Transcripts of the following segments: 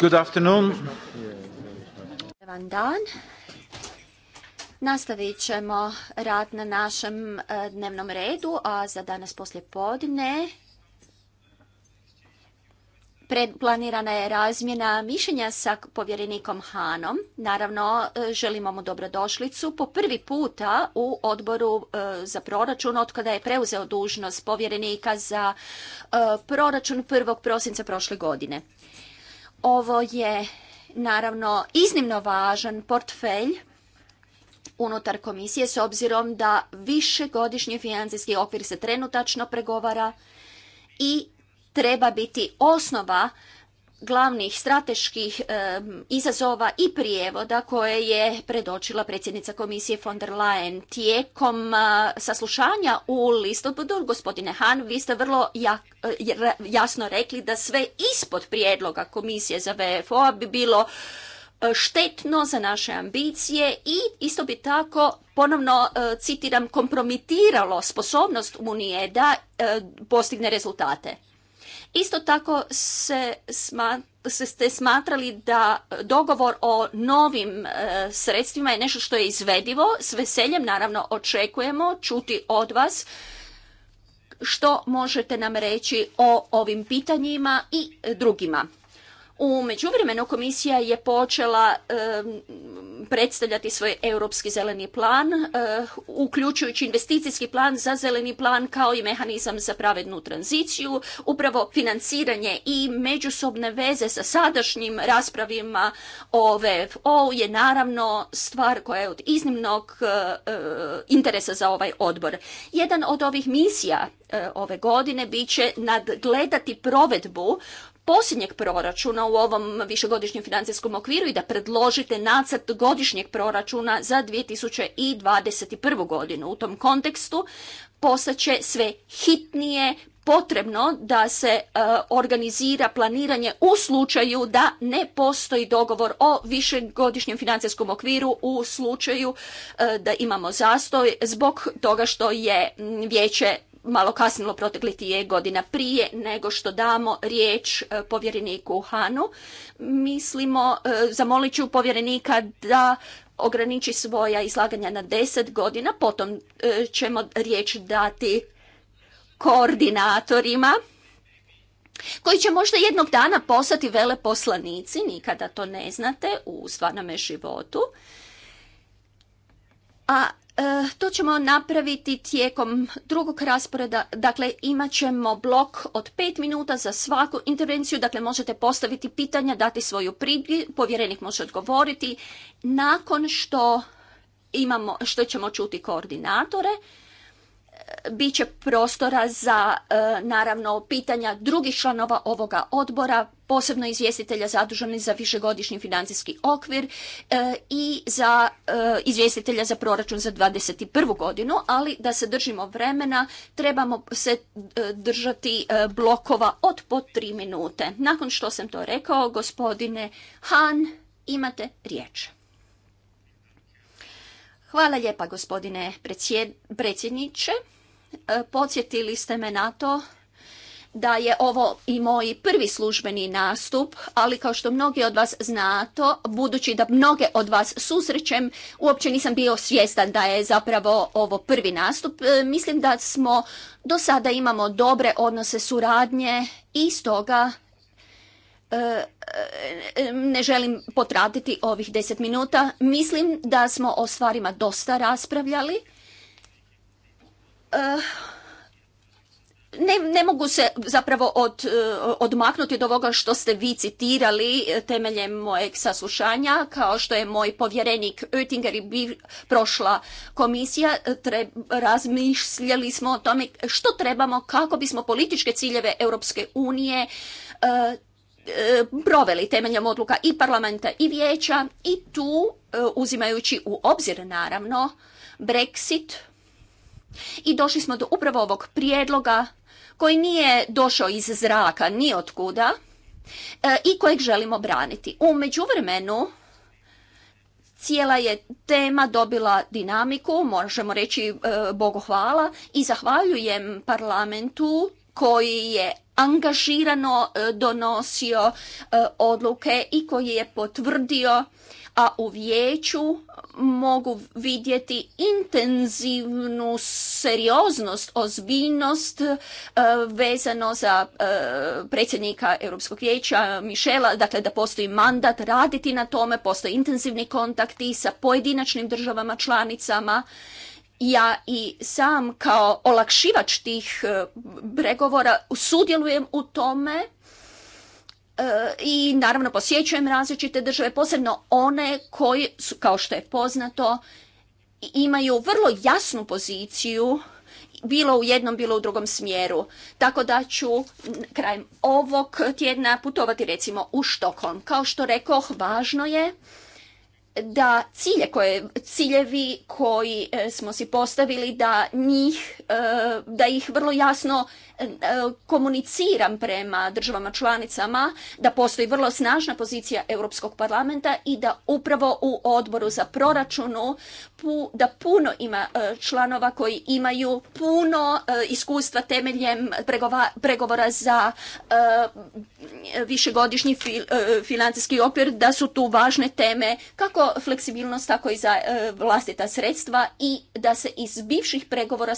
Good afternoon. Dobar dan. Nastavit ćemo rad na našem e, dnevnom redu, a za danas poslje podne planirana je razmjena mišljenja sa povjerenikom Hanom. Naravno, e, želimo mu dobrodošlicu. Po prvi puta u odboru e, za proračun, od kada je preuzeo dužnost povjerenika za proračun 1. prosinca prošle godine. Ovo je naravno iznimno važan portfelj unutar komisije s obzirom da višegodišnji financijski okvir se trenutačno pregovara i treba biti osnova glavnih strateških izazova i prijevoda koje je predočila predsjednica komisije von der Leyen tijekom saslušanja u listopadu. Gospodine Han, vi ste vrlo e, jasno rekli da sve ispod prijedloga komisije za VFO bi bilo e, štetno za naše ambicije i isto bi tako ponovno e, citiram kompromitiralo sposobnost Unije da postigne rezultate. Isto tako se ste smatrali da dogovor o novim e, sredstvima je nešto što je izvedivo. S veseljem naravno očekujemo čuti od vas što možete nam reći o ovim pitanjima i drugima. U međuvremenu komisija je počela predstavljati svoj europski zeleni plan, eh, uključujući investicijski plan za zeleni plan kao i mehanizam za pravednu tranziciju, upravo financiranje i međusobne veze sa sadašnjim raspravima o VFO je naravno stvar koja je od iznimnog eh, interesa za ovaj odbor. Jedan od ovih misija eh, ove godine biće nadgledati provedbu posljednjeg proračuna u ovom višegodišnjem financijskom okviru i da predložite nacrt godišnjeg proračuna za 2021. godinu. U tom kontekstu postaće sve hitnije potrebno da se e, organizira planiranje u slučaju da ne postoji dogovor o višegodišnjem financijskom okviru u slučaju e, da imamo zastoj zbog toga što je vijeće malo kasnilo proteklih je godina prije nego što damo riječ e, povjereniku Hanu. Mislimo, e, zamolit ću povjerenika da ograniči svoja izlaganja na deset godina, potom e, ćemo riječ dati koordinatorima koji će možda jednog dana postati veleposlanici, nikada to ne znate u stvarnome životu. A E, to ćemo napraviti tijekom drugog rasporeda, dakle imat ćemo blok od pet minuta za svaku intervenciju, dakle možete postaviti pitanja, dati svoju pridlju, povjerenik može odgovoriti. Nakon što imamo, što ćemo čuti koordinatore, bit će prostora za e, naravno pitanja drugih članova ovoga odbora, posebno izvjestitelja zaduženi za višegodišnji financijski okvir e, i za e, izvjestitelja za proračun za 2021. godinu, ali da se držimo vremena trebamo se držati blokova od po tri minute. Nakon što sam to rekao, gospodine Han, imate riječ. Hvala lijepa gospodine predsjedniče. E, podsjetili ste me na to da je ovo i moj prvi službeni nastup, ali kao što mnogi od vas znato, budući da mnoge od vas susrećem, uopće nisam bio svjestan da je zapravo ovo prvi nastup. E, mislim da smo do sada imamo dobre odnose suradnje i stoga e, ne želim potratiti ovih deset minuta. Mislim da smo o stvarima dosta raspravljali Eh, ne, ne mogu se zapravo od, eh, odmaknuti od ovoga što ste vi citirali eh, temeljem mojeg saslušanja, kao što je moj povjerenik Oettinger i prošla komisija, razmišljali smo o tome što trebamo kako bismo političke ciljeve Europske unije proveli temeljem odluka i parlamenta i vijeća i tu uzimajući u obzir naravno Brexit i došli smo do upravo ovog prijedloga koji nije došao iz zraka ni od kuda e, i kojeg želimo braniti. U međuvremenu cijela je tema dobila dinamiku, možemo reći e, Bogu hvala i zahvaljujem parlamentu koji je angažirano e, donosio odluke i koji je potvrdio a u vijeću mogu vidjeti intenzivnu serioznost, ozbiljnost e, vezano za e, predsjednika Europskog vijeća Mišela, dakle da postoji mandat raditi na tome, postoje intenzivni kontakti sa pojedinačnim državama članicama ja i sam kao olakšivač tih e, pregovora sudjelujem u tome E, i naravno posjećujem različite države, posebno one koje, su, kao što je poznato, imaju vrlo jasnu poziciju bilo u jednom, bilo u drugom smjeru. Tako da ću krajem ovog tjedna putovati recimo u Štokholm. Kao što rekoh, važno je da cilje koje, ciljevi koji e, smo si postavili, da njih, e, da ih vrlo jasno E, komuniciram prema državama članicama da postoji vrlo snažna pozicija Europskog parlamenta i da upravo u odboru za proračunu da puno ima e, članova koji imaju puno e, iskustva temeljem pregovora za višegodišnji financijski okvir, da su tu važne teme kako fleksibilnost, tako i za vlastita sredstva i da se iz bivših pregovora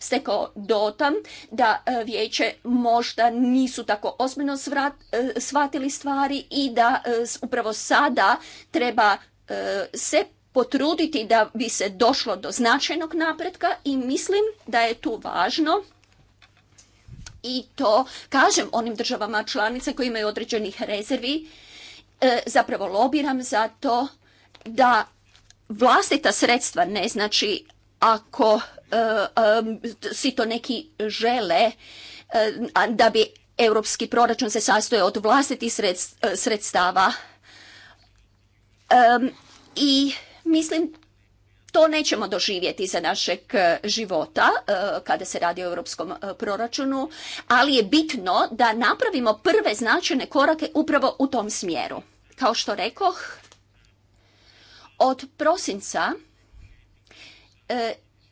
stekao dotam da E, vijeće možda nisu tako ozbiljno e, shvatili stvari i da e, upravo sada treba se potruditi da bi se došlo do značajnog napretka i mislim da je tu važno i to kažem onim državama članice koji imaju određenih rezervi, zapravo lobiram za to da vlastita sredstva ne znači ako E, e, si to neki žele e, da bi europski proračun se sastoje od vlastitih sredstava i mislim to nećemo doživjeti za našeg života kada se radi o europskom proračunu, ali je bitno da napravimo prve značajne korake upravo u tom smjeru. Kao što rekoh, od prosinca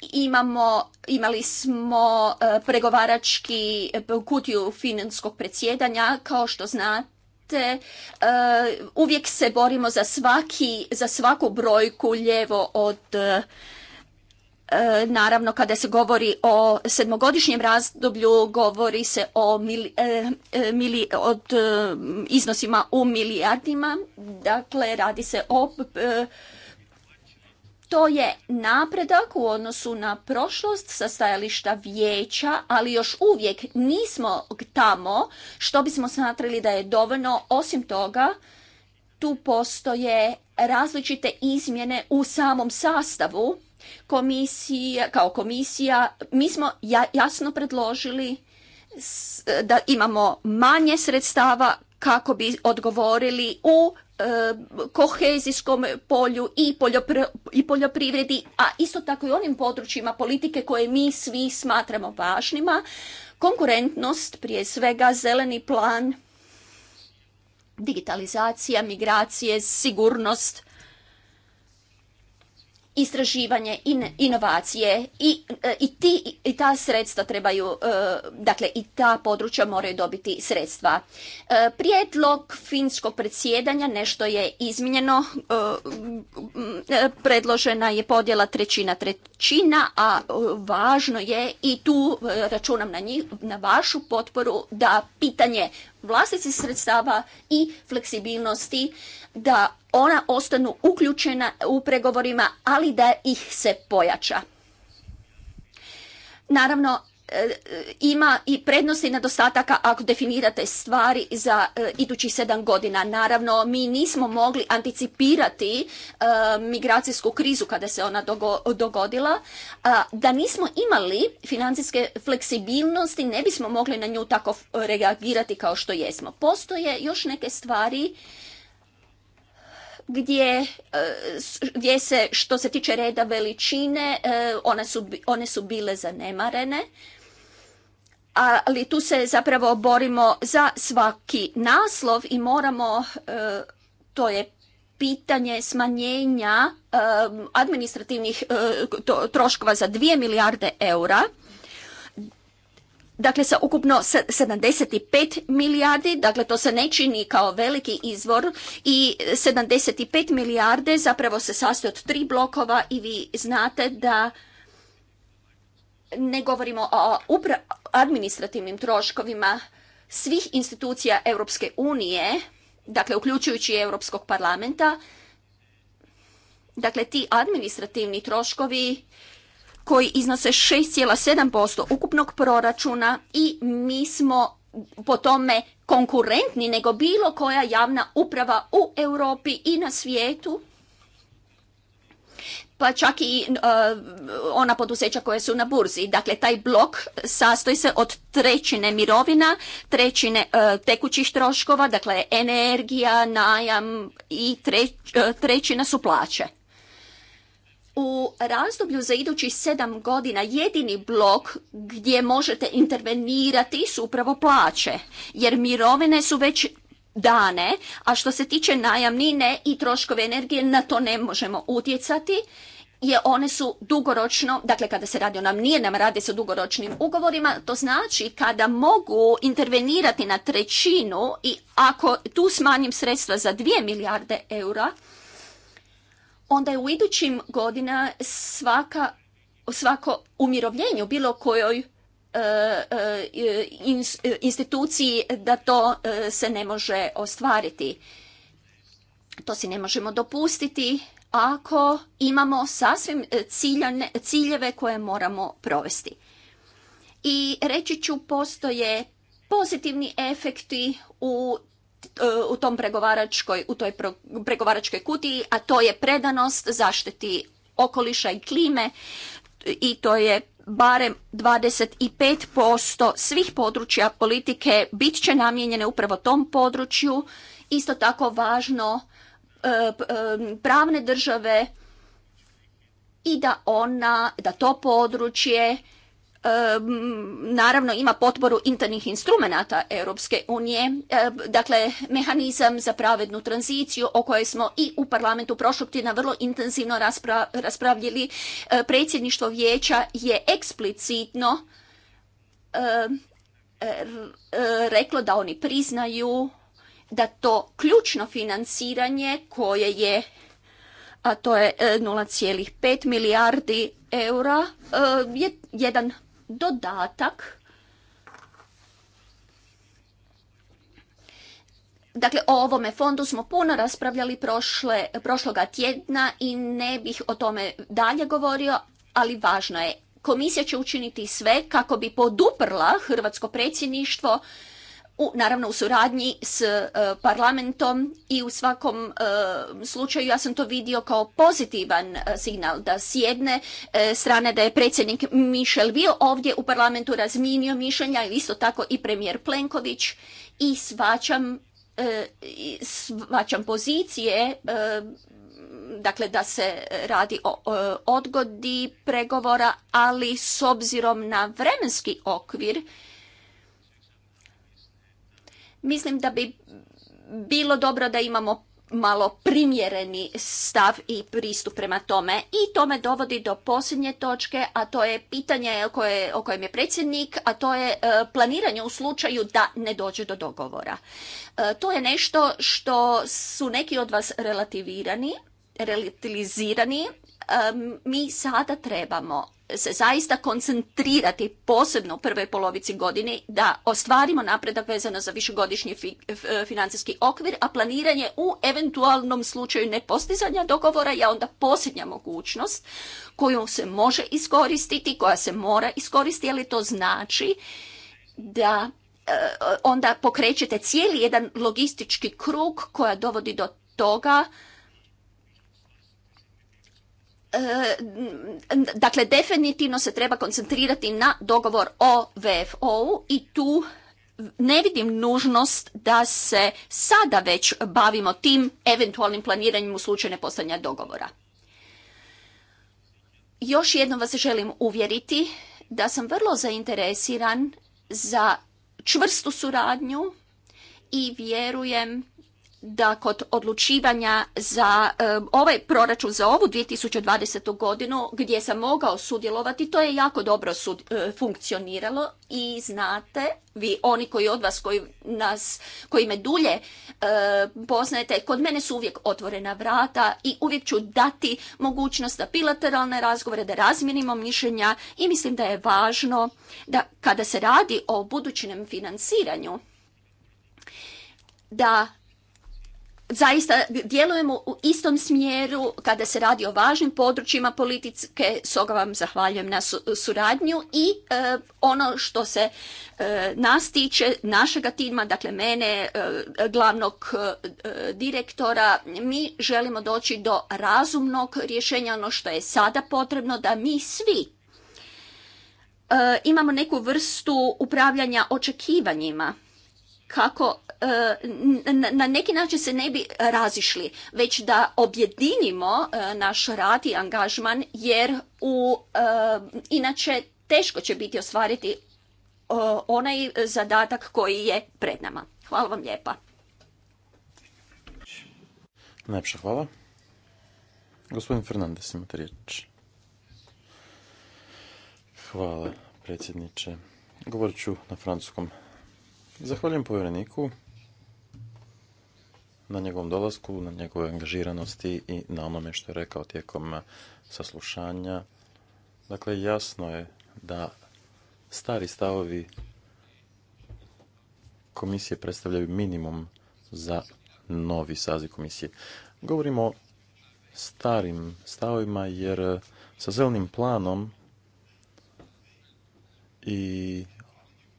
imamo, imali smo e, pregovarački e, kutiju finanskog predsjedanja, kao što znate, e, uvijek se borimo za, svaki, za svaku brojku ljevo od Naravno, kada se govori o sedmogodišnjem razdoblju, govori se o mili, od, iznosima u milijardima. Dakle, radi se o to je napredak u odnosu na prošlost sa stajališta vijeća, ali još uvijek nismo tamo što bismo smatrali da je dovoljno. Osim toga, tu postoje različite izmjene u samom sastavu komisije, kao komisija. Mi smo jasno predložili da imamo manje sredstava kako bi odgovorili u e, kohezijskom polju i, i poljoprivredi, a isto tako i onim područjima politike koje mi svi smatramo važnima. Konkurentnost, prije svega zeleni plan, digitalizacija, migracije, sigurnost, istraživanje i inovacije i, ta sredstva trebaju, e, dakle i ta područja moraju dobiti sredstva. E, prijedlog finskog predsjedanja nešto je izmijenjeno, e, predložena je podjela trećina trećina, a važno je i tu računam na, na vašu potporu da pitanje vlastici sredstava i fleksibilnosti da ona ostanu uključena u pregovorima, ali da ih se pojača. Naravno, e, ima i prednosti i nedostataka ako definirate stvari za e, idućih sedam godina. Naravno, mi nismo mogli anticipirati e, migracijsku krizu kada se ona dogodila. da nismo imali financijske fleksibilnosti, ne bismo mogli na nju tako reagirati kao što jesmo. Postoje još neke stvari gdje, e, gdje se što se tiče reda veličine e, one su, one su bile zanemarene ali tu se zapravo borimo za svaki naslov i moramo e, to je pitanje smanjenja administrativnih troškova za 2 milijarde eura dakle sa ukupno 75 milijardi, dakle to se ne čini kao veliki izvor i 75 milijarde zapravo se sastoji od tri blokova i vi znate da ne govorimo o administrativnim troškovima svih institucija Europske unije, dakle uključujući Europskog parlamenta, dakle ti administrativni troškovi koji iznose 6,7% ukupnog proračuna i mi smo po tome konkurentni nego bilo koja javna uprava u Europi i na svijetu pa čak i e, ona poduzeća koja su na burzi. Dakle, taj blok sastoji se od trećine mirovina, trećine e, tekućih troškova, dakle energija, najam i treć, e, trećina su plaće u razdoblju za idućih sedam godina jedini blok gdje možete intervenirati su upravo plaće, jer mirovine su već dane, a što se tiče najamnine i troškove energije, na to ne možemo utjecati je one su dugoročno, dakle kada se radi o nam nije nam radi se o dugoročnim ugovorima, to znači kada mogu intervenirati na trećinu i ako tu smanjim sredstva za 2 milijarde eura, onda je u idućim godina svaka, svako umirovljenje u bilo kojoj e, e, e, instituciji da to se ne može ostvariti. To si ne možemo dopustiti ako imamo sasvim ciljane, ciljeve koje moramo provesti. I reći ću postoje pozitivni efekti u u tom pregovaračkoj, u toj pregovaračkoj kutiji, a to je predanost zaštiti okoliša i klime i to je barem 25% svih područja politike bit će namijenjene upravo tom području. Isto tako važno e, e, pravne države i da ona, da to područje naravno ima potporu internih instrumenata Europske unije, dakle mehanizam za pravednu tranziciju o kojoj smo i u parlamentu prošlog tjedna vrlo intenzivno raspravljali. raspravljili. Predsjedništvo vijeća je eksplicitno reklo da oni priznaju da to ključno financiranje koje je a to je 0,5 e, milijardi eura e, je jedan dodatak Dakle, o ovome fondu smo puno raspravljali prošle, prošloga tjedna i ne bih o tome dalje govorio, ali važno je. Komisija će učiniti sve kako bi poduprla hrvatsko predsjedništvo u, naravno u suradnji s e, parlamentom i u svakom e, slučaju ja sam to vidio kao pozitivan e, signal da s jedne strane da je predsjednik Michel bio ovdje u parlamentu razminio mišljenja i isto tako i premijer Plenković i svačam svačam pozicije dakle da se radi o odgodi pregovora ali s obzirom na vremenski okvir Mislim da bi bilo dobro da imamo malo primjereni stav i pristup prema tome. I to me dovodi do posljednje točke, a to je pitanje koje, o kojem je predsjednik, a to je e, planiranje u slučaju da ne dođe do dogovora. E, to je nešto što su neki od vas relativirani, relativizirani. E, mi sada trebamo se zaista koncentrirati posebno u prvoj polovici godine da ostvarimo napredak vezano za višegodišnji financijski okvir, a planiranje u eventualnom slučaju nepostizanja dogovora je onda posljednja mogućnost koju se može iskoristiti, koja se mora iskoristiti, ali to znači da e, onda pokrećete cijeli jedan logistički krug koja dovodi do toga E, dakle definitivno se treba koncentrirati na dogovor o VFO-u i tu ne vidim nužnost da se sada već bavimo tim eventualnim planiranjem u slučaju nepostavljanja dogovora. Još jednom vas želim uvjeriti da sam vrlo zainteresiran za čvrstu suradnju i vjerujem da kod odlučivanja za eh, ovaj proračun za ovu 2020. godinu gdje sam mogao sudjelovati, to je jako dobro eh, funkcioniralo i znate, vi oni koji od vas, koji, nas, koji me dulje eh, poznajete, kod mene su uvijek otvorena vrata i uvijek ću dati mogućnost da bilateralne razgovore, da razmijenimo mišljenja i mislim da je važno da kada se radi o budućem financiranju, da zaista djelujemo u istom smjeru kada se radi o važnim područjima politike. Stoga vam zahvaljujem na suradnju i e, ono što se e, nas tiče, našega tima, dakle mene, e, glavnog direktora, mi želimo doći do razumnog rješenja, ono što je sada potrebno da mi svi imamo neku vrstu upravljanja očekivanjima kako e, na neki način se ne bi razišli, već da objedinimo e, naš rad i angažman jer u e, inače teško će biti ostvariti onaj zadatak koji je pred nama. Hvala vam lijepa. Najpša hvala. Gospodin Fernandez imate riječ. Hvala predsjedniče. Govorit ću na francuskom Zahvaljujem povjereniku na njegovom dolasku, na njegovoj angažiranosti i na onome što je rekao tijekom saslušanja. Dakle, jasno je da stari stavovi komisije predstavljaju minimum za novi saziv komisije. Govorimo o starim stavovima jer sa zelenim planom i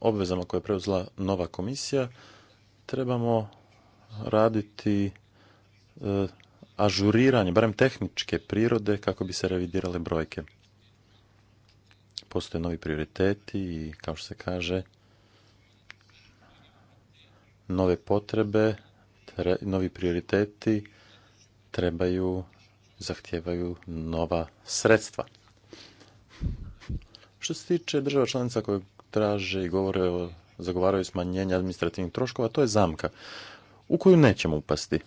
obvezama koje je preuzela nova komisija, trebamo raditi e, ažuriranje, barem tehničke prirode, kako bi se revidirale brojke. Postoje novi prioriteti i, kao što se kaže, nove potrebe, novi prioriteti trebaju, zahtijevaju nova sredstva. Što se tiče država članica koje traže i govore o, zagovaraju smanjenje administrativnih troškova, to je zamka u koju nećemo upasti.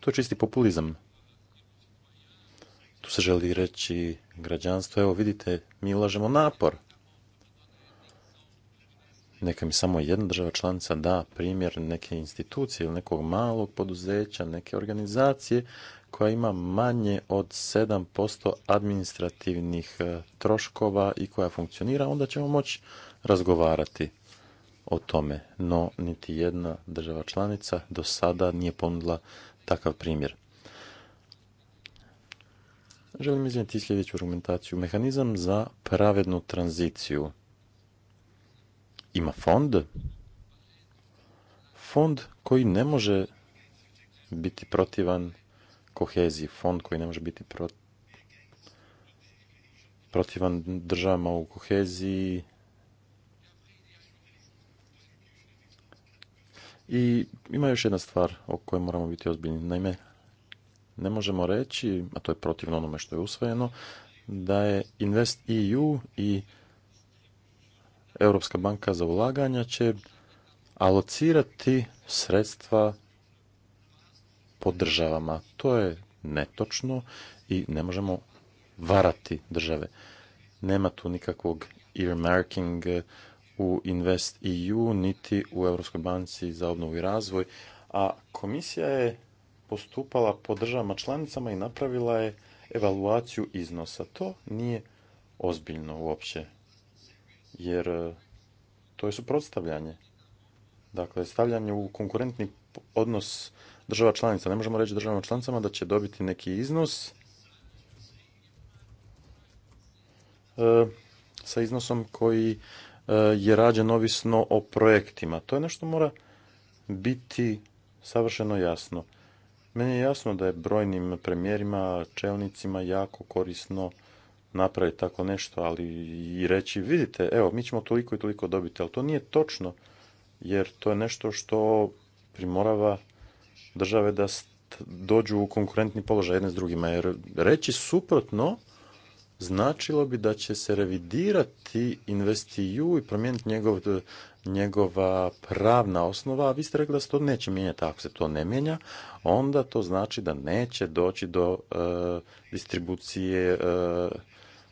To je čisti populizam. Tu se želi reći građanstvo, evo vidite, mi ulažemo napor. Neka mi samo jedna država članica da primjer neke institucije ili nekog malog poduzeća, neke organizacije koja ima manje od 7% administrativnih e, troškova i koja funkcionira, onda ćemo moći razgovarati o tome. No, niti jedna država članica do sada nije ponudila takav primjer. Želim iznijeti sljedeću argumentaciju. Mehanizam za pravednu tranziciju. Ima fond. Fond koji ne može biti protivan koheziji, fond koji ne može biti protivan državama u koheziji. I ima još jedna stvar o kojoj moramo biti ozbiljni. Naime, ne možemo reći, a to je protivno onome što je usvojeno, da je Invest EU i Europska banka za ulaganja će alocirati sredstva po državama. To je netočno i ne možemo varati države. Nema tu nikakvog earmarking u Invest EU, niti u Europskoj banci za obnovu i razvoj, a komisija je postupala po državama članicama i napravila je evaluaciju iznosa. To nije ozbiljno uopće, jer e, to je suprotstavljanje. Dakle, stavljanje u konkurentni odnos država članica. Ne možemo reći državama članicama da će dobiti neki iznos e, sa iznosom koji e, je rađen ovisno o projektima. To je nešto mora biti savršeno jasno. Meni je jasno da je brojnim premijerima, čelnicima jako korisno napraviti tako nešto, ali i reći vidite, evo, mi ćemo toliko i toliko dobiti, ali to nije točno, jer to je nešto što primorava države da dođu u konkurentni položaj jedne s drugima. Jer reći suprotno značilo bi da će se revidirati investiju i promijeniti njegov, njegova pravna osnova, a vi ste rekli da se to neće mijenjati. Ako se to ne mijenja, onda to znači da neće doći do e, distribucije e,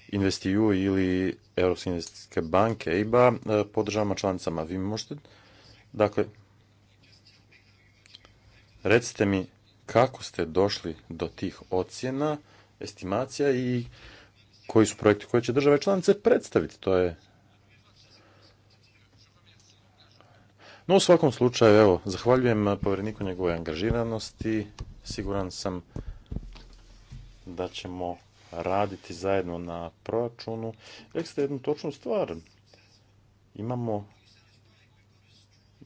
investiju ili Europske investicijske banke IBA e, podržavamo članicama. Vi možete, dakle, Recite mi kako ste došli do tih ocjena, estimacija i koji su projekti koje će države članice predstaviti. To je No u svakom slučaju, evo, zahvaljujem povjereniku njegove angažiranosti. Siguran sam da ćemo raditi zajedno na proračunu. Rekli jednu točnu stvar. Imamo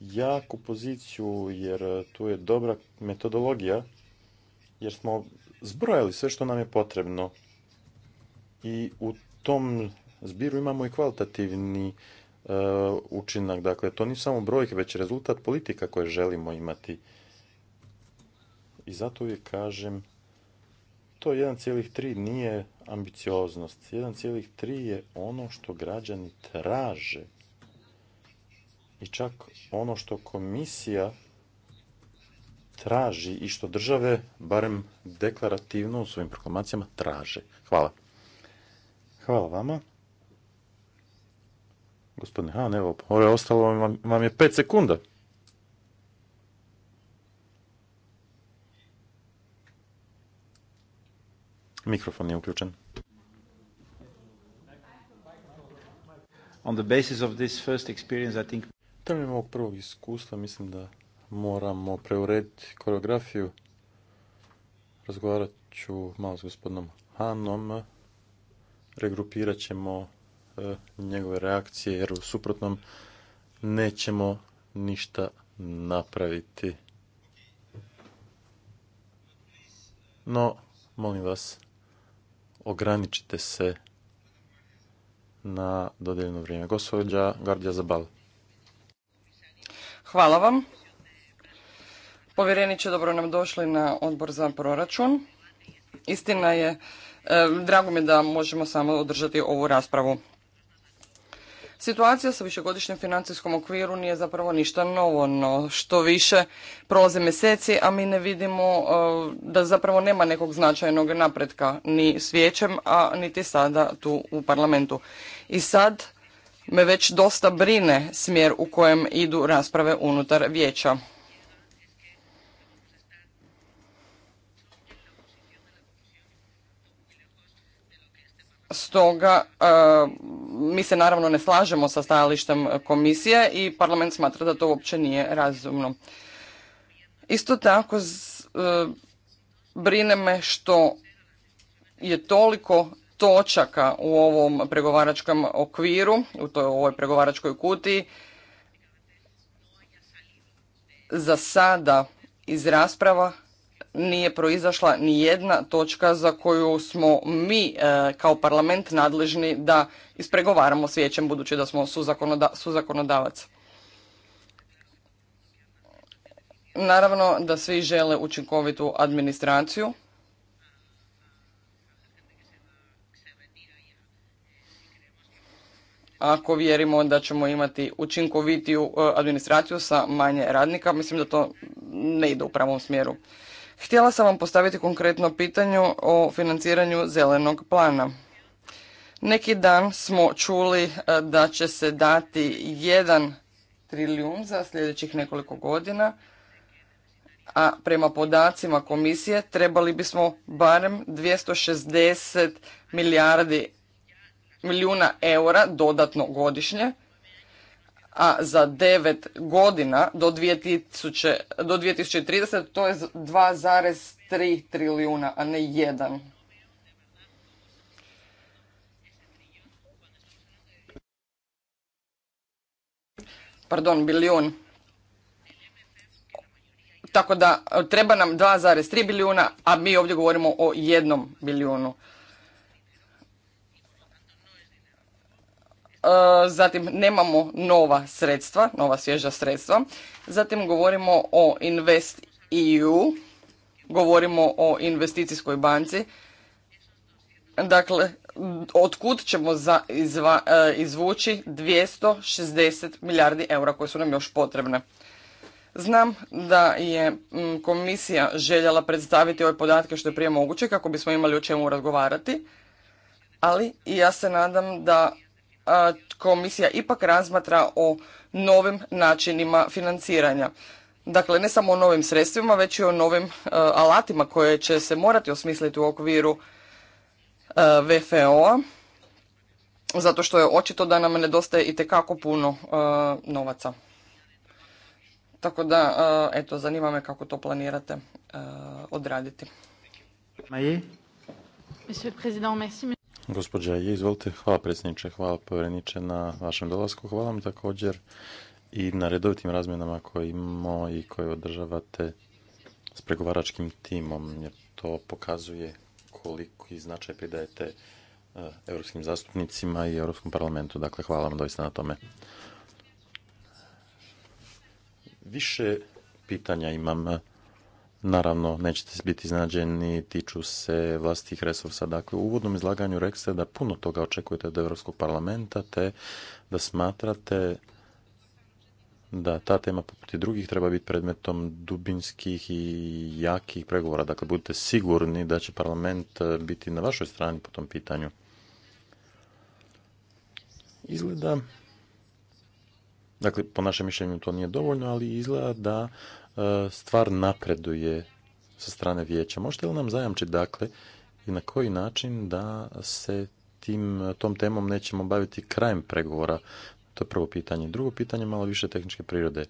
jaku poziciju jer e, tu je dobra metodologija jer smo zbrojali sve što nam je potrebno i u tom zbiru imamo i kvalitativni e, učinak. Dakle, to nije samo brojke, već rezultat politika koje želimo imati. I zato uvijek kažem, to 1,3 nije ambicioznost. 1,3 je ono što građani traže i čak ono što komisija traži i što države, barem deklarativno u svojim proklamacijama, traže. Hvala. Hvala vama. Gospodine Han, evo, ovo je ostalo vam, je pet sekunda. Mikrofon je uključen. On the basis of this first experience, I think... Temeljem ovog prvog iskustva mislim da moramo preurediti koreografiju. Razgovarat ću malo s gospodinom Hanom. Regrupirat ćemo e, njegove reakcije jer u suprotnom nećemo ništa napraviti. No, molim vas, ograničite se na dodijeljeno vrijeme. Gospođa Gardija Zabal. Hvala vam. Povjereniče, dobro nam došli na odbor za proračun. Istina je, e, drago mi je da možemo samo održati ovu raspravu. Situacija sa višegodišnjem financijskom okviru nije zapravo ništa novo, no što više prolaze mjeseci, a mi ne vidimo e, da zapravo nema nekog značajnog napretka ni s vijećem, a niti sada tu u parlamentu. I sad me već dosta brine smjer u kojem idu rasprave unutar vijeća. Stoga e, mi se naravno ne slažemo sa stajalištem komisije i parlament smatra da to uopće nije razumno. Isto tako e, brine me što je toliko točaka u ovom pregovaračkom okviru, u toj ovoj pregovaračkoj kutiji. Za sada iz rasprava nije proizašla ni jedna točka za koju smo mi e, kao parlament nadležni da ispregovaramo s vijećem budući da smo suzakonoda, suzakonodavac. Naravno da svi žele učinkovitu administraciju ako vjerimo da ćemo imati učinkovitiju e, administraciju sa manje radnika, mislim da to ne ide u pravom smjeru. Htjela sam vam postaviti konkretno pitanje o financiranju zelenog plana. Neki dan smo čuli e, da će se dati jedan trilijun za sljedećih nekoliko godina, a prema podacima komisije trebali bismo barem 260 milijardi milijuna eura dodatno godišnje, a za 9 godina do, 2030 to je 2,3 trilijuna, a ne 1. Pardon, bilijun. Tako da treba nam 2,3 bilijuna, a mi ovdje govorimo o jednom bilijunu. E, zatim nemamo nova sredstva, nova svježa sredstva, zatim govorimo o Invest EU, govorimo o investicijskoj banci, dakle, otkud ćemo za, izva, e, izvući 260 milijardi eura koje su nam još potrebne. Znam da je komisija željela predstaviti ove podatke što je prije moguće kako bismo imali o čemu razgovarati, ali ja se nadam da komisija ipak razmatra o novim načinima financiranja. Dakle, ne samo o novim sredstvima, već i o novim alatima koje će se morati osmisliti u okviru VFO-a, zato što je očito da nam nedostaje i tekako puno novaca. Tako da, eto, zanima me kako to planirate odraditi. Maji. Monsieur Gospođa je, izvolite. Hvala predsjedniče, hvala povjereniče na vašem dolasku. Hvala vam također i na redovitim razmjenama koje imamo i koje održavate s pregovaračkim timom, jer to pokazuje koliki značaj pridajete e, europskim zastupnicima i Europskom parlamentu. Dakle, hvala vam doista na tome. Više pitanja imam naravno nećete biti iznađeni, tiču se vlastitih resursa. Dakle, u uvodnom izlaganju rekli ste da puno toga očekujete od Europskog parlamenta, te da smatrate da ta tema poput i drugih treba biti predmetom dubinskih i jakih pregovora. Dakle, budite sigurni da će parlament biti na vašoj strani po tom pitanju. Izgleda, dakle, po našem mišljenju to nije dovoljno, ali izgleda da E, stvar napreduje sa strane vijeća. Možete li nam zajamčiti dakle i na koji način da se tim, tom temom nećemo baviti krajem pregovora? To je prvo pitanje. Drugo pitanje malo više tehničke prirode.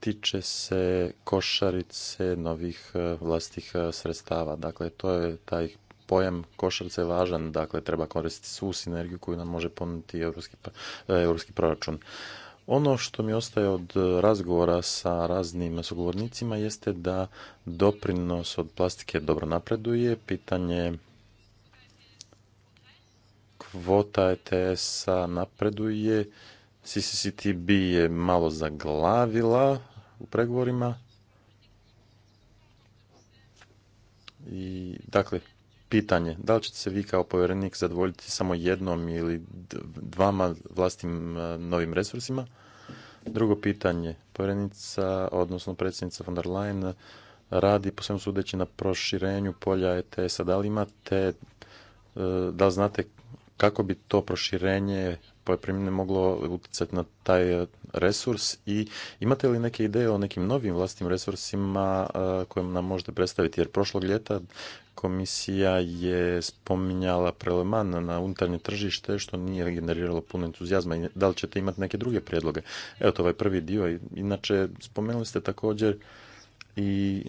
Tiče se košarice novih e, vlastih e, sredstava. Dakle, to je taj pojam košarice važan, dakle treba koristiti svu sinergiju koju nam može ponuditi europski, europski proračun. Ono što mi ostaje od e, razgovora sa raznim sugovornicima jeste da doprinos od plastike dobro napreduje. Pitanje kvota ETS-a napreduje. CCCTB je malo zaglavila u pregovorima. I, dakle, pitanje, da li ćete se vi kao povjerenik zadovoljiti samo jednom ili dvama vlastim e, novim resursima? Drugo pitanje, povjerenica, odnosno predsjednica von der Leyen, e, radi po svemu sudeći na proširenju polja ETS-a. Da li imate, e, da li znate kako bi to proširenje poljoprivredne moglo utjecati na taj resurs i imate li neke ideje o nekim novim vlastnim resursima koje nam možete predstaviti? Jer prošlog ljeta komisija je spominjala preleman na unutarnje tržište što nije generiralo puno entuzijazma. i Da li ćete imati neke druge prijedloge? Evo to ovaj prvi dio. Inače, spomenuli ste također i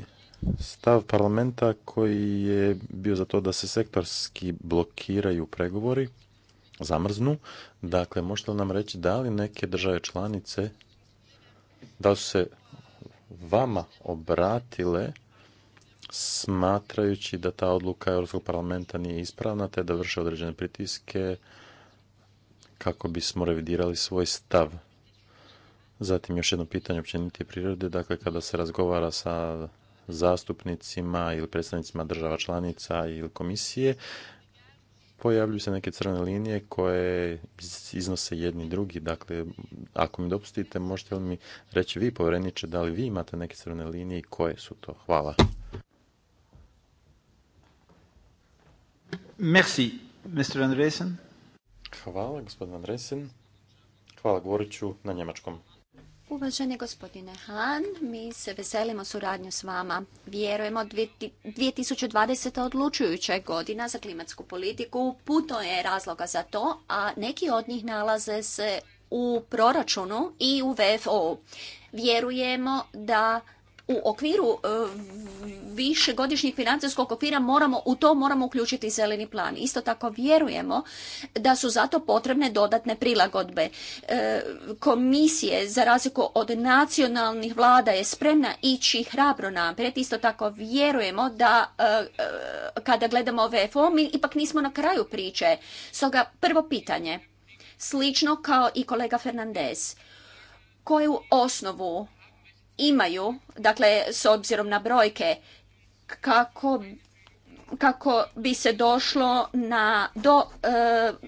stav parlamenta koji je bio za to da se sektorski blokiraju pregovori, zamrznu. Dakle, možete li nam reći da li neke države članice, da su se vama obratile smatrajući da ta odluka Europskog parlamenta nije ispravna, te da vrše određene pritiske kako bismo revidirali svoj stav. Zatim još jedno pitanje općenitije prirode, dakle kada se razgovara sa zastupnicima ili predstavnicima država članica ili komisije, pojavljuju se neke crvene linije koje iznose jedni drugi. Dakle, ako mi dopustite, možete li mi reći vi, povjereniče, da li vi imate neke crvene linije i koje su to? Hvala. Merci, Mr. Andresen. Hvala, gospodin Andresen. Hvala, govorit ću na njemačkom. Uvaženi gospodine Han, mi se veselimo suradnju s vama. Vjerujemo 2020. odlučujuća je godina za klimatsku politiku. Puto je razloga za to, a neki od njih nalaze se u proračunu i u VFO. Vjerujemo da u okviru e, višegodišnjeg financijskog okvira moramo u to moramo uključiti zeleni plan. Isto tako vjerujemo da su zato potrebne dodatne prilagodbe. E, komisije za razliku od nacionalnih vlada je spremna ići hrabro naprijed. Isto tako vjerujemo da e, kada gledamo VFO mi ipak nismo na kraju priče. Stoga prvo pitanje, slično kao i kolega Fernandez, koju osnovu imaju, dakle s obzirom na brojke, kako kako bi se došlo na do e,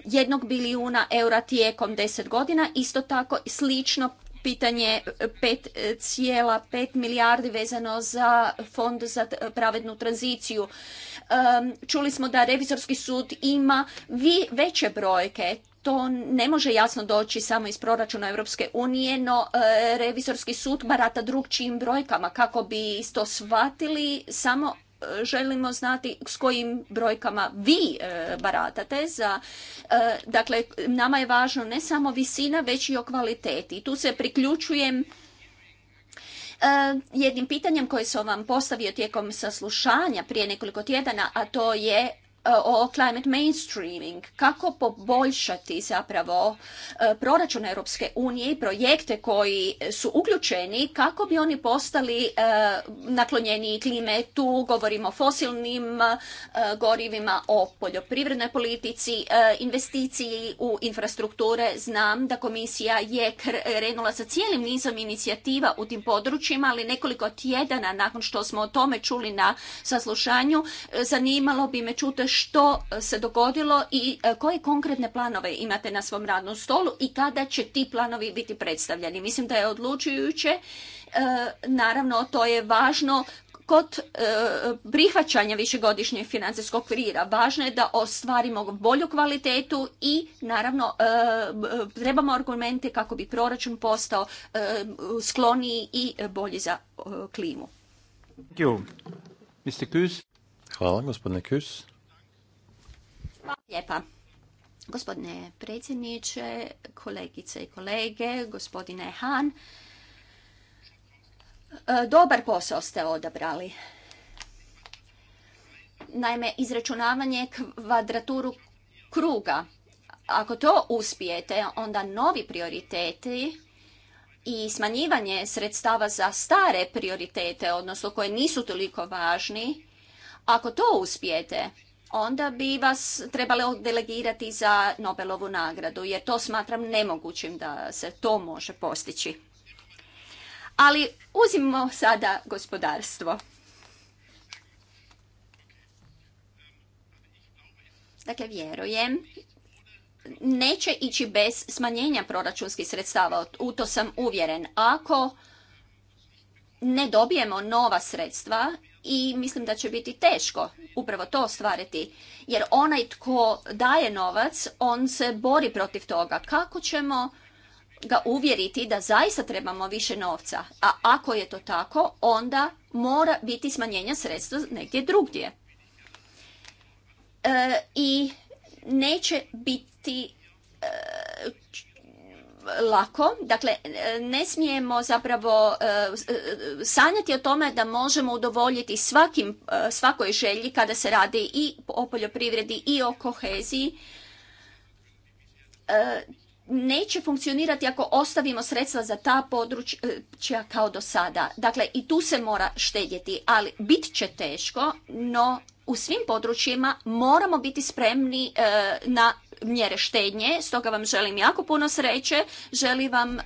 jednog bilijuna eura tijekom deset godina. Isto tako slično pitanje 5,5 milijardi vezano za fond za pravednu tranziciju. Čuli smo da revizorski sud ima vi veće brojke to ne može jasno doći samo iz proračuna Europske unije, no e, revizorski sud barata drugčijim brojkama. Kako bi isto shvatili, samo e, želimo znati s kojim brojkama vi e, baratate. Za, dakle, nama je važno ne samo visina, već i o kvaliteti. Tu se priključujem jednim pitanjem koje sam vam postavio tijekom saslušanja prije nekoliko tjedana, a to je o climate mainstreaming, kako poboljšati zapravo e, proračun Europske unije i projekte koji su uključeni kako bi oni postali e, naklonjeni klimetu govorimo o fosilnim e, gorivima, o poljoprivrednoj politici, investiciji u infrastrukture. Znam da komisija je krenula sa cijelim nizom inicijativa u tim područjima, ali nekoliko tjedana nakon što smo o tome čuli na saslušanju, zanimalo bi me čuti što se dogodilo i e, koje konkretne planove imate na svom radnom stolu i kada će ti planovi biti predstavljeni. Mislim da je odlučujuće, e, naravno to je važno kod e, prihvaćanja višegodišnjeg financijskog krira. važno je da ostvarimo bolju kvalitetu i naravno trebamo argumente kako bi proračun postao skloniji i bolji za klimu. Hvala, gospodine Kus. Hvala lijepa. Gospodine predsjedniče, kolegice i kolege, gospodine Han, e, dobar posao ste odabrali. Naime, izračunavanje kvadraturu kruga. Ako to uspijete, onda novi prioriteti i smanjivanje sredstava za stare prioritete, odnosno koje nisu toliko važni, ako to uspijete, onda bi vas trebalo delegirati za Nobelovu nagradu, jer to smatram nemogućim da se to može postići. Ali uzimamo sada gospodarstvo. Dakle, vjerujem neće ići bez smanjenja proračunskih sredstava, u to sam uvjeren. Ako ne dobijemo nova sredstva i mislim da će biti teško upravo to ostvariti. Jer onaj tko daje novac, on se bori protiv toga. Kako ćemo ga uvjeriti da zaista trebamo više novca? A ako je to tako, onda mora biti smanjenja sredstva negdje drugdje. E, I neće biti e, lako. Dakle, e, ne smijemo zapravo e, e, sanjati o tome da možemo udovoljiti svakim, svakoj želji kada se radi i o poljoprivredi i o koheziji neće funkcionirati ako ostavimo sredstva za ta područja kao do sada. Dakle, i tu se mora štedjeti, ali bit će teško, no u svim područjima moramo biti spremni e, na mjere štednje, stoga vam želim jako puno sreće, želim vam e,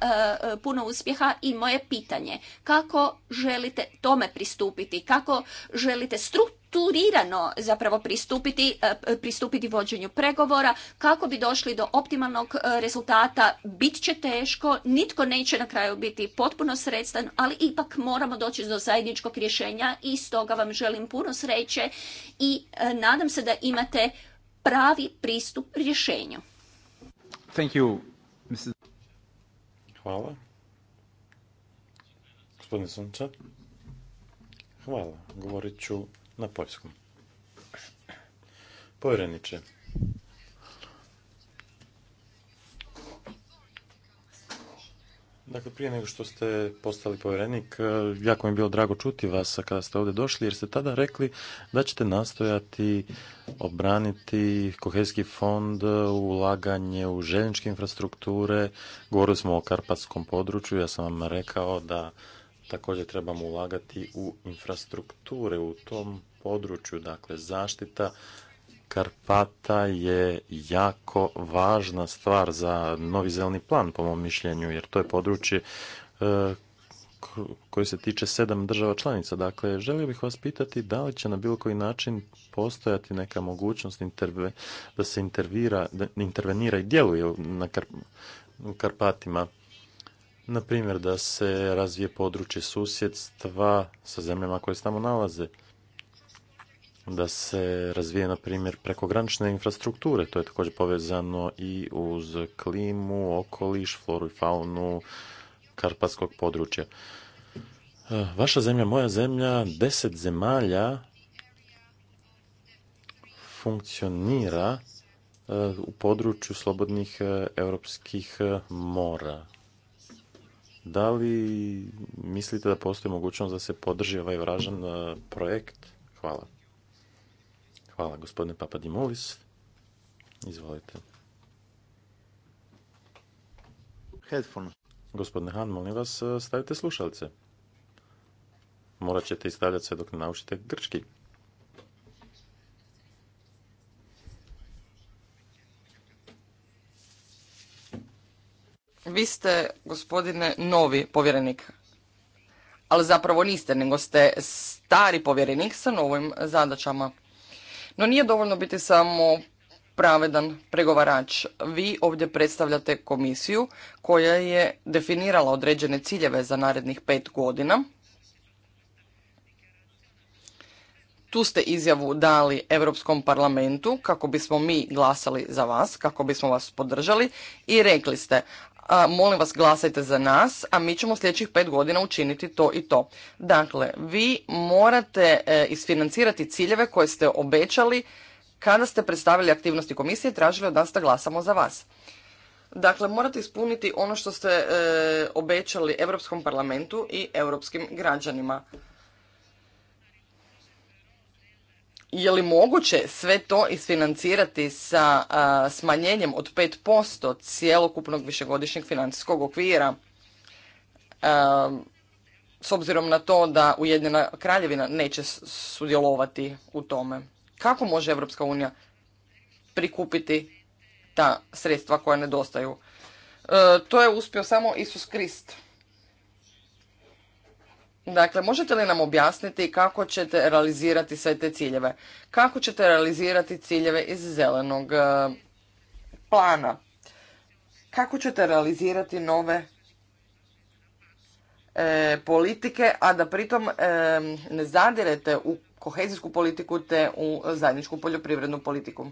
puno uspjeha i moje pitanje. Kako želite tome pristupiti? Kako želite strukturu strukturirano zapravo pristupiti, eh, pristupiti vođenju pregovora kako bi došli do optimalnog eh, rezultata. Bit će teško, nitko neće na kraju biti potpuno sredstan, ali ipak moramo doći do zajedničkog rješenja i stoga vam želim puno sreće i eh, nadam se da imate pravi pristup rješenju. Thank you, Hvala. Gospodine Hvala. Govorit ću na poljskom. Povjereniče, Dakle, prije nego što ste postali povjerenik, e, jako mi je bilo drago čuti vas kada ste ovdje došli, jer ste tada rekli da ćete nastojati obraniti kohezijski fond, e, ulaganje u željezničke infrastrukture. Govorili smo o karpatskom području, ja sam vam rekao da Također trebamo ulagati u infrastrukture u tom području, dakle zaštita Karpata je jako važna stvar za novi zeleni plan, po mom mišljenju, jer to je područje e, koje se tiče sedam država članica. Dakle, želio bih vas pitati da li će na bilo koji način postojati neka mogućnost da se intervenira i djeluje na Karpatima na primjer da se razvije područje susjedstva sa zemljama koje se tamo nalaze, da se razvije, na primjer, prekogranične infrastrukture, to je također povezano i uz klimu, okoliš, floru i faunu karpatskog područja. E, vaša zemlja, moja zemlja, deset zemalja funkcionira e, u području slobodnih e, europskih mora. Da li mislite da postoji mogućnost da se podrži ovaj vražan e, projekt? Hvala. Hvala, gospodine Papadimulis. Izvolite. Headphone. Gospodine Han, molim vas, e, stavite slušalce. Morat ćete istavljati sve dok ne naučite grčki. vi ste, gospodine, novi povjerenik, ali zapravo niste, nego ste stari povjerenik sa novim zadaćama. No nije dovoljno biti samo pravedan pregovarač. Vi ovdje predstavljate komisiju koja je definirala određene ciljeve za narednih pet godina. Tu ste izjavu dali Europskom parlamentu kako bismo mi glasali za vas, kako bismo vas podržali i rekli ste molim vas glasajte za nas, a mi ćemo sljedećih pet godina učiniti to i to. Dakle, vi morate e, isfinancirati ciljeve koje ste obećali kada ste predstavili aktivnosti komisije i tražili od nas da glasamo za vas. Dakle, morate ispuniti ono što ste e, obećali Europskom parlamentu i europskim građanima. je li moguće sve to isfinancirati sa smanjenjem od 5% cjelokupnog višegodišnjeg financijskog okvira? s obzirom na to da Ujedinjena kraljevina neće sudjelovati u tome. Kako može Europska unija prikupiti ta sredstva koja nedostaju? E, to je uspio samo Isus Krist. Dakle, možete li nam objasniti kako ćete realizirati sve te ciljeve? Kako ćete realizirati ciljeve iz zelenog e, plana? Kako ćete realizirati nove e, politike, a da pritom e, ne zadirete u kohezijsku politiku te u zajedničku poljoprivrednu politiku?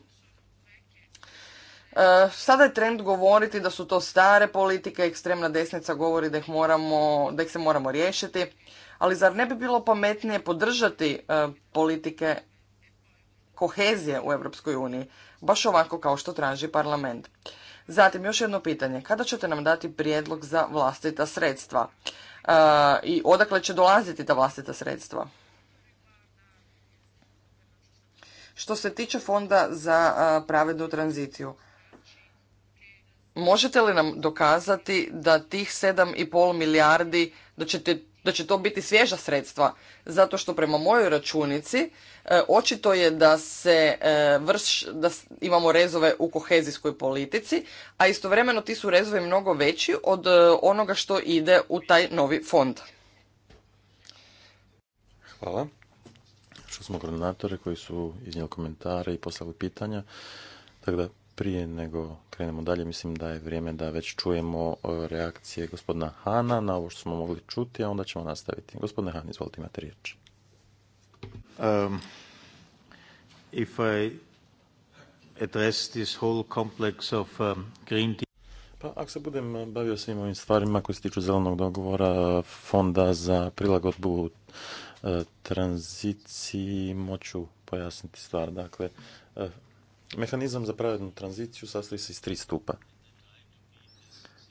E, sada je trend govoriti da su to stare politike, ekstremna desnica govori da ih moramo, da ih se moramo riješiti, ali zar ne bi bilo pametnije podržati e, politike kohezije u Europskoj uniji, baš ovako kao što traži parlament. Zatim, još jedno pitanje. Kada ćete nam dati prijedlog za vlastita sredstva? E, I odakle će dolaziti ta vlastita sredstva? Što se tiče fonda za pravednu tranziciju, Možete li nam dokazati da tih 7,5 milijardi, da, ćete, da će to biti svježa sredstva? Zato što prema mojoj računici e, očito je da se e, vrš, da imamo rezove u kohezijskoj politici, a istovremeno ti su rezovi mnogo veći od e, onoga što ide u taj novi fond. Hvala. Što smo koordinatore koji su iznijeli komentare i poslali pitanja. Tako da prije nego krenemo dalje, mislim da je vrijeme da već čujemo e, reakcije gospodina Hana na ovo što smo mogli čuti, a onda ćemo nastaviti. Gospodine Han, izvolite, imate riječ. Um, if I address this whole complex of um, green Pa, ako se budem bavio svim ovim stvarima koji se tiču zelenog dogovora, fonda za prilagodbu e, tranziciji, moću pojasniti stvar. Dakle, e, Mehanizam za pravednu tranziciju sastoji se iz tri stupa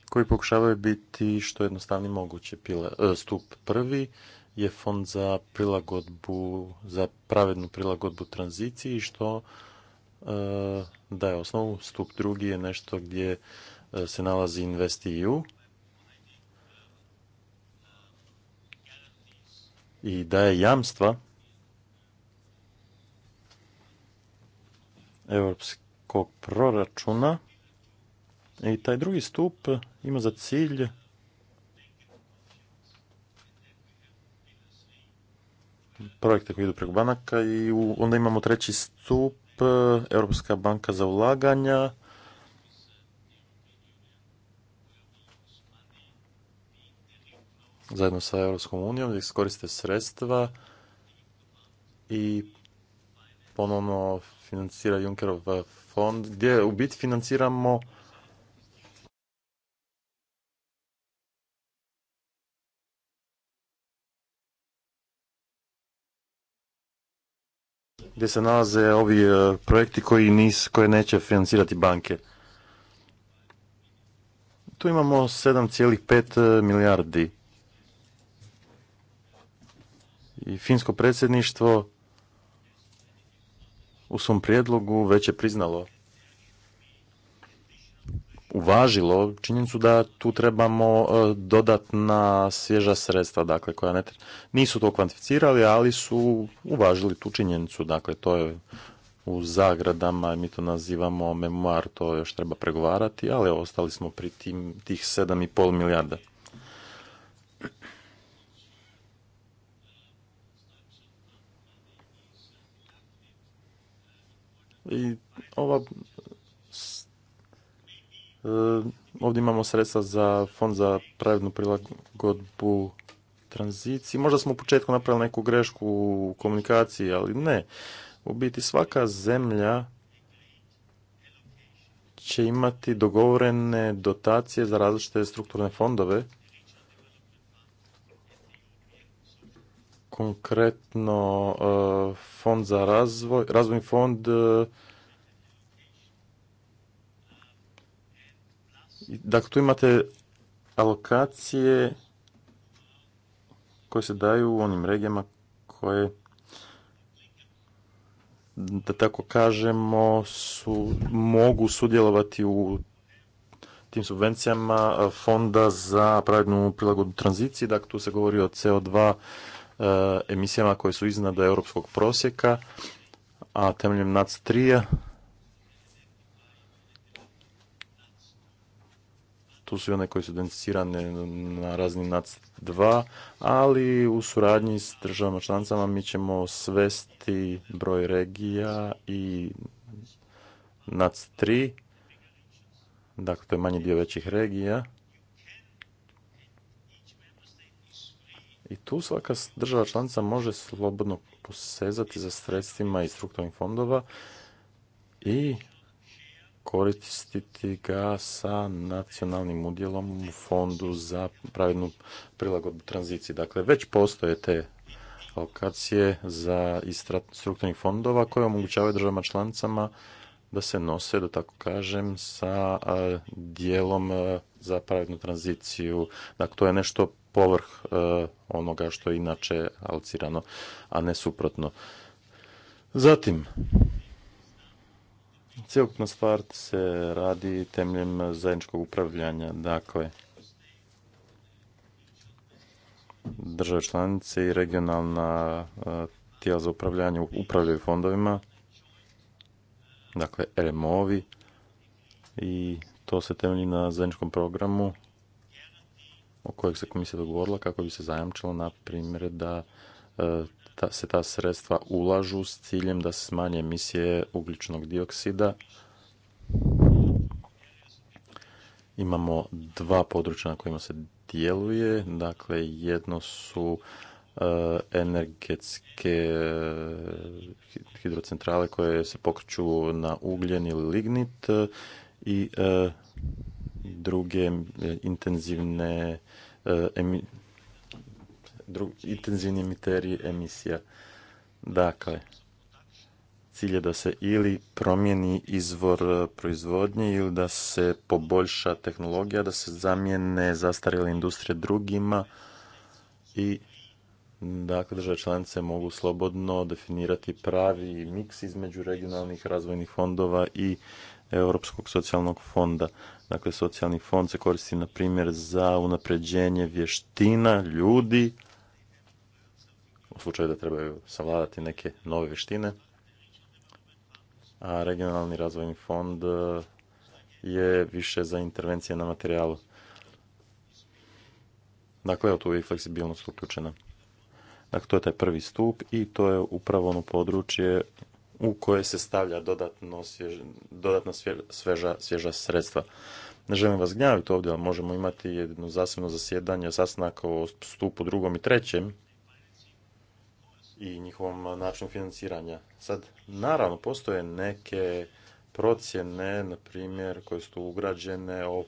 koji pokušavaju biti što jednostavnije moguće. E, stup prvi je fond za prilagodbu, za pravednu prilagodbu tranziciji, što e, daje osnovu. Stup drugi je nešto gdje e, se nalazi InvestEU i daje jamstva europskog proračuna i taj drugi stup ima za cilj projekte koji idu preko banaka i onda imamo treći stup, Europska banka za ulaganja. Zajedno sa Europskom unijom gdje se koriste sredstva i ponovno financira Junkerov e, fond, gdje u biti financiramo gdje se nalaze ovi e, projekti koji nis, koje neće financirati banke. Tu imamo 7,5 e, milijardi. I finsko predsjedništvo u svom prijedlogu već je priznalo uvažilo činjenicu da tu trebamo e, dodatna svježa sredstva, dakle koja ne nisu to kvantificirali, ali su uvažili tu činjenicu, dakle to je u zagradama, mi to nazivamo memoar, to još treba pregovarati, ali ostali smo pri tim, tih 7,5 milijarda. I ova e, ovdje imamo sredstva za fond za pravednu prilagodbu tranziciji. Možda smo u početku napravili neku grešku u komunikaciji, ali ne. U biti svaka zemlja će imati dogovorene dotacije za različite strukturne fondove konkretno e, fond za razvoj, razvojni fond e, Dakle, tu imate alokacije koje se daju u onim regijama koje da tako kažemo su, mogu sudjelovati u tim subvencijama e, fonda za pravednu prilagodbu tranziciji. Dakle, tu se govori o CO2 Eh, emisijama koje su iznad europskog prosjeka, a temeljem NAC 3 tu su i one koje su identificirane na razni NAC 2, ali u suradnji s državama članicama mi ćemo svesti broj regija i NAC 3, dakle to je manji dio većih regija. I tu svaka država članica može slobodno posezati za sredstvima iz strukturnih fondova i koristiti ga sa nacionalnim udjelom u fondu za pravednu prilagodbu tranziciji. Dakle, već postoje te alokacije za iz strukturnih fondova koje omogućavaju državama članicama da se nose, da tako kažem, sa dijelom za pravednu tranziciju. Dakle, to je nešto povrh onoga što je inače alcirano, a ne suprotno. Zatim, cijelokupna stvar se radi temeljem zajedničkog upravljanja. Dakle, države članice i regionalna tijela za upravljanje upravljaju fondovima dakle rmo i to se temelji na zajedničkom programu o kojeg se komisija dogovorila kako bi se zajamčilo na primjer da e, se ta sredstva ulažu s ciljem da se smanje emisije ugljičnog dioksida. Imamo dva područja na kojima se djeluje, dakle jedno su E, energetske e, hidrocentrale koje se pokreću na ugljen ili lignit e, i druge intenzivne intenzivni emiteri emisija. Dakle, cilj je da se ili promijeni izvor proizvodnje ili da se poboljša tehnologija, da se zamijene zastarjele industrije drugima i Dakle, države članice mogu slobodno definirati pravi miks između regionalnih razvojnih fondova i Europskog socijalnog fonda. Dakle, socijalni fond se koristi, na primjer, za unapređenje vještina ljudi, u slučaju da trebaju savladati neke nove vještine, a regionalni razvojni fond e, je više za intervencije na materijalu. Dakle, evo tu je fleksibilnost uključena. Dakle, to je taj prvi stup i to je upravo ono područje u koje se stavlja dodatno svjež, dodatna svježa, sredstva. Ne želim vas gnjaviti ovdje, ali možemo imati jedno zasebno zasjedanje, sastanak o stupu drugom i trećem i njihovom načinu financiranja. Sad, naravno, postoje neke procjene, na primjer, koje su ugrađene o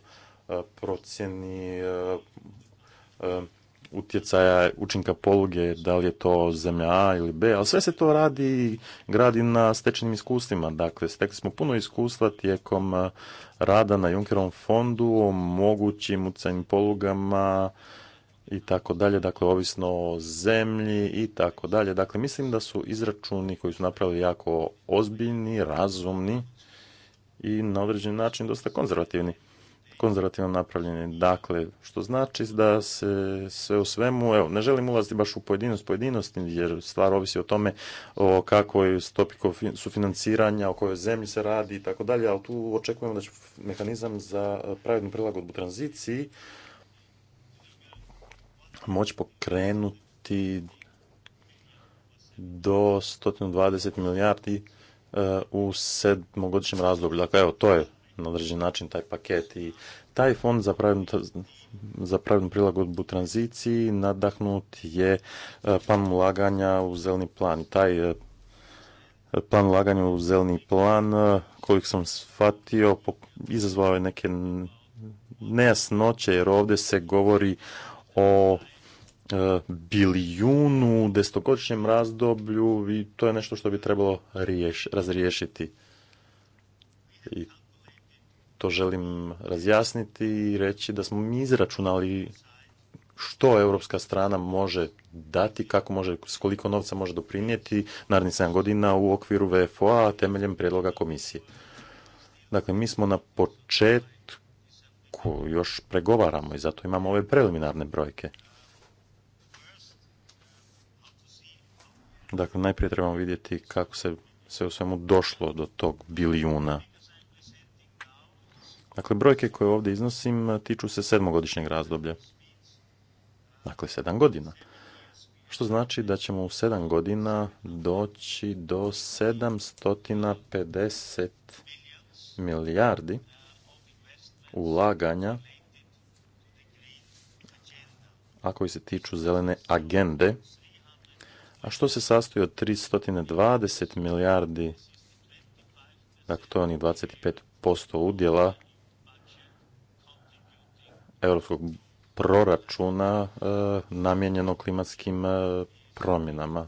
procjeni utjecaja učinka poluge, da li je to zemlja A ili B, ali sve se to radi i gradi na stečenim iskustvima. Dakle, stekli smo puno iskustva tijekom eh, rada na Junkerovom fondu, o mogućim utjecajnim polugama i tako dalje, dakle, ovisno o zemlji i tako dalje. Dakle, mislim da su izračuni koji su napravili jako ozbiljni, razumni i na određen način dosta konzervativni konzervativno napravljeni. Dakle, što znači da se sve u svemu, evo, ne želim ulaziti baš u pojedinost pojedinosti, jer stvar ovisi o tome o kakvoj stopi sufinanciranja, o kojoj zemlji se radi i tako dalje, ali tu očekujemo da će mehanizam za pravednu prilagodbu tranziciji moći pokrenuti do 120 milijardi e, u sedmogodišnjem razdoblju. Dakle, evo, to je na određen način taj paket i taj fond za pravilnu, za pravilnu prilagodbu tranziciji nadahnut je e, plan ulaganja u zeleni plan. Taj e, plan ulaganja u zeleni plan, e, koliko sam shvatio, izazvao je neke nejasnoće jer ovdje se govori o bilijunu, desetogodišnjem razdoblju i to je nešto što bi trebalo razriješiti. I želim razjasniti i reći da smo mi izračunali što europska strana može dati, kako može, s koliko novca može doprinijeti narednih 7 godina u okviru VFO-a temeljem prijedloga komisije. Dakle, mi smo na početku, još pregovaramo i zato imamo ove preliminarne brojke. Dakle, najprije trebamo vidjeti kako se sve u svemu došlo do tog bilijuna. Dakle, brojke koje ovdje iznosim eh, tiču se sedmogodišnjeg razdoblja. Dakle, sedam godina. Što znači da ćemo u sedam godina doći do 750 milijardi ulaganja a koji se tiču zelene agende, a što se sastoji od 320 milijardi, dakle to je onih 25% udjela europskog proračuna e, namjenjeno klimatskim e, promjenama.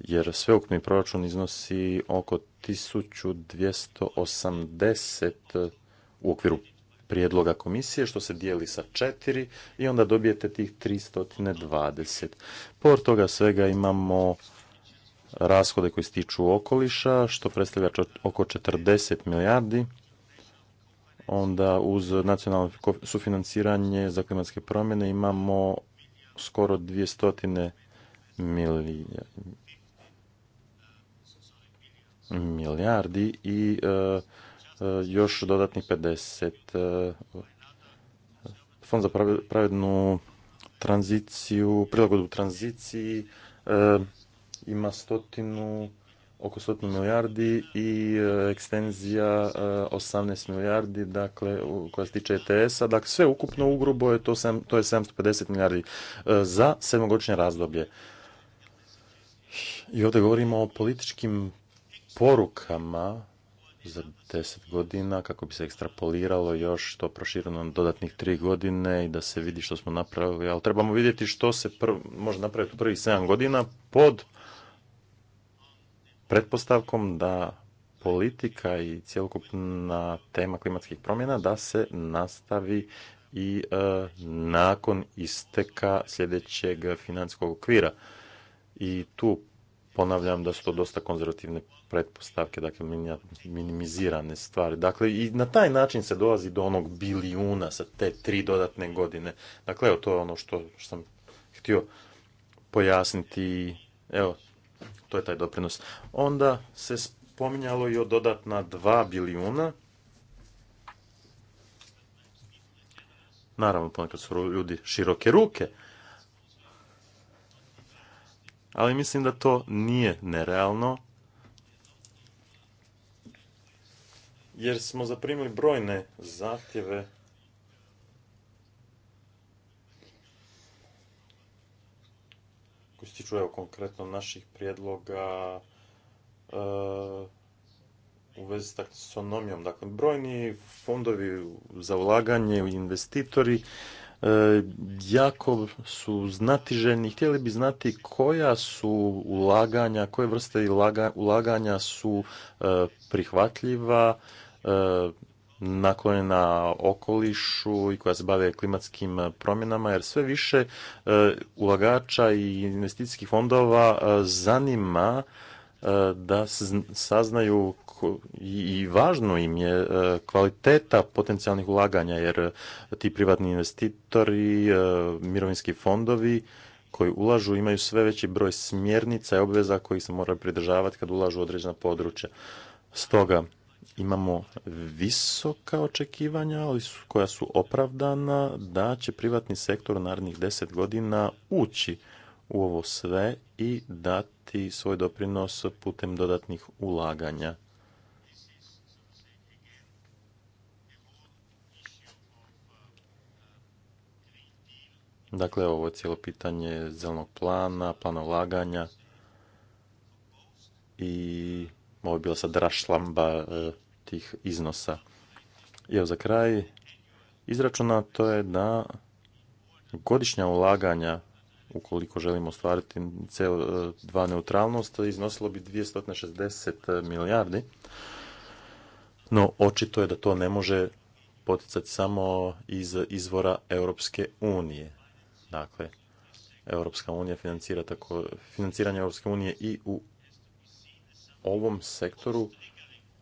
Jer sveukupni proračun iznosi oko 1280 u okviru prijedloga komisije, što se dijeli sa četiri i onda dobijete tih 320. Por toga svega imamo rashode koji se tiču okoliša, što predstavlja oko 40 milijardi Onda uz nacionalno sufinanciranje za klimatske promjene imamo skoro 200 milijardi i e, e, još dodatnih 50. E, Fond za pravednu tranziciju, prilagodbu tranziciji ima stotinu oko 100 milijardi i e, ekstenzija 18 e, milijardi, dakle, koja se tiče ETS-a. Dakle, sve ukupno ugrubo je to, to je 750 milijardi e, za sedmogodišnje razdoblje. I ovdje govorimo o političkim porukama za deset godina kako bi se ekstrapoliralo još to prošireno na dodatnih tri godine i da se vidi što smo napravili, ali trebamo vidjeti što se može napraviti u prvih sedam godina pod pretpostavkom da politika i cjelokupna tema klimatskih promjena da se nastavi i e, nakon isteka sljedećeg financijskog okvira. I tu ponavljam da su to dosta konzervativne pretpostavke, dakle minimizirane stvari. Dakle, i na taj način se dolazi do onog bilijuna sa te tri dodatne godine. Dakle, evo, to je ono što, što sam htio pojasniti. Evo, to je taj doprinos. Onda se spominjalo i o dodatna 2 bilijuna. Naravno, ponekad su ljudi široke ruke, ali mislim da to nije nerealno, jer smo zaprimili brojne zahtjeve koji se evo, konkretno naših prijedloga e, u vezi s taksonomijom. Dakle, brojni fondovi za ulaganje, investitori e, jako su znatiželjni, htjeli bi znati koja su ulaganja, koje vrste ulaganja su e, prihvatljiva, e, naklonjena okolišu i koja se bave klimatskim promjenama, jer sve više e, ulagača i investicijskih fondova e, zanima e, da saznaju i važno im je kvaliteta potencijalnih ulaganja, jer ti privatni investitori, mirovinski fondovi koji ulažu imaju sve veći broj smjernica i obveza koji se moraju pridržavati kad ulažu u određena područja. Stoga, imamo visoka očekivanja, ali su, koja su opravdana da će privatni sektor u narednih deset godina ući u ovo sve i dati svoj doprinos putem dodatnih ulaganja. Dakle, ovo je cijelo pitanje zelenog plana, plana ulaganja i ovo je bila sad rašlamba e, tih iznosa. I evo za kraj, izračunato je da godišnja ulaganja ukoliko želimo ostvariti CO2 e, neutralnost, iznosilo bi 260 milijardi. No, očito je da to ne može poticati samo iz izvora Europske unije. Dakle, Europska unija financira tako, financiranje Europske unije i u ovom sektoru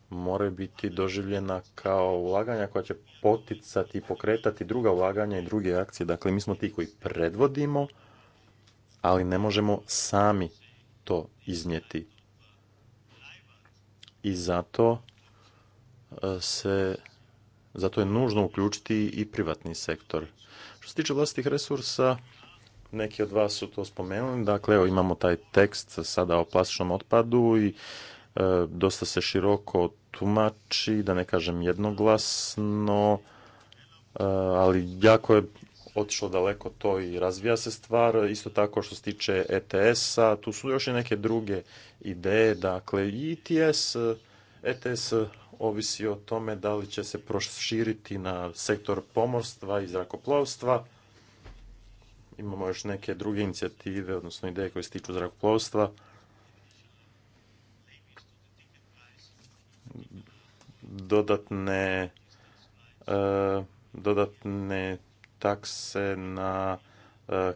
moraju biti doživljena kao ulaganja koja će poticati i pokretati druga ulaganja i druge akcije. Dakle, mi smo ti koji predvodimo, ali ne možemo sami to iznijeti. I zato e, se zato je nužno uključiti i privatni sektor. Što se tiče vlastitih resursa, neki od vas su to spomenuli, dakle evo imamo taj tekst sada o plastičnom otpadu i E, dosta se široko tumači, da ne kažem jednoglasno, e, ali jako je otišlo daleko to i razvija se stvar. Isto tako što se tiče ETS-a, tu su još i neke druge ideje, dakle i ETS, ETS ovisi o tome da li će se proširiti na sektor pomorstva i zrakoplovstva. Imamo još neke druge inicijative, odnosno ideje koje se tiču zrakoplovstva. dodatne e, dodatne takse na e,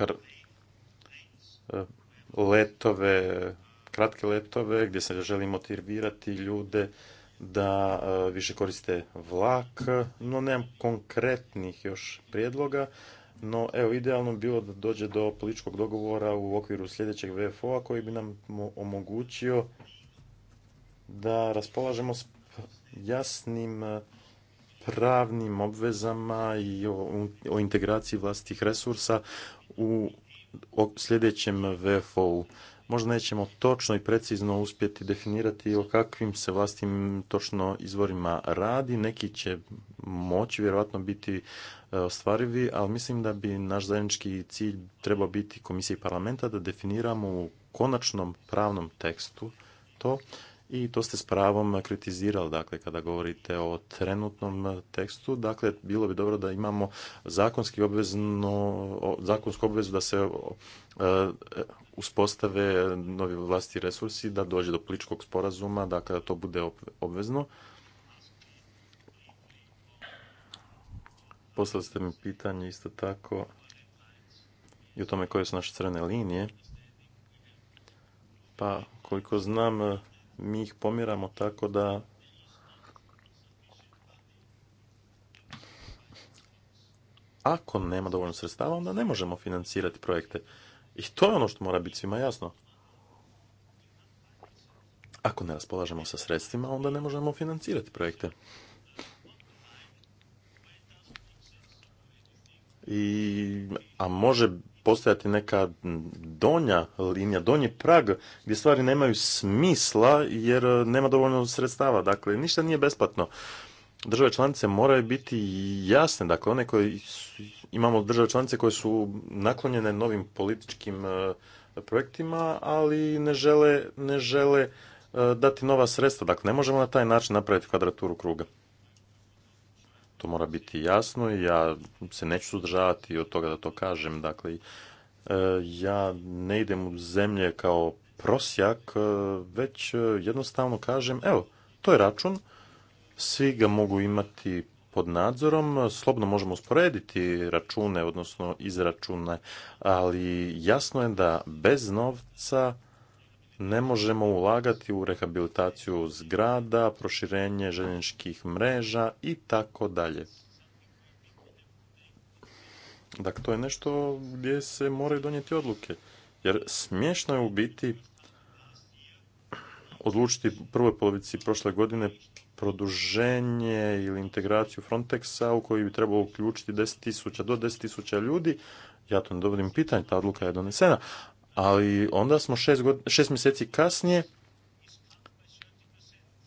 e, letove, kratke letove gdje se želi motivirati ljude da više koriste vlak, no nemam konkretnih još prijedloga, no evo idealno bi bilo da dođe do političkog dogovora u okviru sljedećeg VFO-a koji bi nam omogućio da raspolažemo s jasnim eh, pravnim obvezama i o, integraciji vlastitih resursa u sljedećem VFO-u. Možda nećemo točno i precizno uspjeti definirati o kakvim se vlastim točno izvorima radi. Neki će moći vjerojatno biti eh, ostvarivi, ali mislim da bi naš zajednički cilj trebao biti komisije i parlamenta da definiramo u konačnom pravnom tekstu to i to ste s pravom kritizirali, dakle, kada govorite o trenutnom tekstu. Dakle, bilo bi dobro da imamo zakonski obvezno, zakonsku obvezu da se e, uspostave novi vlasti resursi, da dođe do političkog sporazuma, dakle, da to bude obvezno. Poslali ste mi pitanje isto tako i o tome koje su naše crne linije. Pa, koliko znam, mi ih pomiramo tako da ako nema dovoljno sredstava, onda ne možemo financirati projekte. I to je ono što mora biti svima jasno. Ako ne raspolažemo sa sredstvima, onda ne možemo financirati projekte. I, a može postojati neka donja linija, donji prag gdje stvari nemaju smisla jer e, nema dovoljno sredstava. Dakle, ništa nije besplatno. Države članice moraju biti jasne, dakle one koje imamo države članice koje su naklonjene novim političkim e, projektima, ali ne žele, ne žele e, dati nova sredstva. Dakle, ne možemo na taj način napraviti kvadraturu kruga to mora biti jasno i ja se neću sudržavati od toga da to kažem. Dakle, e, ja ne idem u zemlje kao prosjak, e, već e, jednostavno kažem, evo, to je račun, svi ga mogu imati pod nadzorom, slobno možemo usporediti račune, odnosno izračune, ali jasno je da bez novca ne možemo ulagati u rehabilitaciju zgrada, proširenje željezničkih mreža i tako dalje. Dakle, to je nešto gdje se moraju donijeti odluke. Jer smiješno je u biti odlučiti u prvoj polovici prošle godine produženje ili integraciju Frontexa u koji bi trebalo uključiti 10.000 do 10.000 ljudi. Ja to ne dovodim pitanje, ta odluka je donesena, ali onda smo šest, god, šest mjeseci kasnije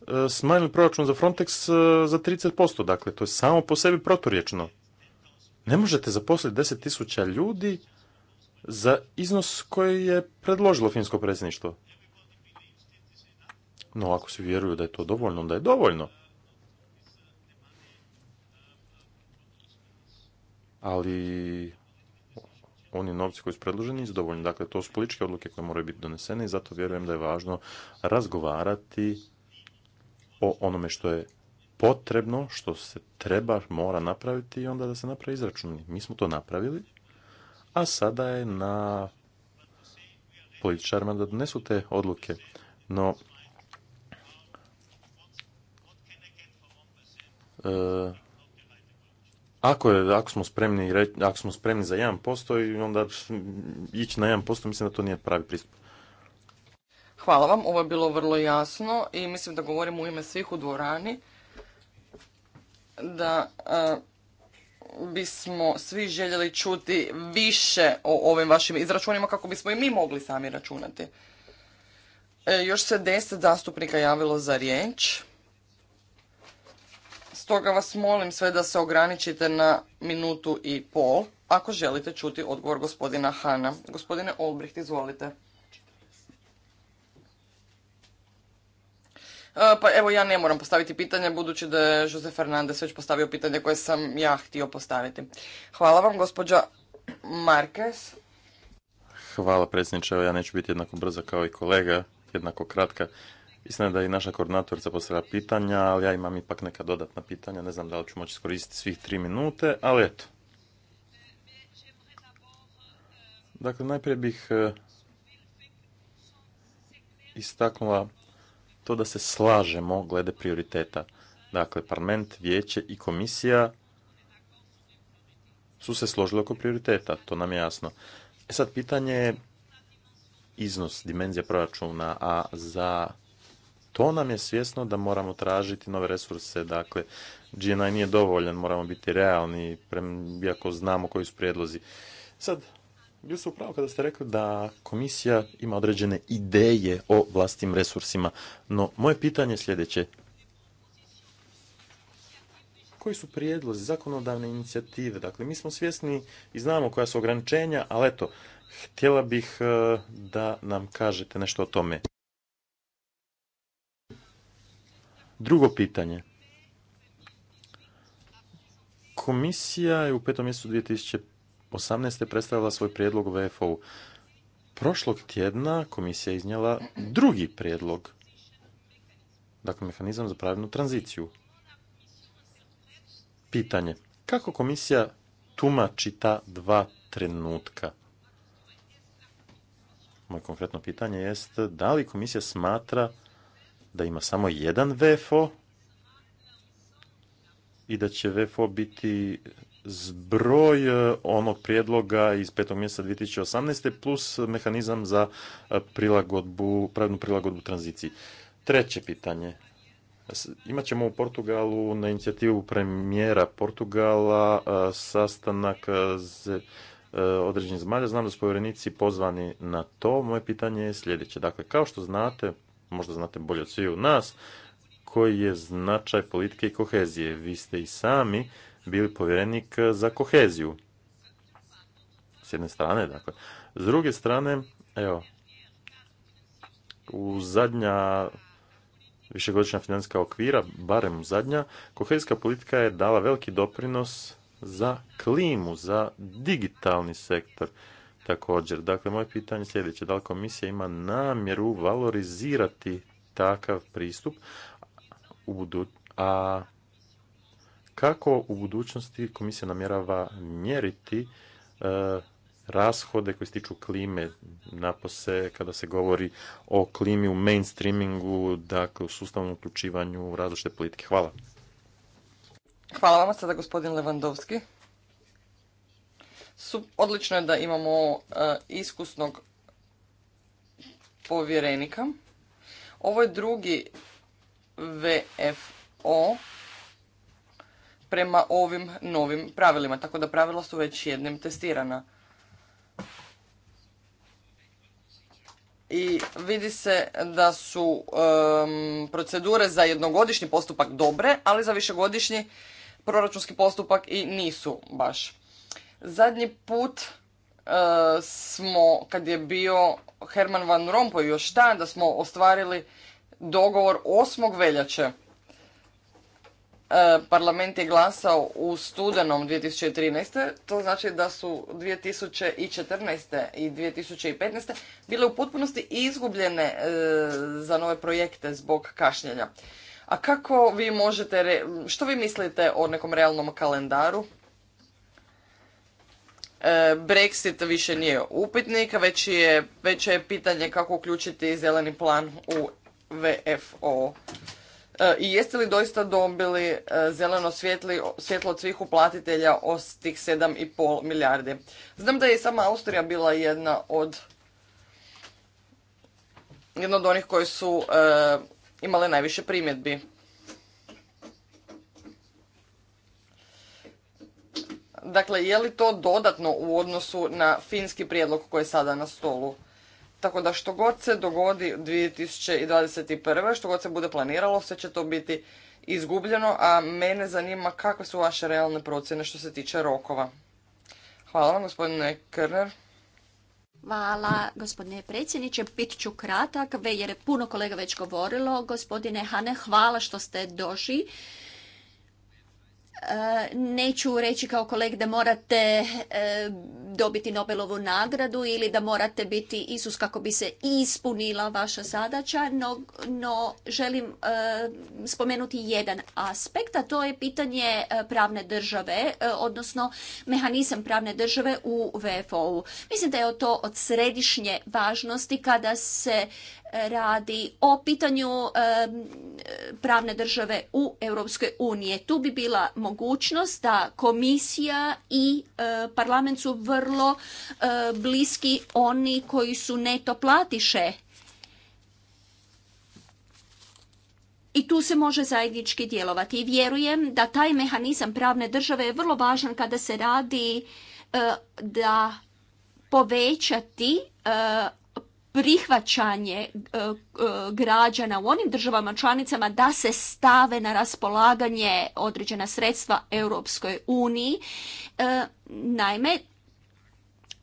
e, smanjili proračun za Frontex e, za 30%. Dakle, to je samo po sebi proturječno. Ne možete zaposliti 10.000 ljudi za iznos koji je predložilo finsko predsjedništvo. No, ako se vjeruju da je to dovoljno, onda je dovoljno. Ali oni novci koji su predloženi nisu dovoljni. Dakle, to su političke odluke koje moraju biti donesene i zato vjerujem da je važno razgovarati o onome što je potrebno, što se treba, mora napraviti i onda da se napravi izračun. Mi smo to napravili, a sada je na političarima da donesu te odluke. No, e, ako, je, ako, smo spremni, ako smo spremni za 1% i onda ići na 1%, mislim da to nije pravi pristup. Hvala vam, ovo je bilo vrlo jasno i mislim da govorim u ime svih u dvorani da e, bismo svi željeli čuti više o ovim vašim izračunima kako bismo i mi mogli sami računati. E, još se deset zastupnika javilo za riječ. Stoga vas molim sve da se ograničite na minutu i pol ako želite čuti odgovor gospodina Hana. Gospodine Olbricht, izvolite. E, pa evo ja ne moram postaviti pitanje budući da je Jose Fernandez već postavio pitanje koje sam ja htio postaviti. Hvala vam gospođa Marquez. Hvala predsjedniče, evo ja neću biti jednako brza kao i kolega, jednako kratka. Istina da je naša koordinatorica postavila pitanja, ali ja imam ipak neka dodatna pitanja. Ne znam da li ću moći skoristiti svih tri minute, ali eto. Dakle, najprije bih e, istaknula to da se slažemo glede prioriteta. Dakle, parlament, vijeće i komisija su se složili oko prioriteta, to nam je jasno. E sad, pitanje je iznos, dimenzija proračuna, a za to nam je svjesno da moramo tražiti nove resurse. Dakle, GNI nije dovoljan, moramo biti realni, iako znamo koji su prijedlozi. Sad, bio ste upravo kada ste rekli da komisija ima određene ideje o vlastim resursima, no moje pitanje je sljedeće. Koji su prijedlozi, zakonodavne inicijative? Dakle, mi smo svjesni i znamo koja su ograničenja, ali eto, htjela bih eh, da nam kažete nešto o tome. Drugo pitanje. Komisija je u petom mjesecu 2018. predstavila svoj prijedlog u vfo Prošlog tjedna komisija je iznijela drugi prijedlog, dakle mehanizam za pravilnu tranziciju. Pitanje. Kako komisija tumači ta dva trenutka? Moje konkretno pitanje jest da li komisija smatra da ima samo jedan VFO i da će VFO biti zbroj e, onog prijedloga iz petog mjeseca 2018. plus mehanizam za e, prilagodbu, pravnu prilagodbu tranziciji. Treće pitanje. Imat ćemo u Portugalu na inicijativu premijera Portugala e, sastanak z određenih zemalja. Znam da su povjerenici pozvani na to. Moje pitanje je sljedeće. Dakle, kao što znate, možda znate bolje od sviju nas, koji je značaj politike i kohezije. Vi ste i sami bili povjerenik za koheziju. S jedne strane, dakle. S druge strane, evo, u zadnja višegodišnja financijska okvira, barem zadnja, kohezijska politika je dala veliki doprinos za klimu, za digitalni sektor također. Dakle, moje pitanje je sljedeće. Da li komisija ima namjeru valorizirati takav pristup, a kako u budućnosti komisija namjerava mjeriti e, rashode koji se tiču klime, napose kada se govori o klimi u mainstreamingu, dakle u sustavnom uključivanju različite politike. Hvala. Hvala vam sada gospodin Levandovski su odlično je da imamo e, iskusnog povjerenika. Ovo je drugi VFO prema ovim novim pravilima, tako da pravila su već jednim testirana. I vidi se da su procedure za jednogodišnji postupak dobre, ali za višegodišnji proračunski postupak i nisu baš. Zadnji put e, smo, kad je bio Herman Van Rompuy još tada, smo ostvarili dogovor 8. veljače. E, parlament je glasao u studenom 2013. To znači da su 2014. i 2015. bile u potpunosti izgubljene e, za nove projekte zbog kašnjenja. A kako vi možete, što vi mislite o nekom realnom kalendaru? E, Brexit više nije upitnik, već je, pitanje kako uključiti zeleni plan u VFO. E, I jeste li doista dobili e, zeleno svjetlo od svih uplatitelja od tih 7,5 milijardi? Znam da je sama Austrija bila jedna od jedna od onih koji su imali imale najviše primjedbi. Dakle, je li to dodatno u odnosu na finski prijedlog koji je sada na stolu? Tako da što god se dogodi 2021. što god se bude planiralo, sve će to biti izgubljeno, a mene zanima kakve su vaše realne procjene što se tiče rokova. Hvala vam, gospodine Krner. Hvala, gospodine predsjedniče. Bit ću kratak, jer je puno kolega već govorilo. Gospodine Hane, hvala što ste došli. Neću reći kao koleg da morate e, dobiti Nobelovu nagradu ili da morate biti Isus kako bi se ispunila vaša zadaća, no, no želim e, spomenuti jedan aspekt, a to je pitanje e, pravne države, odnosno mehanizam pravne države u VFO-u. Mislim da je to od središnje važnosti kada se radi o pitanju pravne države u Europskoj uniji. Tu bi bila mogućnost da komisija i e, parlament su vrlo e, bliski oni koji su neto platiše i tu se može zajednički djelovati. I vjerujem da taj mehanizam pravne države je vrlo važan kada se radi e, da povećati prihvaćanje e, e, građana u onim državama članicama da se stave na raspolaganje određena sredstva Europskoj uniji. E, naime,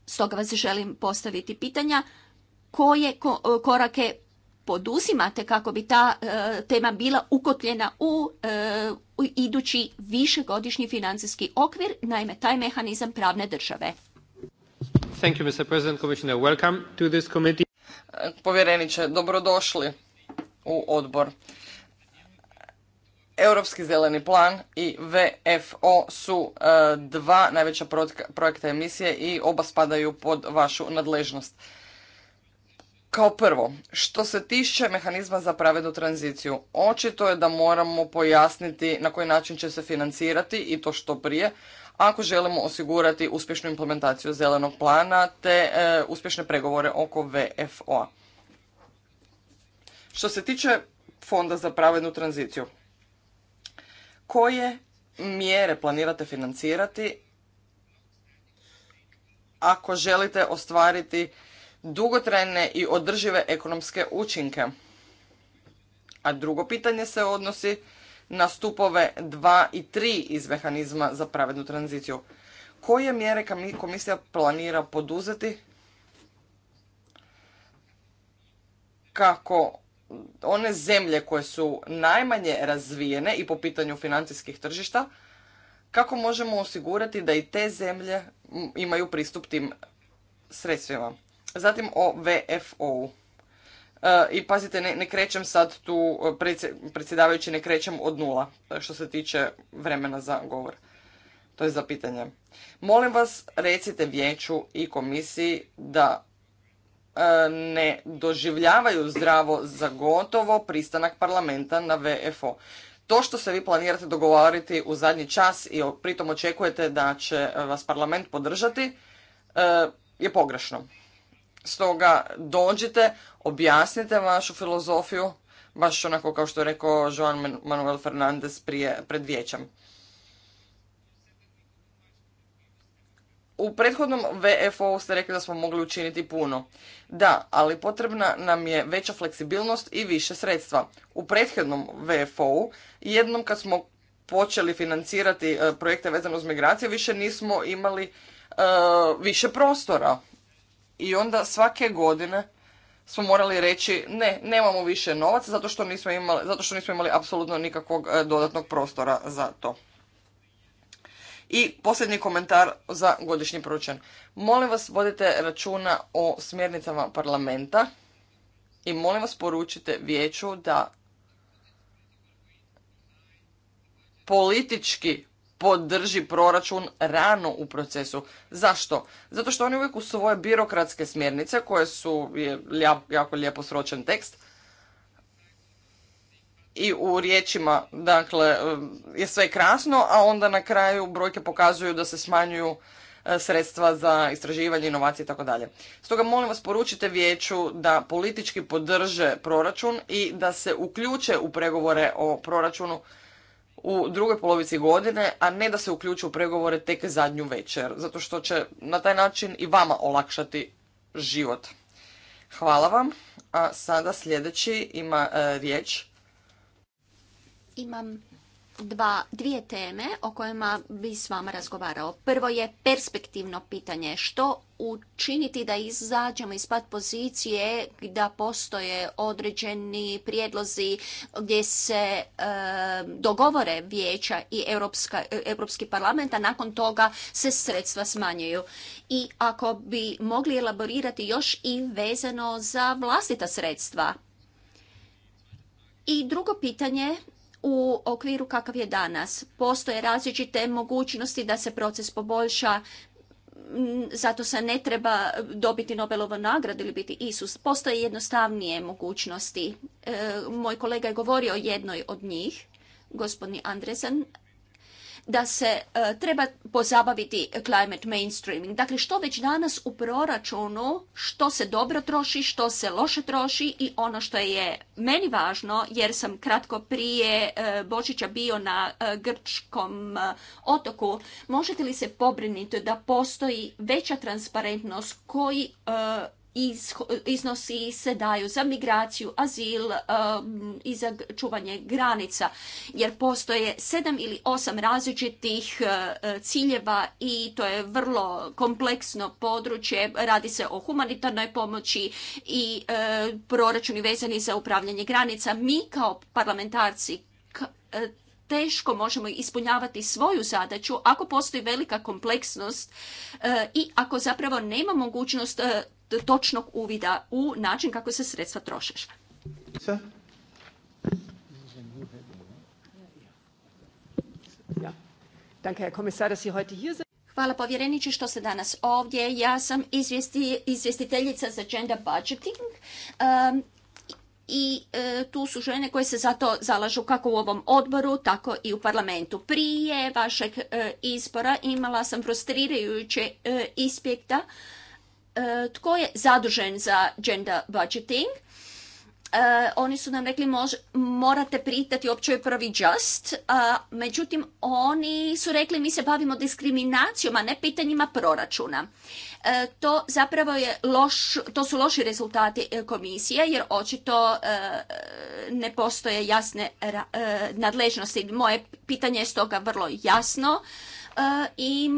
stoga vas želim postaviti pitanja koje korake poduzimate kako bi ta tema bila ukotljena u idući višegodišnji financijski okvir, naime taj mehanizam pravne države. Thank you, povjereniče, dobrodošli u odbor. Europski zeleni plan i VFO su e, dva najveća projekta emisije i oba spadaju pod vašu nadležnost. Kao prvo, što se tiče mehanizma za pravednu tranziciju, očito je da moramo pojasniti na koji način će se financirati i to što prije, ako želimo osigurati uspješnu implementaciju zelenog plana te e, uspješne pregovore oko VFO-a. Što se tiče Fonda za pravednu tranziciju, koje mjere planirate financirati ako želite ostvariti dugotrajne i održive ekonomske učinke? A drugo pitanje se odnosi na stupove 2 i 3 iz mehanizma za pravednu tranziciju. Koje mjere komisija planira poduzeti kako one zemlje koje su najmanje razvijene i po pitanju financijskih tržišta, kako možemo osigurati da i te zemlje imaju pristup tim sredstvima. Zatim o VFO-u. E, I pazite, ne, ne krećem sad tu, e, predsjedavajući, ne krećem od nula e, što se tiče vremena za govor. To je za pitanje. Molim vas, recite vijeću i komisiji da ne doživljavaju zdravo za gotovo pristanak parlamenta na VFO. To što se vi planirate dogovoriti u zadnji čas i pritom očekujete da će vas parlament podržati je pogrešno. Stoga dođite, objasnite vašu filozofiju, baš onako kao što je rekao Joan Manuel Fernandez prije, pred vijećem. U prethodnom VFO ste rekli da smo mogli učiniti puno. Da, ali potrebna nam je veća fleksibilnost i više sredstva. U prethodnom vfo jednom kad smo počeli financirati e, projekte vezano uz migracije, više nismo imali e, više prostora i onda svake godine smo morali reći ne, nemamo više novaca zato što nismo imali, zato što nismo imali apsolutno nikakvog e, dodatnog prostora za to. I posljednji komentar za godišnji proračun. Molim vas vodite računa o smjernicama parlamenta i molim vas poručite vijeću da politički podrži proračun rano u procesu. Zašto? Zato što oni uvijek u svoje birokratske smjernice, koje su je, jako lijepo sročen tekst, i u riječima, dakle, e, je sve krasno, a onda na kraju brojke pokazuju da se smanjuju e, sredstva za istraživanje, inovacije i tako dalje. Stoga molim vas poručite vijeću da politički podrže proračun i da se uključe u pregovore o proračunu u drugoj polovici godine, a ne da se uključi u pregovore tek zadnju večer, zato što će na taj način i vama olakšati život. Hvala vam. A sada sljedeći ima e, riječ. Imam dva, dvije teme o kojima bi s vama razgovarao. Prvo je perspektivno pitanje što učiniti da izađemo iz pat pozicije da postoje određeni prijedlozi gdje se e, dogovore vijeća i Europski parlament, a nakon toga se sredstva smanjuju. I ako bi mogli elaborirati još i vezano za vlastita sredstva. I drugo pitanje u okviru kakav je danas. Postoje različite mogućnosti da se proces poboljša, zato se ne treba dobiti Nobelovu nagradu ili biti Isus. Postoje jednostavnije mogućnosti. E, moj kolega je govorio o jednoj od njih, gospodin Andresen, da se e, treba pozabaviti climate mainstreaming. Dakle, što već danas u proračunu, što se dobro troši, što se loše troši i ono što je meni važno, jer sam kratko prije e, Božića bio na e, grčkom otoku, možete li se pobrinuti da postoji veća transparentnost koji iznosi se daju za migraciju, azil um, i za čuvanje granica, jer postoje sedam ili osam različitih uh, ciljeva i to je vrlo kompleksno područje. Radi se o humanitarnoj pomoći i uh, proračuni vezani za upravljanje granica. Mi kao parlamentarci uh, teško možemo ispunjavati svoju zadaću ako postoji velika kompleksnost i ako zapravo nema mogućnost točnog uvida u način kako se sredstva trošeš. Hvala povjereniče što ste danas ovdje. Ja sam izvjestiteljica za gender budgeting. Um, i e, tu su žene koje se zato zalažu kako u ovom odboru, tako i u parlamentu. Prije vašeg e, izbora imala sam frustrirajuće e, E, tko je zadužen za gender budgeting. E, oni su nam rekli morate pritati općoj prvi just, međutim oni su rekli mi se bavimo diskriminacijom, a ne pitanjima proračuna. E, to zapravo je loš, to su loši rezultati komisije jer očito ne postoje jasne nadležnosti. Moje pitanje je stoga vrlo jasno i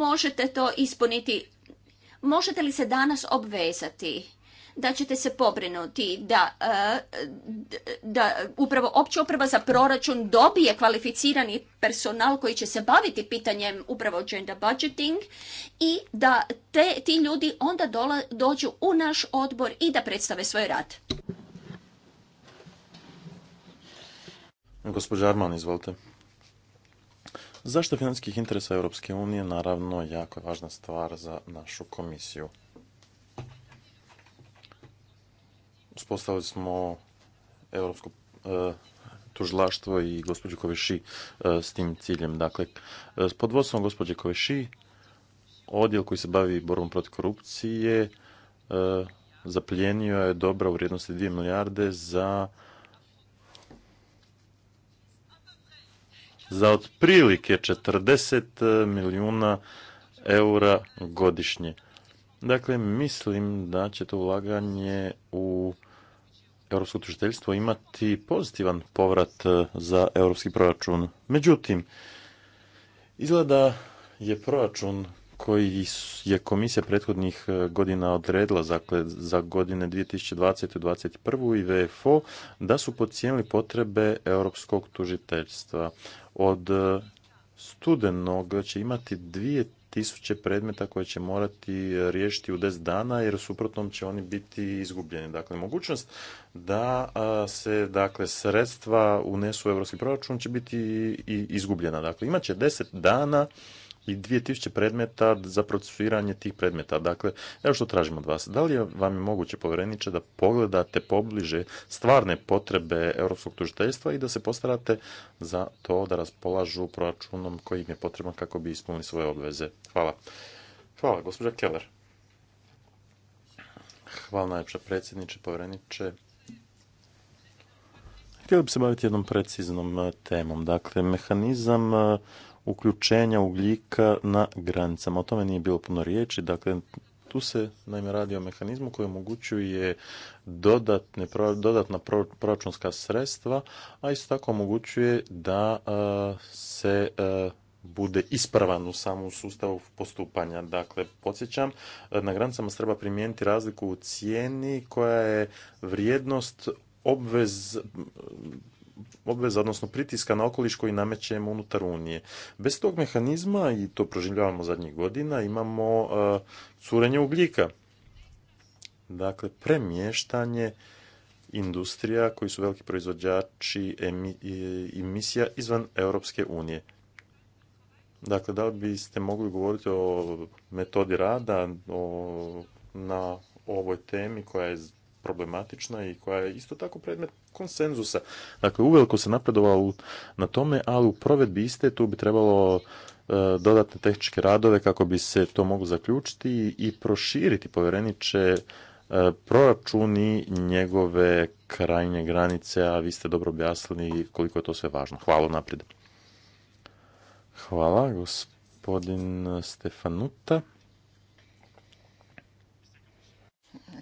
možete to ispuniti Možete li se danas obvezati da ćete se pobrinuti da, e, da upravo opća uprava za proračun dobije kvalificirani personal koji će se baviti pitanjem upravo gender budgeting i da te, ti ljudi onda dođu u naš odbor i da predstave svoj rad. Gospođa Arman, izvolite. Zašto financijskih interesa Europske unije naravno jako je važna stvar za našu komisiju. Uspostavili smo eh, Europsko eh, tužlaštvo i gospođu Koveši eh, s tim ciljem. Dakle, s podvodstvom gospođe Koveši odjel koji se bavi borbom protiv korupcije e, zapljenio je dobra u vrijednosti 2 milijarde za za otprilike 40 e, milijuna eura godišnje. Dakle, mislim da će to ulaganje u europsko tužiteljstvo imati pozitivan povrat e, za europski proračun. Međutim, izgleda je proračun koji je komisija prethodnih e, godina odredila, dakle, za godine 2020. i 2021. i VFO, da su podcijenili potrebe europskog tužiteljstva od e, studenog će imati dvije tisuće predmeta koje će morati e, riješiti u 10 dana jer suprotnom će oni biti izgubljeni. Dakle, mogućnost da se dakle sredstva unesu u europski proračun će biti i izgubljena. Dakle, imat će 10 dana i 2000 predmeta za procesuiranje tih predmeta. Dakle, evo što tražim od vas. Da li vam je moguće povjereniče da pogledate pobliže stvarne potrebe Europskog tužiteljstva i da se postarate za to da raspolažu proračunom koji im je potreban kako bi ispunili svoje obveze? Hvala. Hvala, gospođa Keller. Hvala predsjedniče, bi se baviti jednom preciznom eh, temom. Dakle, mehanizam eh, uključenja ugljika na granicama. O tome nije bilo puno riječi, dakle tu se naime radi o mehanizmu koji omogućuje dodatne, dodatna proračunska sredstva, a isto tako omogućuje da se bude ispravan u samom sustavu postupanja. Dakle, podsjećam, na granicama treba primijeniti razliku u cijeni koja je vrijednost obvez obveza, odnosno pritiska na okoliš koji namećemo unutar Unije. Bez tog mehanizma, i to proživljavamo zadnjih godina, imamo eh, curenje ugljika. Dakle, premještanje industrija koji su veliki proizvođači emisija izvan Europske unije. Dakle, da li biste mogli govoriti o metodi rada na ovoj temi koja je problematična i koja je isto tako predmet konsenzusa. Dakle, uveliko se napredovalo na tome, ali u provedbi iste tu bi trebalo e, dodatne tehničke radove kako bi se to moglo zaključiti i proširiti povjereniče e, proračuni njegove krajnje granice, a vi ste dobro objasnili koliko je to sve važno. Hvala naprijed. Hvala, gospodin Stefanuta.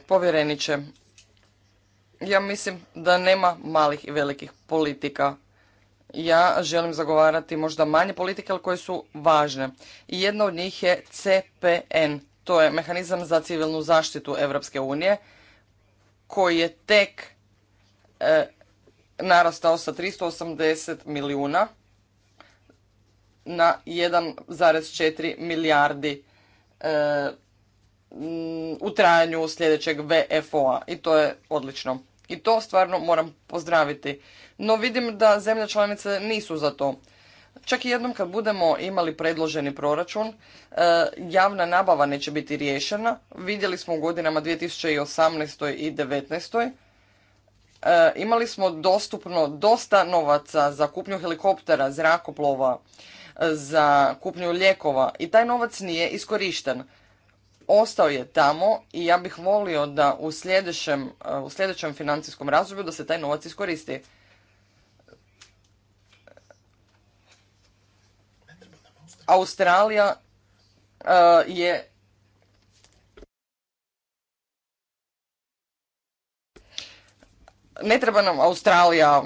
Povjereniče, ja mislim da nema malih i velikih politika. Ja želim zagovarati možda manje politike, ali koje su važne. I jedna od njih je CPN. To je mehanizam za civilnu zaštitu Europske unije koji je tek e, narastao sa 380 milijuna na 1,4 milijardi e, Mm, u trajanju sljedećeg VFO-a i to je odlično. I to stvarno moram pozdraviti. No vidim da zemlje članice nisu za to. Čak i jednom kad budemo imali predloženi proračun, e, javna nabava neće biti riješena. Vidjeli smo u godinama 2018. i 2019. E, imali smo dostupno dosta novaca za kupnju helikoptera, zrakoplova, e, za kupnju lijekova i taj novac nije iskorišten ostao je tamo i ja bih volio da u sljedećem, eh, u sljedećem financijskom razdoblju da se taj novac iskoristi. Australija eh, je Ne treba nam Australija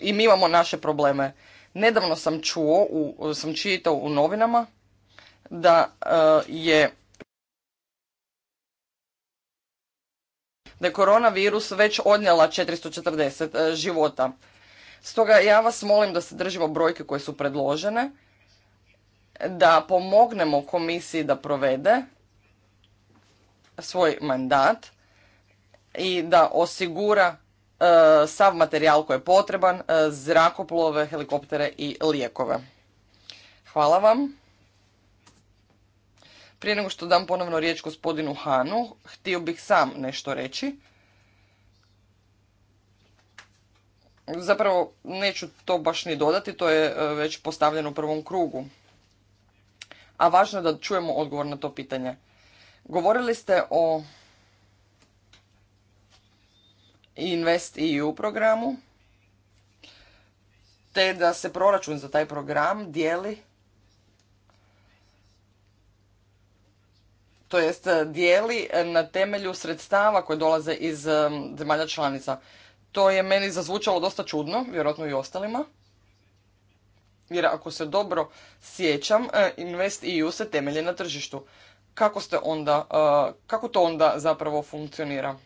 i mi imamo naše probleme. Nedavno sam čuo, u, sam čitao u novinama da eh, je da je koronavirus već odnijela 440 e, života. Stoga ja vas molim da se držimo brojke koje su predložene, da pomognemo komisiji da provede svoj mandat i da osigura e, sav materijal koji je potreban, e, zrakoplove, helikoptere i lijekove. Hvala vam. Prije nego što dam ponovno riječ gospodinu Hanu, htio bih sam nešto reći. Zapravo neću to baš ni dodati, to je e, već postavljeno u prvom krugu. A važno je da čujemo odgovor na to pitanje. Govorili ste o Invest EU programu, te da se proračun za taj program dijeli to jest e, dijeli e, na temelju sredstava koje dolaze iz e, zemalja članica. To je meni zazvučalo dosta čudno, vjerojatno i ostalima. Jer ako se dobro sjećam, Invest EU se temelje na tržištu. Kako, ste onda, kako to onda zapravo funkcionira?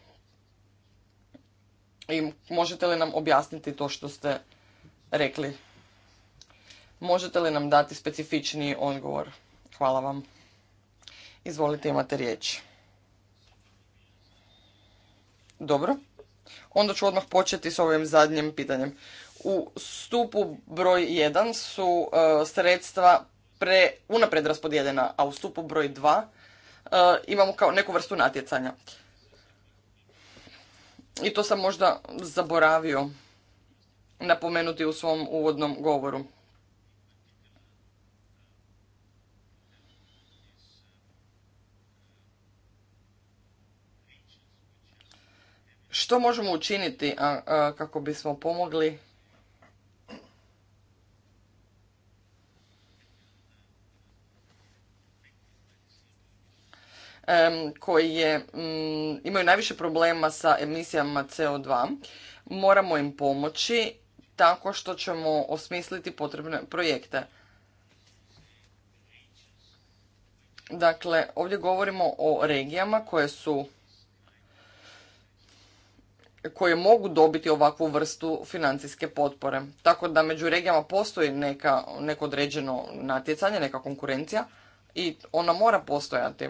I možete li nam objasniti to što ste rekli? Možete li nam dati specifičniji odgovor? Hvala vam. Izvolite, imate riječ. Dobro. Onda ću odmah početi s ovim zadnjim pitanjem. U stupu broj 1 su e, sredstva pre, unapred raspodijeljena, a u stupu broj 2 e, imamo kao neku vrstu natjecanja. I to sam možda zaboravio napomenuti u svom uvodnom govoru. što možemo učiniti kako bismo pomogli koji je, mm, imaju najviše problema sa emisijama CO2, moramo im pomoći tako što ćemo osmisliti potrebne projekte. Dakle, ovdje govorimo o regijama koje su koje mogu dobiti ovakvu vrstu financijske potpore. Tako da među regijama postoji neka, neko određeno natjecanje, neka konkurencija i ona mora postojati.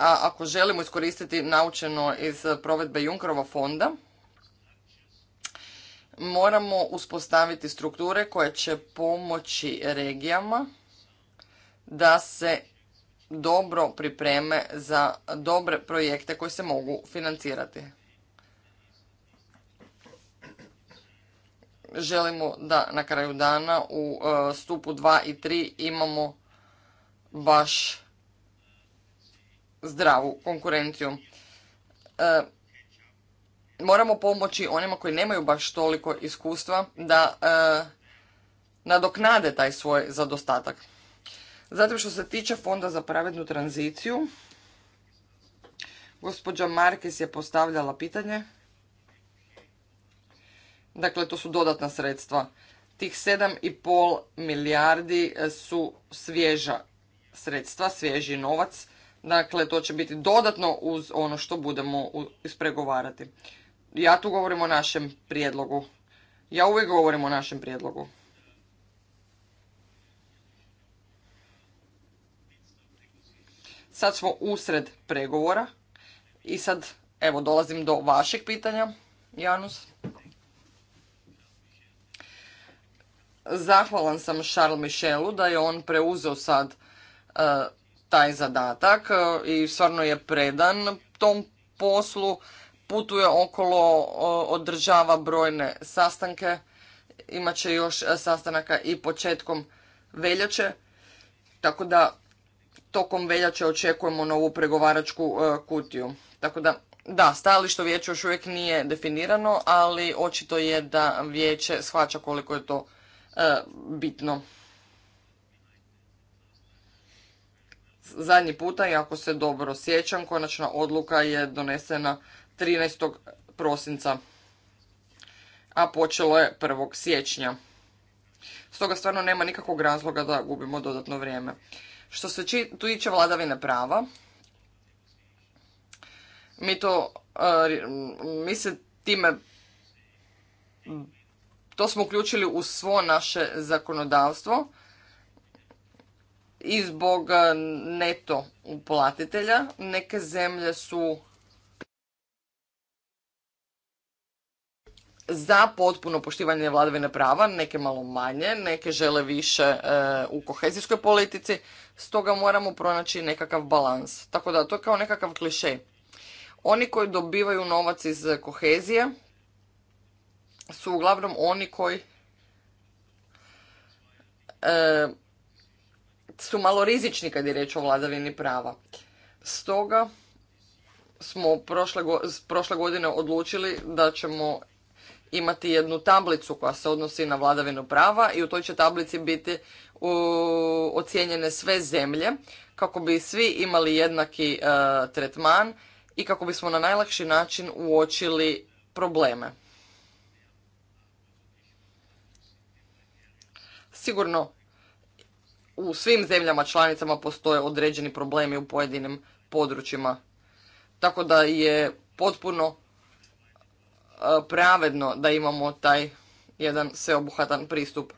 A ako želimo iskoristiti naučeno iz provedbe Junkerova fonda, moramo uspostaviti strukture koje će pomoći regijama da se dobro pripreme za dobre projekte koji se mogu financirati. Želimo da na kraju dana u e, stupu 2 i 3 imamo baš zdravu konkurenciju. E, moramo pomoći onima koji nemaju baš toliko iskustva da e, nadoknade taj svoj zadostatak. Zatim što se tiče Fonda za pravednu tranziciju, gospođa Markis je postavljala pitanje. Dakle, to su dodatna sredstva. Tih 7,5 milijardi su svježa sredstva, svježi novac. Dakle, to će biti dodatno uz ono što budemo ispregovarati. Ja tu govorim o našem prijedlogu. Ja uvijek govorim o našem prijedlogu. Sad smo usred pregovora i sad, evo, dolazim do vašeg pitanja, Janus. Zahvalan sam Charles Michelu da je on preuzeo sad e, taj zadatak e, i stvarno je predan tom poslu putuje okolo, održava brojne sastanke, imat će još e, sastanaka i početkom veljače, tako da tokom veljače očekujemo novu pregovaračku e, kutiju. Tako da, da, stajalište vijeće još uvijek nije definirano, ali očito je da vijeće shvaća koliko je to e, bitno. Zadnji puta, jako se dobro sjećam, konačna odluka je donesena 13. prosinca, a počelo je 1. siječnja. Stoga stvarno nema nikakvog razloga da gubimo dodatno vrijeme. Što se tu tiče vladavine prava, mi to, e, mi se time, to smo uključili u svo naše zakonodavstvo i zbog e, neto uplatitelja. Neke zemlje su za potpuno poštivanje vladavine prava, neke malo manje, neke žele više e, u kohezijskoj politici, stoga moramo pronaći nekakav balans. Tako da to je kao nekakav kliše. Oni koji dobivaju novac iz kohezije su uglavnom oni koji e, su malo rizični kad je riječ o vladavini prava. Stoga smo prošle, prošle godine odlučili da ćemo imati jednu tablicu koja se odnosi na vladavinu prava i u toj će tablici biti ocijenjene sve zemlje kako bi svi imali jednaki e, tretman i kako bismo na najlakši način uočili probleme. Sigurno u svim zemljama članicama postoje određeni problemi u pojedinim područjima. Tako da je potpuno E, pravedno da imamo taj jedan sveobuhvatan pristup.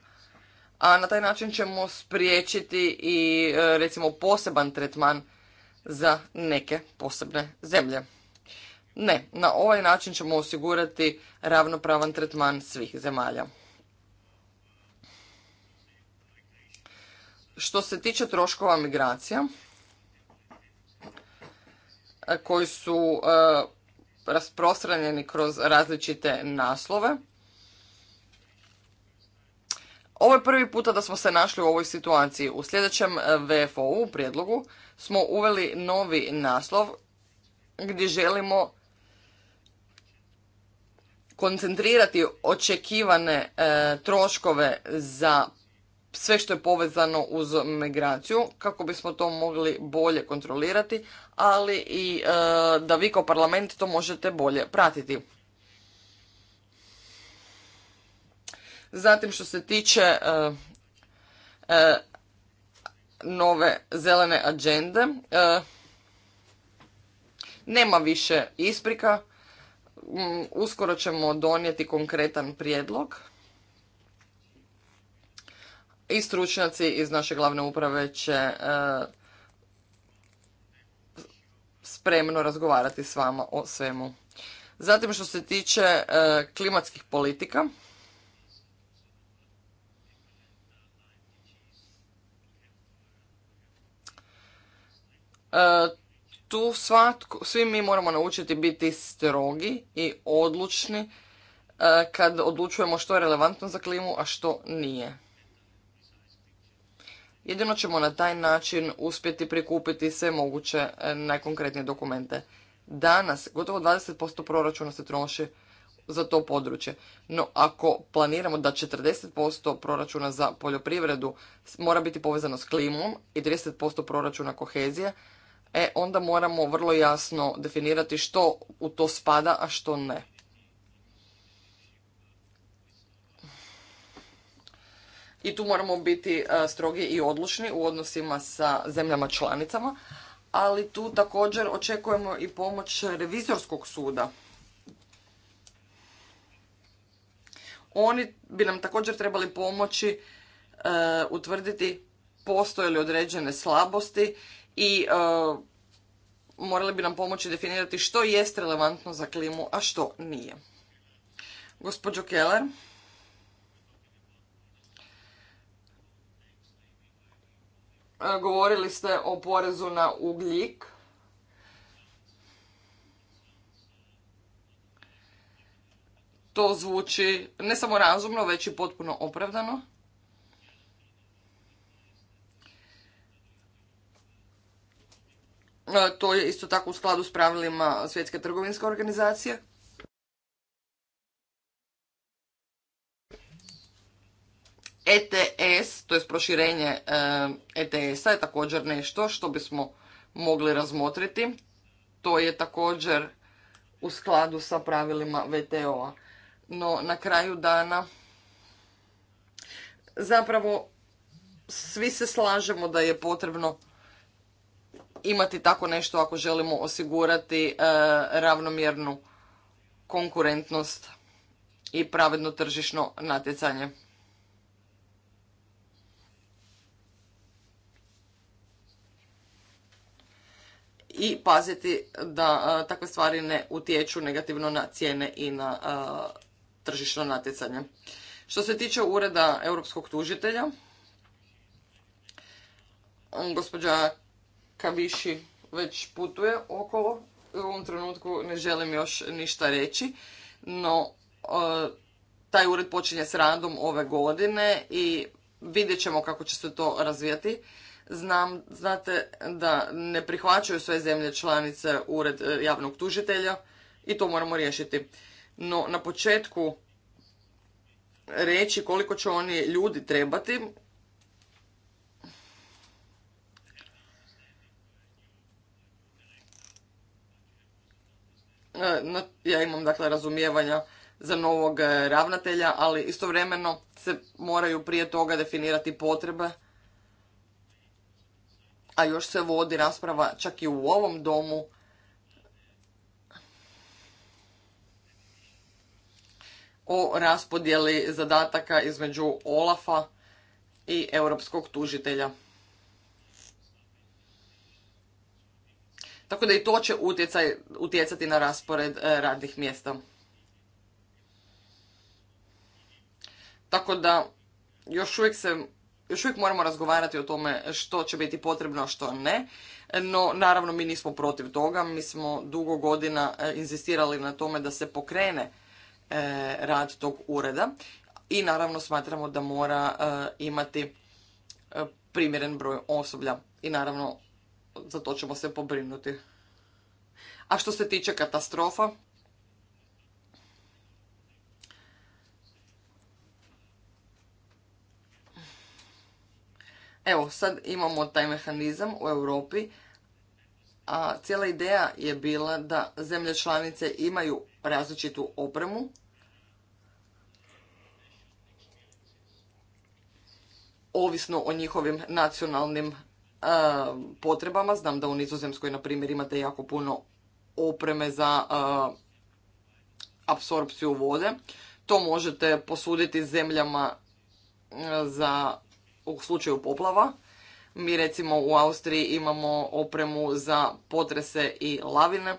A na taj način ćemo spriječiti i e, recimo poseban tretman za neke posebne zemlje. Ne, na ovaj način ćemo osigurati ravnopravan tretman svih zemalja. Što se tiče troškova migracija, e, koji su rasprostranjeni kroz različite naslove. Ovo je prvi puta da smo se našli u ovoj situaciji. U sljedećem eh, VFO-u prijedlogu smo uveli novi naslov gdje želimo koncentrirati očekivane eh, troškove za sve što je povezano uz migraciju kako bismo to mogli bolje kontrolirati, ali i e, da vi kao parlament to možete bolje pratiti. Zatim što se tiče e, e, nove zelene agende, nema više isprika, mm, uskoro ćemo donijeti konkretan prijedlog i stručnjaci iz naše glavne uprave će e, spremno razgovarati s vama o svemu. Zatim što se tiče e, klimatskih politika, e, tu svi mi moramo naučiti biti strogi i odlučni kad odlučujemo što je relevantno za klimu, a što nije. Jedino ćemo na taj način uspjeti prikupiti sve moguće e, najkonkretnije dokumente. Danas gotovo 20% proračuna se troši za to područje. No ako planiramo da 40% proračuna za poljoprivredu mora biti povezano s klimom i 30% proračuna kohezije, e onda moramo vrlo jasno definirati što u to spada, a što ne. i tu moramo biti e, strogi i odlučni u odnosima sa zemljama članicama, ali tu također očekujemo i pomoć revizorskog suda. Oni bi nam također trebali pomoći e, utvrditi postoje li određene slabosti i e, morali bi nam pomoći definirati što jest relevantno za klimu, a što nije. Gospođo Keller. Govorili ste o porezu na ugljik. To zvuči ne samo razumno, već i potpuno opravdano. To je isto tako u skladu s pravilima Svjetske trgovinske organizacije. ETS, to je proširenje ETS-a e je također nešto što bismo mogli razmotriti. To je također u skladu sa pravilima VTO-a. No na kraju dana zapravo svi se slažemo da je potrebno imati tako nešto ako želimo osigurati e, ravnomjernu konkurentnost i pravedno tržišno natjecanje. i paziti da e, takve stvari ne utječu negativno na cijene i na e, tržišno natjecanje. Što se tiče ureda europskog tužitelja, gospođa Kaviši već putuje okolo. U ovom trenutku ne želim još ništa reći, no e, taj ured počinje s radom ove godine i vidjet ćemo kako će se to razvijati. Znam, znate da ne prihvaćaju sve zemlje članice ured e, javnog tužitelja i to moramo riješiti. No na početku reći koliko će oni ljudi trebati e, ja imam dakle razumijevanja za novog e, ravnatelja, ali istovremeno se moraju prije toga definirati potrebe a još se vodi rasprava čak i u ovom domu o raspodjeli zadataka između Olafa i europskog tužitelja. Tako da i to će utjecaj, utjecati na raspored e, radnih mjesta. Tako da još uvijek se još uvijek moramo razgovarati o tome što će biti potrebno, a što ne. No, naravno, mi nismo protiv toga. Mi smo dugo godina e, inzistirali na tome da se pokrene e, rad tog ureda i naravno smatramo da mora e, imati primjeren broj osoblja i naravno za to ćemo se pobrinuti. A što se tiče katastrofa, Evo, sad imamo taj mehanizam u Europi, a cijela ideja je bila da zemlje članice imaju različitu opremu, ovisno o njihovim nacionalnim e, potrebama. Znam da u Nizozemskoj, na primjer, imate jako puno opreme za e, apsorpciju vode. To možete posuditi zemljama e, za u slučaju poplava. Mi recimo u Austriji imamo opremu za potrese i lavine.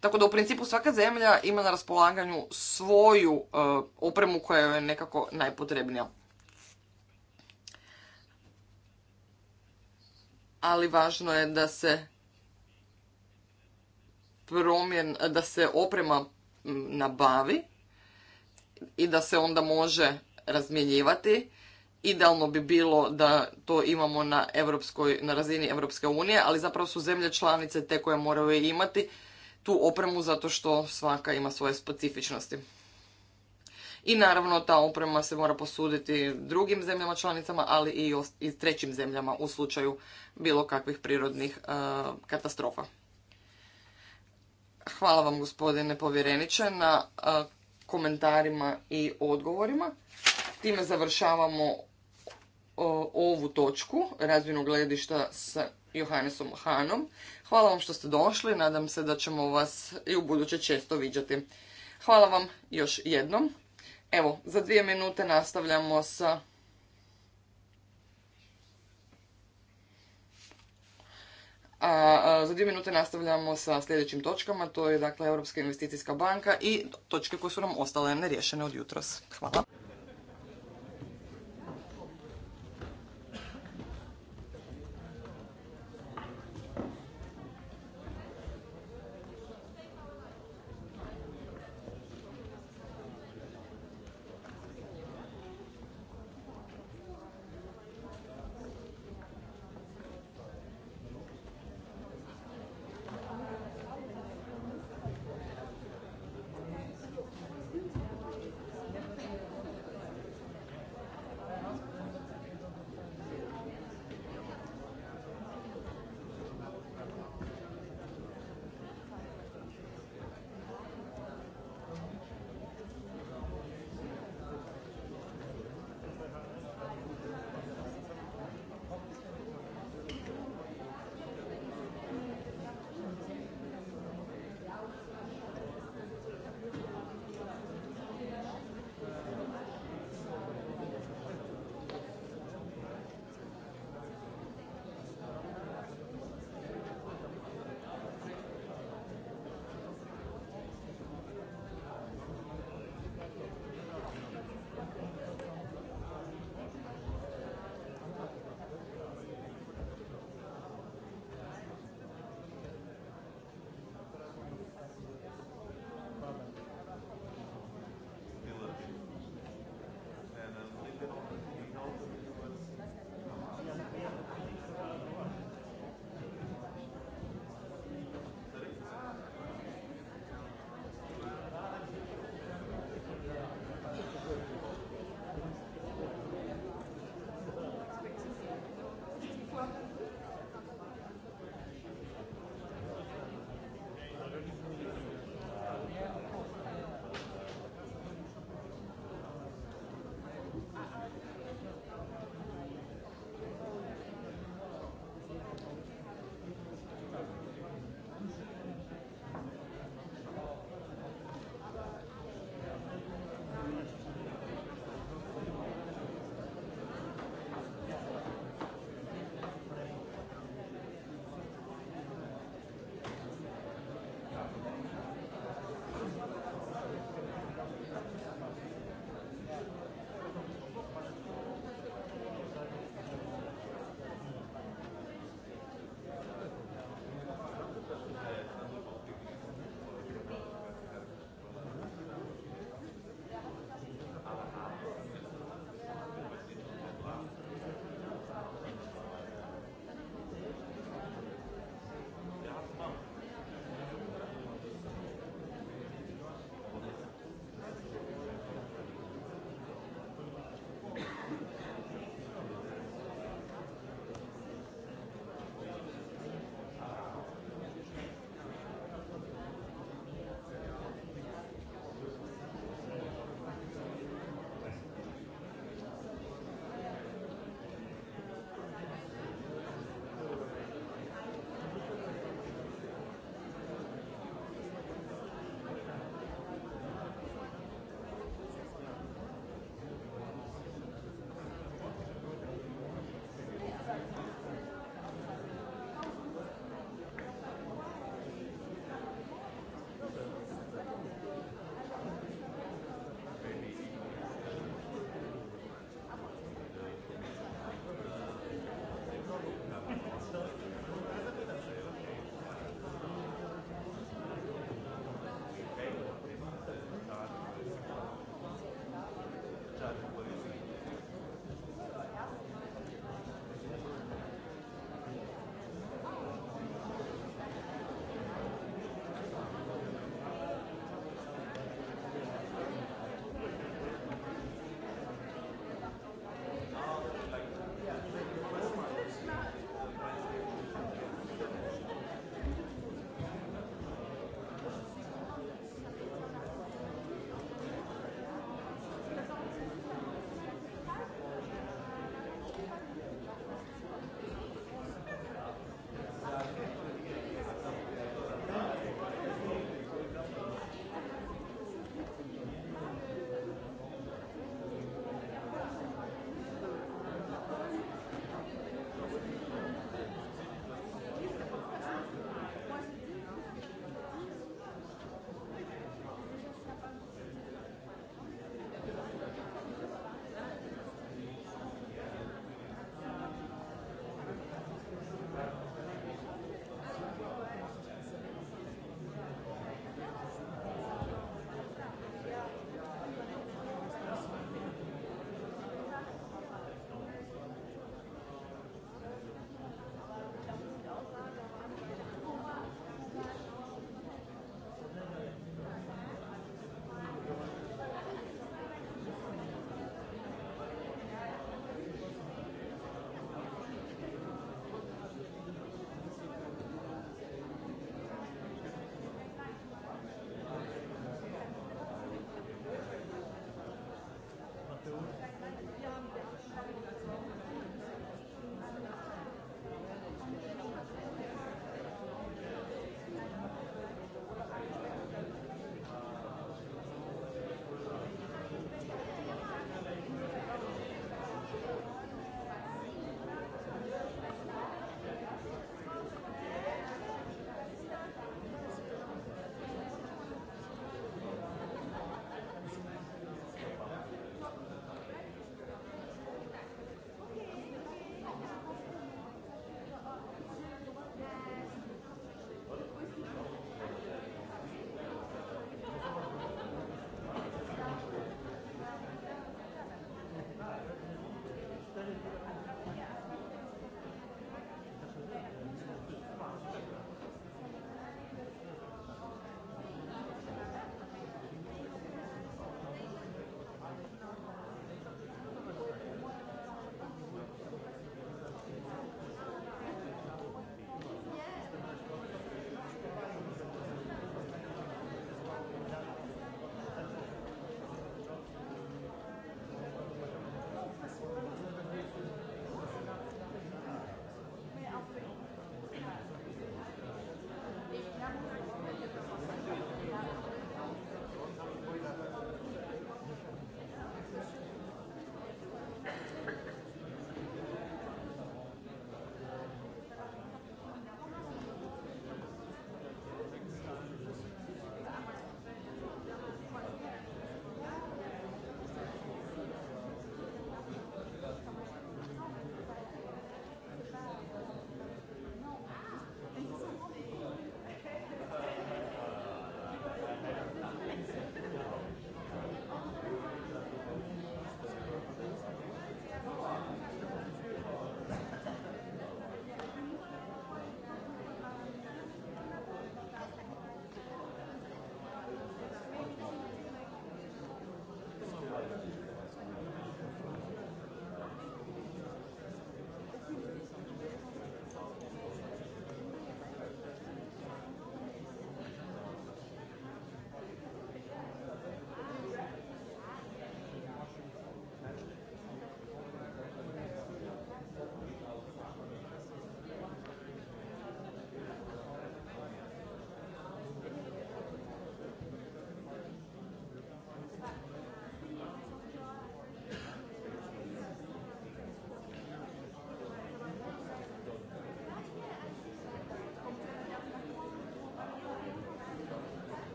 Tako da u principu svaka zemlja ima na raspolaganju svoju e, opremu koja je nekako najpotrebnija. Ali važno je da se promjen, da se oprema nabavi i da se onda može razmjenjivati Idealno bi bilo da to imamo na, evropskoj, na razini Europske unije, ali zapravo su zemlje članice te koje moraju imati tu opremu zato što svaka ima svoje specifičnosti. I naravno ta oprema se mora posuditi drugim zemljama članicama, ali i, i trećim zemljama u slučaju bilo kakvih prirodnih e, katastrofa. Hvala vam gospodine povjereniče na e, komentarima i odgovorima. Time završavamo ovu točku razvinu gledišta s Johannesom Hanom. Hvala vam što ste došli, nadam se da ćemo vas i u buduće često viđati. Hvala vam još jednom. Evo, za dvije minute nastavljamo sa A, za dvije minute nastavljamo sa sljedećim točkama, to je dakle Europska investicijska banka i točke koje su nam ostale neriješene od jutros. Hvala.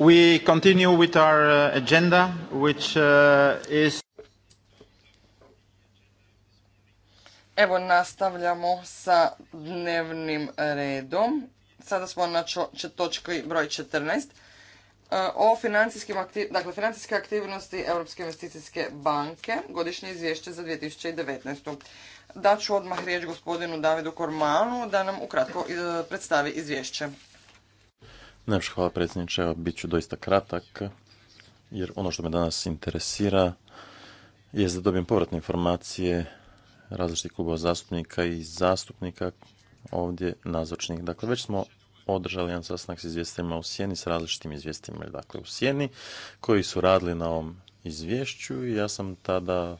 We continue with our uh, agenda, which uh, is... Evo nastavljamo sa dnevnim redom. Sada smo na točki broj 14 uh, o financijskim dakle, financijske aktivnosti Europske investicijske banke, godišnje izvješće za 2019. Daću odmah riječ gospodinu Davidu Kormanu da nam ukratko predstavi izvješće. Najprej hvala predsjedniče, evo bit ću doista kratak, jer ono što me danas interesira je da dobijem povratne informacije različitih klubova zastupnika i zastupnika ovdje nazočnih. Dakle, već smo održali jedan sastanak s izvjestima u Sjeni, s različitim izvjestima dakle u Sjeni, koji su radili na ovom izvješću i ja sam tada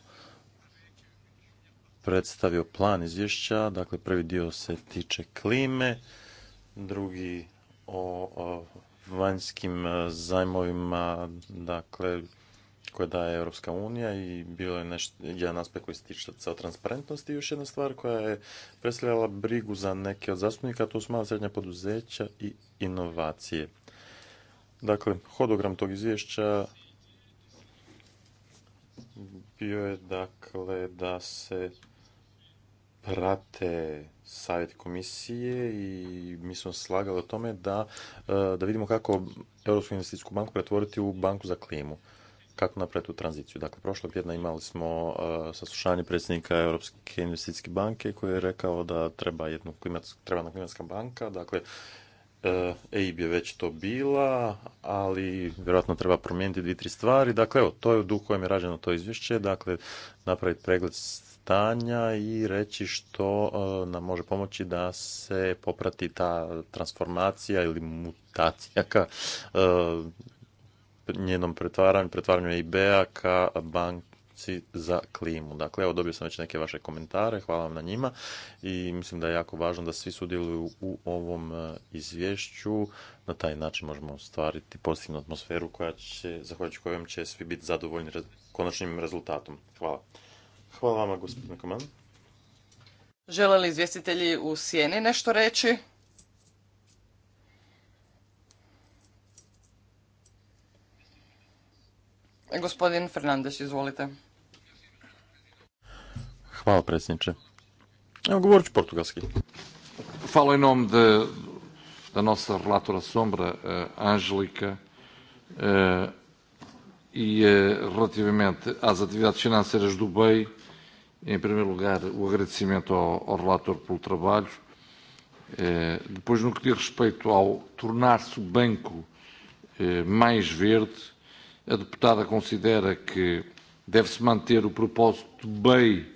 predstavio plan izvješća, dakle prvi dio se tiče klime, drugi o vanjskim e, zajmovima, dakle, koje daje Europska unija i bilo je nešto, jedan aspekt koji se tiče sa transparentnosti. I još jedna stvar koja je predstavljala brigu za neke od zastupnika, to su mala srednja poduzeća i inovacije. Dakle, hodogram tog izvješća bio je dakle da se prate savjet komisije i mi smo slagali o tome da, e, da vidimo kako Europsku investicijsku banku pretvoriti u banku za klimu kako napraviti tu tranziciju. Dakle, prošlog tjedna imali smo e, saslušanje predsjednika Europske investicijske banke koji je rekao da treba jednu treba na klimatska banka, dakle EIB e je već to bila, ali vjerojatno treba promijeniti dvije, tri stvari. Dakle, evo, to je u duhu kojem je rađeno to izvješće, dakle, napraviti pregled pitanja i reći što e, nam može pomoći da se poprati ta transformacija ili mutacija ka e, njenom pretvaranju, pretvaranju ib ka banci za klimu. Dakle, evo dobio sam već neke vaše komentare, hvala vam na njima i mislim da je jako važno da svi sudjeluju u ovom e, izvješću. Na taj način možemo stvariti pozitivnu atmosferu koja će, zahvaljujući kojom će svi biti zadovoljni konačnim rezultatom. Hvala. Hvala vama, gospodine Koman. Žele li izvjestitelji u sjeni nešto reći? Gospodin Fernandes, izvolite. Hvala, predsjedniče. Evo, govorit ću portugalski. Hvala i nome de, da nosa relatora sombra, Anželika, eh, Angélica, eh, e relativamente às atividades financeiras do BEI, Em primeiro lugar, o agradecimento ao, ao relator pelo trabalho. Eh, depois, no que diz respeito ao tornar-se o banco eh, mais verde, a deputada considera que deve-se manter o propósito do BEI,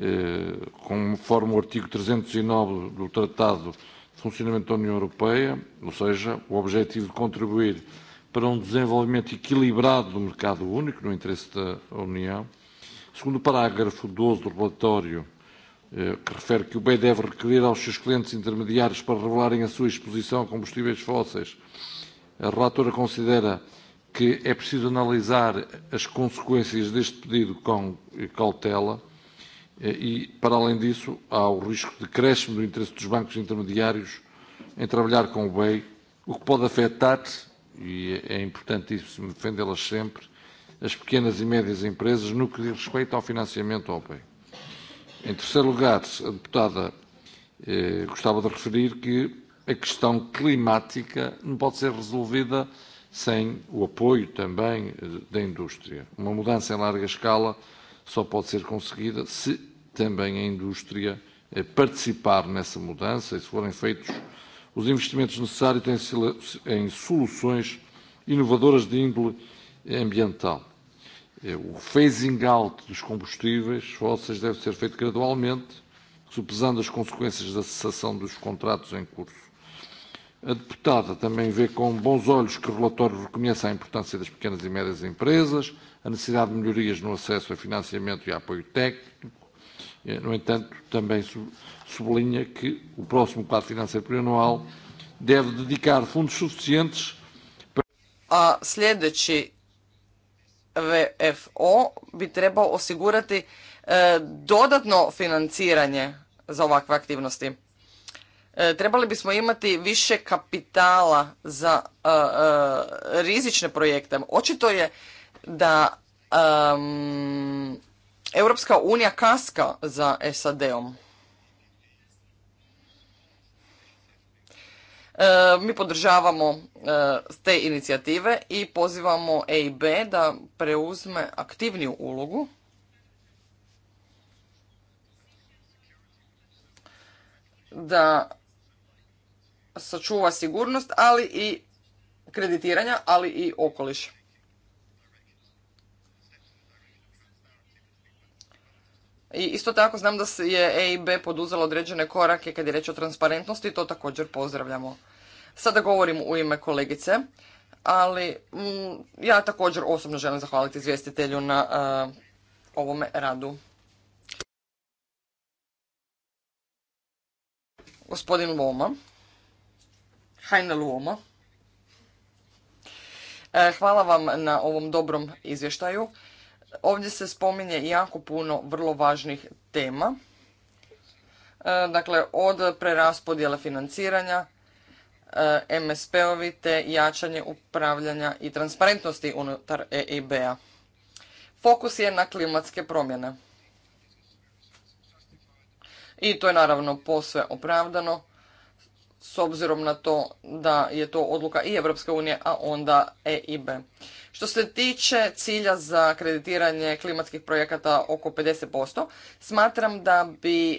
eh, conforme o artigo 309 e do Tratado de Funcionamento da União Europeia, ou seja, o objetivo de contribuir para um desenvolvimento equilibrado do mercado único no interesse da União Segundo o parágrafo 12 do relatório, eh, que refere que o BEI deve requerir aos seus clientes intermediários para revelarem a sua exposição a combustíveis fósseis, a relatora considera que é preciso analisar as consequências deste pedido com eh, cautela eh, e, para além disso, há o risco de crescimento do interesse dos bancos intermediários em trabalhar com o BEI, o que pode afetar, e é importantíssimo isso defendê-las sempre, as pequenas e médias empresas no que diz respeito ao financiamento ao PEI. Em terceiro lugar, a deputada eh, gostava de referir que a questão climática não pode ser resolvida sem o apoio também eh, da indústria. Uma mudança em larga escala só pode ser conseguida se também a indústria eh, participar nessa mudança e se forem feitos os investimentos necessários em soluções inovadoras de índole ambiental. O phasing out dos combustíveis fósseis deve ser feito gradualmente, supesando as consequências da cessação dos contratos em curso. A deputada também vê com bons olhos que o relatório reconhece a importância das pequenas e médias empresas, a necessidade de melhorias no acesso a financiamento e apoio técnico. No entanto, também sublinha que o próximo quadro financeiro plurianual deve dedicar fundos suficientes para... A sljedeći VFO bi trebao osigurati e, dodatno financiranje za ovakve aktivnosti. E, trebali bismo imati više kapitala za e, rizične projekte. Očito je da Europska unija kaska za SAD-om. E, mi podržavamo e, te inicijative i pozivamo EIB da preuzme aktivniju ulogu da sačuva sigurnost, ali i kreditiranja, ali i okoliš. I isto tako znam da se je EIB poduzela određene korake kad je reč o transparentnosti i to također pozdravljamo. Sada govorim u ime kolegice, ali mm, ja također osobno želim zahvaliti izvjestitelju na e, ovome radu. Gospodin Loma, Hajne Loma, e, hvala vam na ovom dobrom izvještaju. Ovdje se spominje jako puno vrlo važnih tema. E, dakle, od preraspodjela financiranja, e, MSP-ovi te jačanje upravljanja i transparentnosti unutar EIB-a. Fokus je na klimatske promjene. I to je naravno posve opravdano s obzirom na to da je to odluka i Europske unije, a onda EIB. Što se tiče cilja za kreditiranje klimatskih projekata oko 50%, smatram da bi e,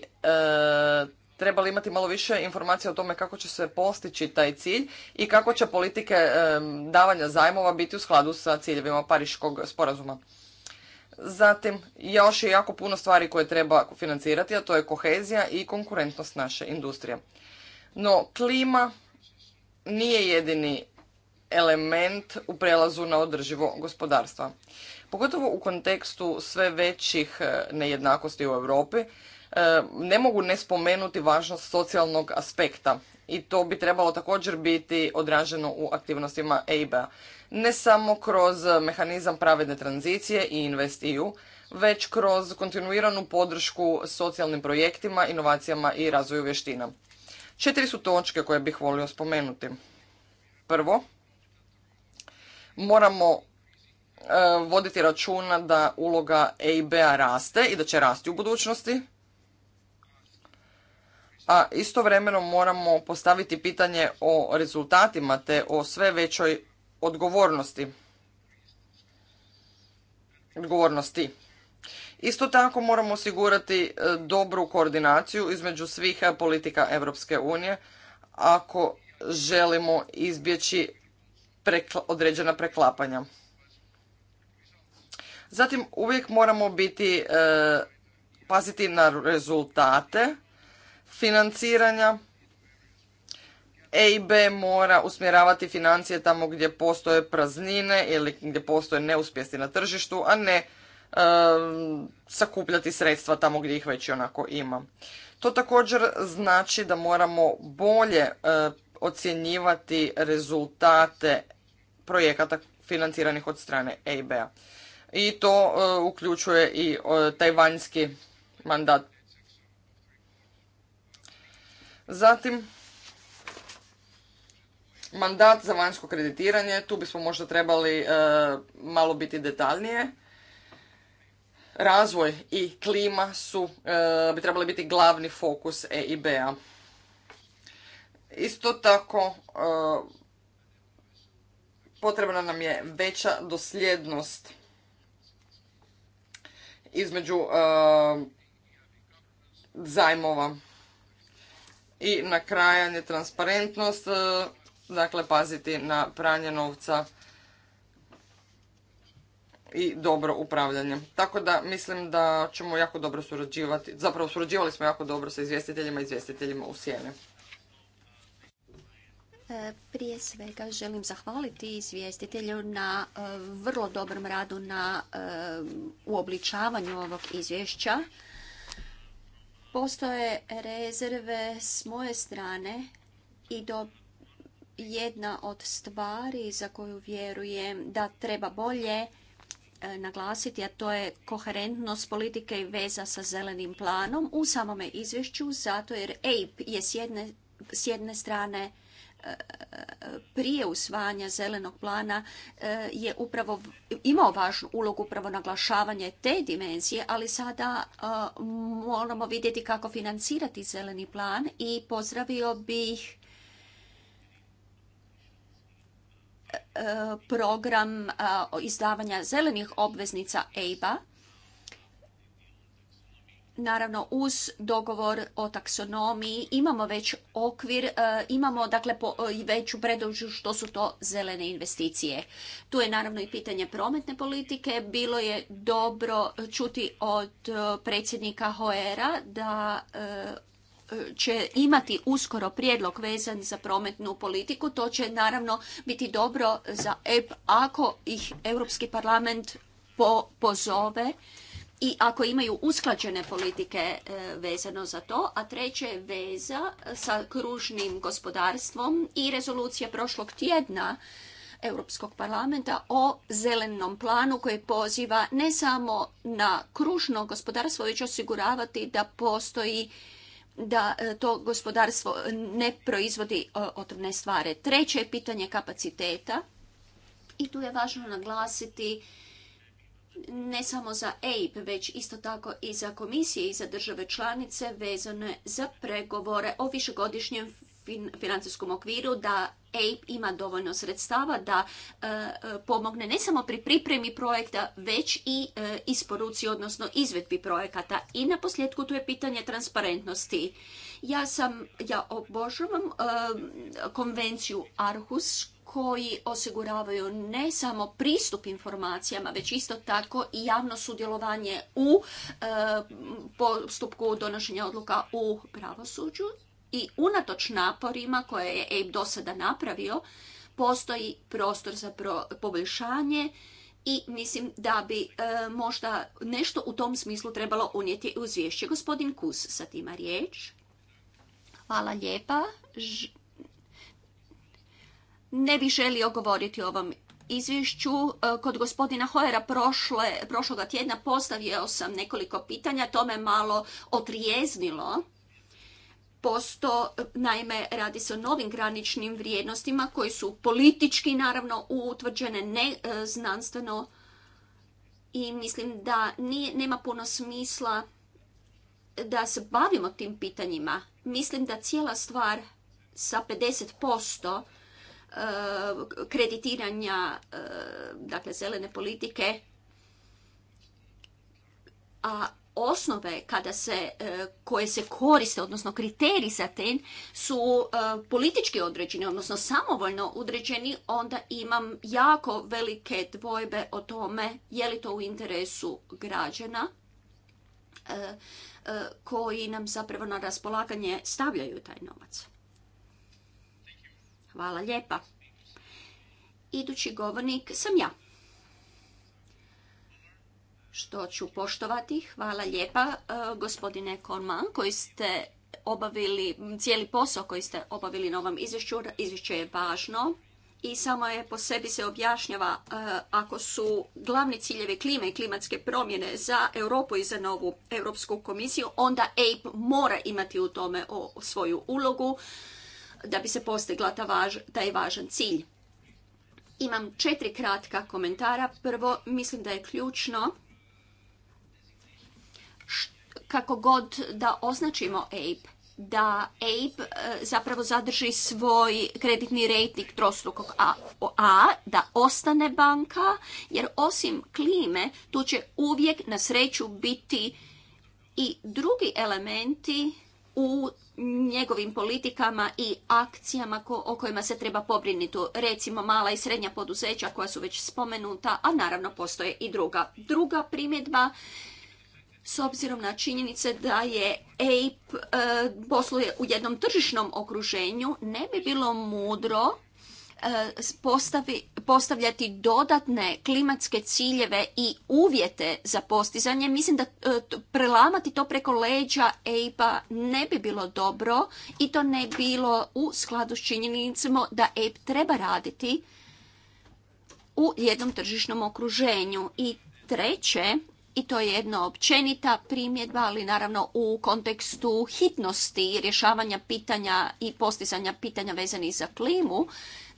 trebali imati malo više informacija o tome kako će se postići taj cilj i kako će politike e, davanja zajmova biti u skladu sa ciljevima Pariškog sporazuma. Zatim, još je jako puno stvari koje treba financirati, a to je kohezija i konkurentnost naše industrije. No, klima nije jedini element u prelazu na održivo gospodarstva. Pogotovo u kontekstu sve većih e, nejednakosti u Europi e, ne mogu ne spomenuti važnost socijalnog aspekta i to bi trebalo također biti odraženo u aktivnostima EIB-a. Ne samo kroz mehanizam pravedne tranzicije i investiju, već kroz kontinuiranu podršku socijalnim projektima, inovacijama i razvoju vještina. Četiri su točke koje bih volio spomenuti. Prvo, moramo e, voditi računa da uloga EIB-a raste i da će rasti u budućnosti. A istovremeno moramo postaviti pitanje o rezultatima te o sve većoj odgovornosti. Odgovornosti. Isto tako moramo osigurati e, dobru koordinaciju između svih politika Europske unije ako želimo izbjeći određena preklapanja. Zatim uvijek moramo biti e, paziti na rezultate financiranja. EIB mora usmjeravati financije tamo gdje postoje praznine ili gdje postoje neuspjesti na tržištu, a ne e, sakupljati sredstva tamo gdje ih već onako ima. To također znači da moramo bolje e, ocjenjivati rezultate projekata financiranih od strane EIB-a. I to e, uključuje i e, taj vanjski mandat. Zatim, mandat za vanjsko kreditiranje, tu bismo možda trebali e, malo biti detaljnije. Razvoj i klima su, bi trebali biti glavni fokus EIB-a. Isto tako, potrebna nam je veća dosljednost između e, zajmova. I na krajanje transparentnost, e, dakle paziti na pranje novca i dobro upravljanje. Tako da mislim da ćemo jako dobro surađivati, zapravo surađivali smo jako dobro sa izvjestiteljima i izvjestiteljima u sjene. E, prije svega želim zahvaliti izvjestitelju na e, vrlo dobrom radu na e, uobličavanju ovog izvješća. Postoje rezerve s moje strane i do jedna od stvari za koju vjerujem da treba bolje naglasiti, a to je koherentnost politike i veza sa zelenim planom u samome izvješću, zato jer EIP je s jedne, s jedne strane prije usvajanja zelenog plana e, je upravo imao važnu ulogu upravo naglašavanje te dimenzije, ali sada e, moramo vidjeti kako financirati zeleni plan i pozdravio bih e, program izdavanja zelenih obveznica EIBA Naravno, uz dogovor o taksonomiji imamo već okvir, e, imamo dakle e, i veću predođu što su to zelene investicije. Tu je naravno i pitanje prometne politike. Bilo je dobro čuti od e, predsjednika Hoera da će imati uskoro prijedlog vezan za prometnu politiku. To će naravno biti dobro za EP ako ih Europski parlament po, pozove i ako imaju usklađene politike e, vezano za to, a treće je veza sa kružnim gospodarstvom i rezolucija prošlog tjedna Europskog parlamenta o zelenom planu koji poziva ne samo na kružno gospodarstvo, već osiguravati da postoji da e, to gospodarstvo ne proizvodi e, otrovne stvari. Treće je pitanje kapaciteta i tu je važno naglasiti ne samo za eib već isto tako i za komisije i za države članice vezane za pregovore o višegodišnjem financijskom okviru, da EIP e ima dovoljno sredstava da e, e, pomogne ne samo pri pripremi projekta, već i isporuci, odnosno izvedbi projekata. I na posljedku tu je pitanje transparentnosti. Ja sam, ja obožavam konvenciju Arhus koji osiguravaju ne samo pristup informacijama, već isto tako i javno sudjelovanje u e, postupku donošenja odluka u pravosuđu. I unatoč naporima koje je EIB do sada napravio, postoji prostor za poboljšanje i mislim da bi e, možda nešto u tom smislu trebalo unijeti u izvješće. Gospodin Kus, sad ima riječ. Hvala lijepa ne bih želio govoriti o ovom izvješću. E, kod gospodina Hojera prošloga tjedna postavio sam nekoliko pitanja, to me malo otrijeznilo. Posto, naime, radi se o novim graničnim vrijednostima koji su politički, naravno, utvrđene ne e, znanstveno i mislim da nema puno smisla da se bavimo tim pitanjima. Mislim da cijela stvar sa 50% Eh, kreditiranja eh, dakle zelene politike a osnove kada se, eh, koje se koriste, odnosno kriteriji za ten, su politički određeni, odnosno samovoljno određeni, onda imam jako velike dvojbe o tome je li to u interesu građana koji nam zapravo na raspolaganje stavljaju taj novac. Hvala lijepa. Idući govornik sam ja. Što ću poštovati. Hvala lijepa e, gospodine Korman koji ste obavili cijeli posao koji ste obavili na ovom izvješću. Izvješće je važno i samo je po sebi se objašnjava e, ako su glavni ciljevi klime i klimatske promjene za Europu i za novu Europsku komisiju, onda EIP mora imati u tome svoju ulogu da bi se postigla ta važ, taj važan cilj. Imam četiri kratka komentara. Prvo, mislim da je ključno kako god da označimo APE, da APE e, zapravo zadrži svoj kreditni rejtnik trostrukog A, A, da ostane banka, jer osim klime tu će uvijek na sreću biti i drugi elementi u njegovim politikama i akcijama o kojima se treba pobrinuti. Recimo mala i srednja poduzeća koja su već spomenuta, a naravno postoje i druga. Druga primjedba s obzirom na činjenice da je EIP e, posluje u jednom tržišnom okruženju, ne bi bilo mudro E, postavi, postavljati dodatne klimatske ciljeve i uvjete za postizanje, mislim da e, prelamati to preko leđa eip ne bi bilo dobro i to ne bi bilo u skladu s činjenicama da EIP treba raditi u jednom tržišnom okruženju. I treće, i to je jedna općenita primjedba, ali naravno u kontekstu hitnosti rješavanja pitanja i postizanja pitanja vezanih za klimu,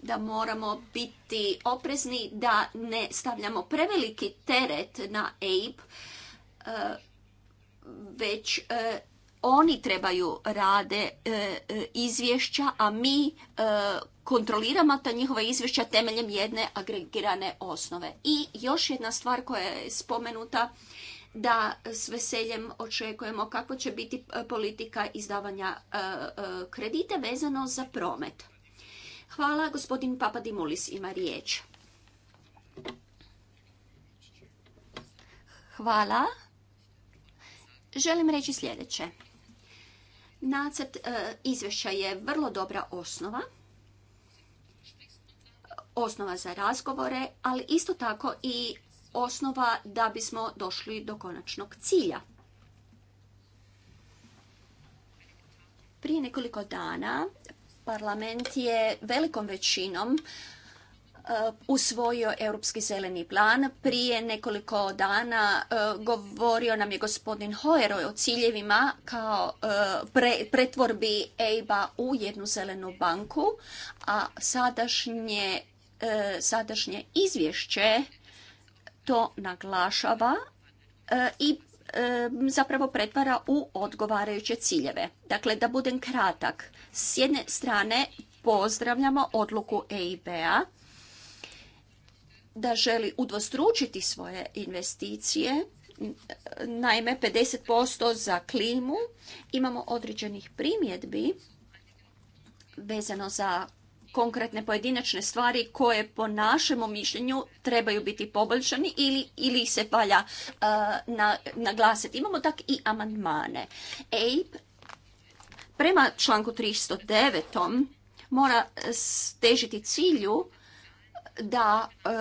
da moramo biti oprezni da ne stavljamo preveliki teret na EIB, e, već e, oni trebaju rade e, izvješća, a mi kontroliramo ta njihova izvješća temeljem jedne agregirane osnove. I još jedna stvar koja je spomenuta, da s veseljem očekujemo kako će biti politika izdavanja kredite vezano za promet. Hvala. Gospodin Papadimulis ima riječ. Hvala. Želim reći sljedeće. Nacrt e, izvješća je vrlo dobra osnova osnova za razgovore, ali isto tako i osnova da bismo došli do konačnog cilja. Prije nekoliko dana Parlament je velikom većinom e, usvojio Europski zeleni plan. Prije nekoliko dana e, govorio nam je gospodin Hoer o ciljevima kao e, pretvorbi EIBA u jednu zelenu banku, a sadašnje, sadašnje izvješće to naglašava i zapravo pretvara u odgovarajuće ciljeve. Dakle, da budem kratak, s jedne strane pozdravljamo odluku EIB-a da želi udvostručiti svoje investicije, naime 50% za klimu. Imamo određenih primjedbi vezano za konkretne pojedinačne stvari koje po našemu mišljenju trebaju biti poboljšani ili, ili se valja eh, naglasiti. Imamo tak i amandmane. EIP prema članku 309. mora eh, težiti cilju da uh,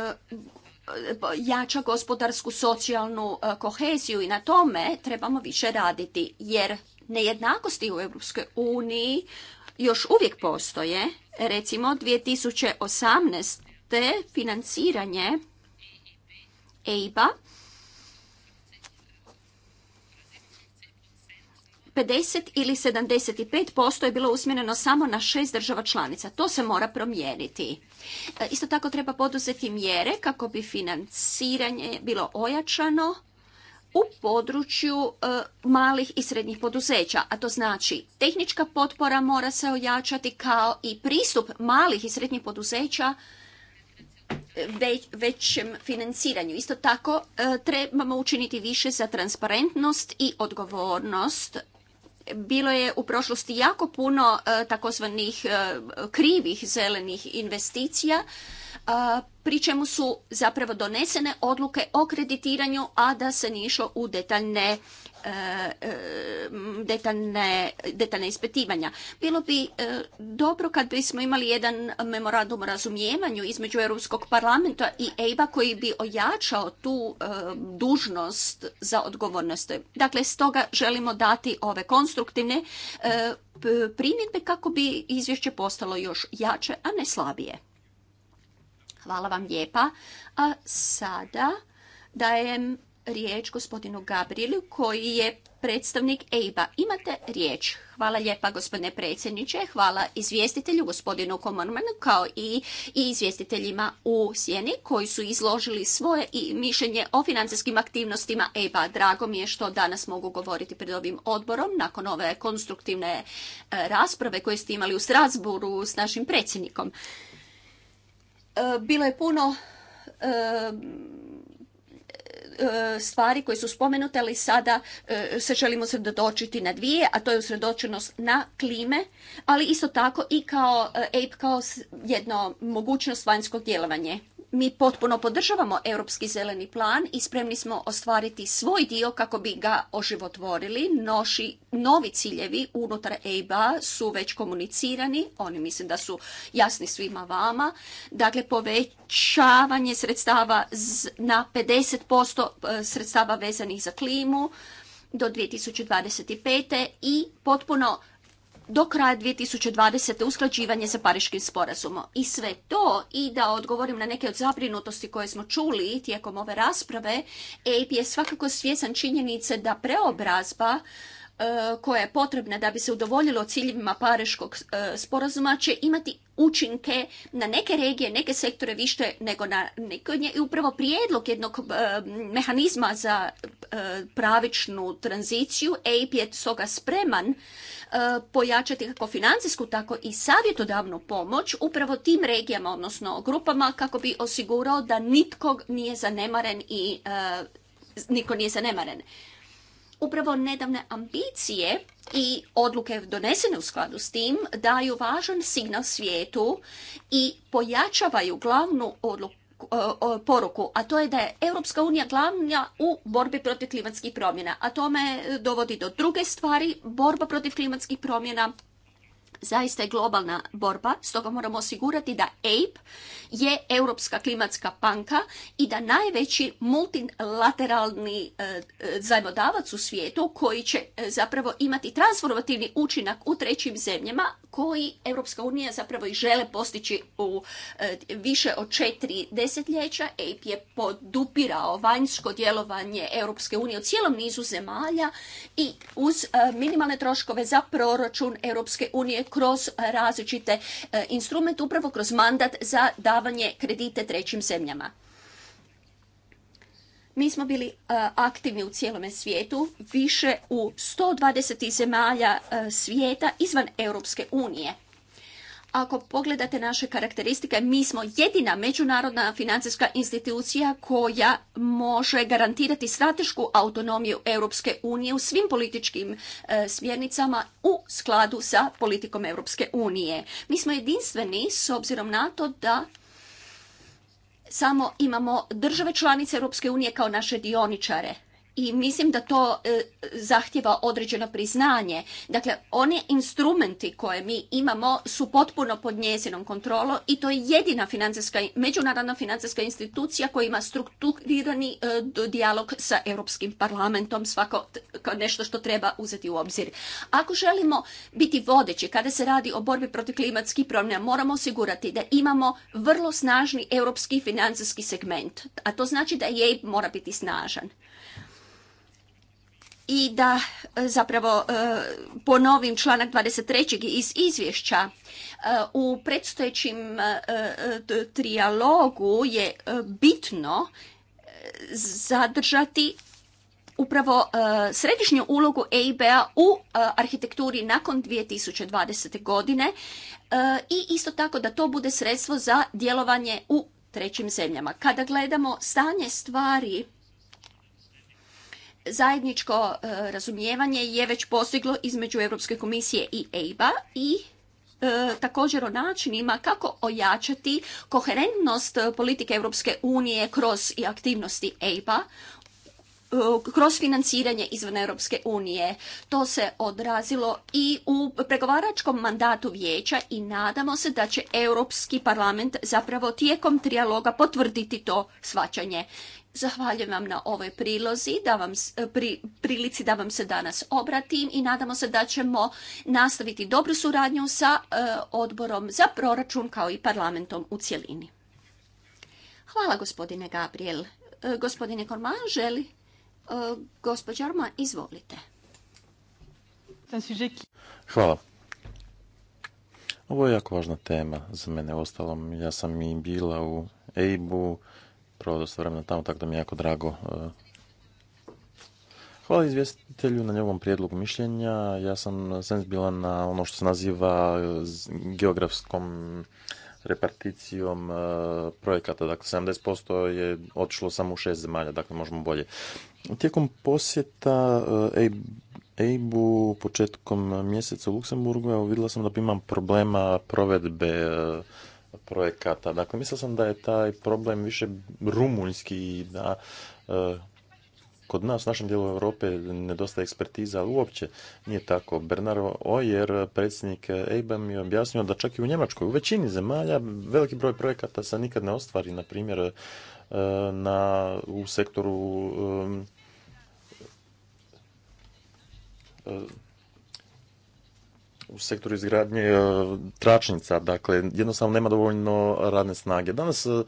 jača gospodarsku socijalnu koheziju i na tome trebamo više raditi jer nejednakosti u Europskoj uniji još uvijek postoje. Recimo 2018. financiranje EIBA 50 ili 75% je bilo usmjereno samo na šest država članica. To se mora promijeniti. E, isto tako treba poduzeti mjere kako bi financiranje bilo ojačano u području e, malih i srednjih poduzeća, a to znači tehnička potpora mora se ojačati kao i pristup malih i srednjih poduzeća e, većem financiranju. Isto tako e, trebamo učiniti više za transparentnost i odgovornost. Bilo je u prošlosti jako puno takozvanih krivih zelenih investicija pri čemu su zapravo donesene odluke o kreditiranju, a da se nije išlo u detaljne e, e, detaljne, detaljne ispitivanja. Bilo bi e, dobro kad bismo imali jedan memorandum o razumijevanju između Europskog parlamenta i EIBA koji bi ojačao tu dužnost za odgovornost. Dakle, stoga želimo dati ove konstruktivne primjedbe kako bi izvješće postalo još jače, a ne slabije. Hvala vam lijepa. A sada dajem riječ gospodinu Gabrielu koji je predstavnik EIBA. Imate riječ. Hvala lijepa gospodine predsjedniče, hvala izvjestitelju gospodinu Komormanu kao i, izvjestiteljima u Sjeni koji su izložili svoje i mišljenje o financijskim aktivnostima EIBA. Drago mi je što danas mogu govoriti pred ovim odborom nakon ove konstruktivne e, rasprave koje ste imali u Strasburu s našim predsjednikom. E, bilo je puno e, e, stvari koje su spomenute, ali sada se želimo sredotočiti na dvije, a to je usredočenost na klime, ali isto tako i kao kao jedno mogućnost vanjskog djelovanja. Mi potpuno podržavamo Europski zeleni plan i spremni smo ostvariti svoj dio kako bi ga oživotvorili. Noši, novi ciljevi unutar EBA su već komunicirani, oni mislim da su jasni svima vama. Dakle, povećavanje sredstava na 50% e, sredstava vezanih za klimu do 2025. i potpuno do kraja 2020. usklađivanje sa Pariškim sporazumom. I sve to, i da odgovorim na neke od zabrinutosti koje smo čuli tijekom ove rasprave, EIP je svakako svjesan činjenice da preobrazba e, koja je potrebna da bi se udovoljilo ciljevima Pariškog e, sporazuma će imati učinke na neke regije, neke sektore više nego na neke I upravo prijedlog jednog e, mehanizma za pravičnu tranziciju, EIP je toga spreman E, pojačati kako financijsku, tako i savjetodavnu pomoć upravo tim regijama, odnosno grupama, kako bi osigurao da nitko nije zanemaren i e, niko nije zanemaren. Upravo nedavne ambicije i odluke donesene u skladu s tim daju važan signal svijetu i pojačavaju glavnu odluku poruku, a to je da je Europska unija glavna u borbi protiv klimatskih promjena, a tome e, dovodi do druge stvari, borba protiv klimatskih promjena zaista je globalna borba, stoga moramo osigurati da EIP je Europska klimatska panka i da najveći multilateralni e, e, zajmodavac u svijetu koji će e, zapravo imati transformativni učinak u trećim zemljama koji Europska unija zapravo i žele postići u više od četiri desetljeća. EIP je podupirao vanjsko djelovanje Europske unije u cijelom nizu zemalja i uz minimalne troškove za proračun Europske unije kroz različite e, instrumente, upravo kroz mandat za davanje kredite trećim zemljama. Mi smo bili e, aktivni u cijelome svijetu, više u 120 zemalja e, svijeta izvan Europske unije. Ako pogledate naše karakteristike, mi smo jedina međunarodna financijska institucija koja može garantirati stratešku autonomiju Europske unije u svim političkim e, smjernicama u skladu sa politikom Europske unije. Mi smo jedinstveni s obzirom na to da samo imamo države članice Europske unije kao naše dioničare i mislim da to e, zahtjeva određeno priznanje. Dakle, one instrumenti koje mi imamo su potpuno pod njezinom kontrolom i to je jedina financijska, međunarodna financijska institucija koja ima strukturirani e, dijalog sa Europskim parlamentom, svako kao nešto što treba uzeti u obzir. Ako želimo biti vodeći kada se radi o borbi protiv klimatskih promjena, moramo osigurati da imamo vrlo snažni europski financijski segment, a to znači da je mora biti snažan i da e, zapravo e, ponovim članak 23. iz izvješća. E, u predstojećim trijalogu je bitno zadržati upravo središnju ulogu EIB-a u arhitekturi nakon 2020. godine i isto tako da to bude sredstvo za djelovanje u trećim zemljama. Kada gledamo stanje stvari zajedničko e, razumijevanje je već postiglo između Europske komisije i EIBA i e, također o načinima kako ojačati koherentnost politike Europske unije kroz i aktivnosti EIPA e, kroz financiranje izvan Europske unije. To se odrazilo i u pregovaračkom mandatu vijeća i nadamo se da će Europski parlament zapravo tijekom trijaloga potvrditi to svačanje. Zahvaljujem vam na ovoj prilozi, da e, prilici da vam se danas obratim i nadamo se da ćemo nastaviti dobru suradnju sa e, odborom za proračun kao i parlamentom u cjelini. Hvala gospodine Gabriel. E, gospodine Korman želi. E, gospođa izvolite. Hvala. Ovo je jako važna tema za mene. Ostalom, ja sam i bila u eib provao dosta vremena tamo, tako da mi je jako drago. E, Hvala izvjestitelju na njegovom prijedlogu mišljenja. Ja sam senzibilan na ono što se naziva geografskom reparticijom e, projekata. Dakle, 70% je otišlo samo u šest zemalja, dakle možemo bolje. Tijekom posjeta e, EIB-u početkom mjeseca u Luksemburgu evo, vidjela sam da imam problema provedbe projekata. Dakle, mislio sam da je taj problem više rumunjski i da e, kod nas, u našem dijelu Europe, nedostaje ekspertiza, ali uopće nije tako. Bernardo Oyer, predsjednik eib mi je objasnio da čak i u Njemačkoj, u većini zemalja, veliki broj projekata se nikad ne ostvari. Na primjer, e, u sektoru e, u sektoru izgradnje e, tračnica, dakle jednostavno nema dovoljno radne snage. Danas e,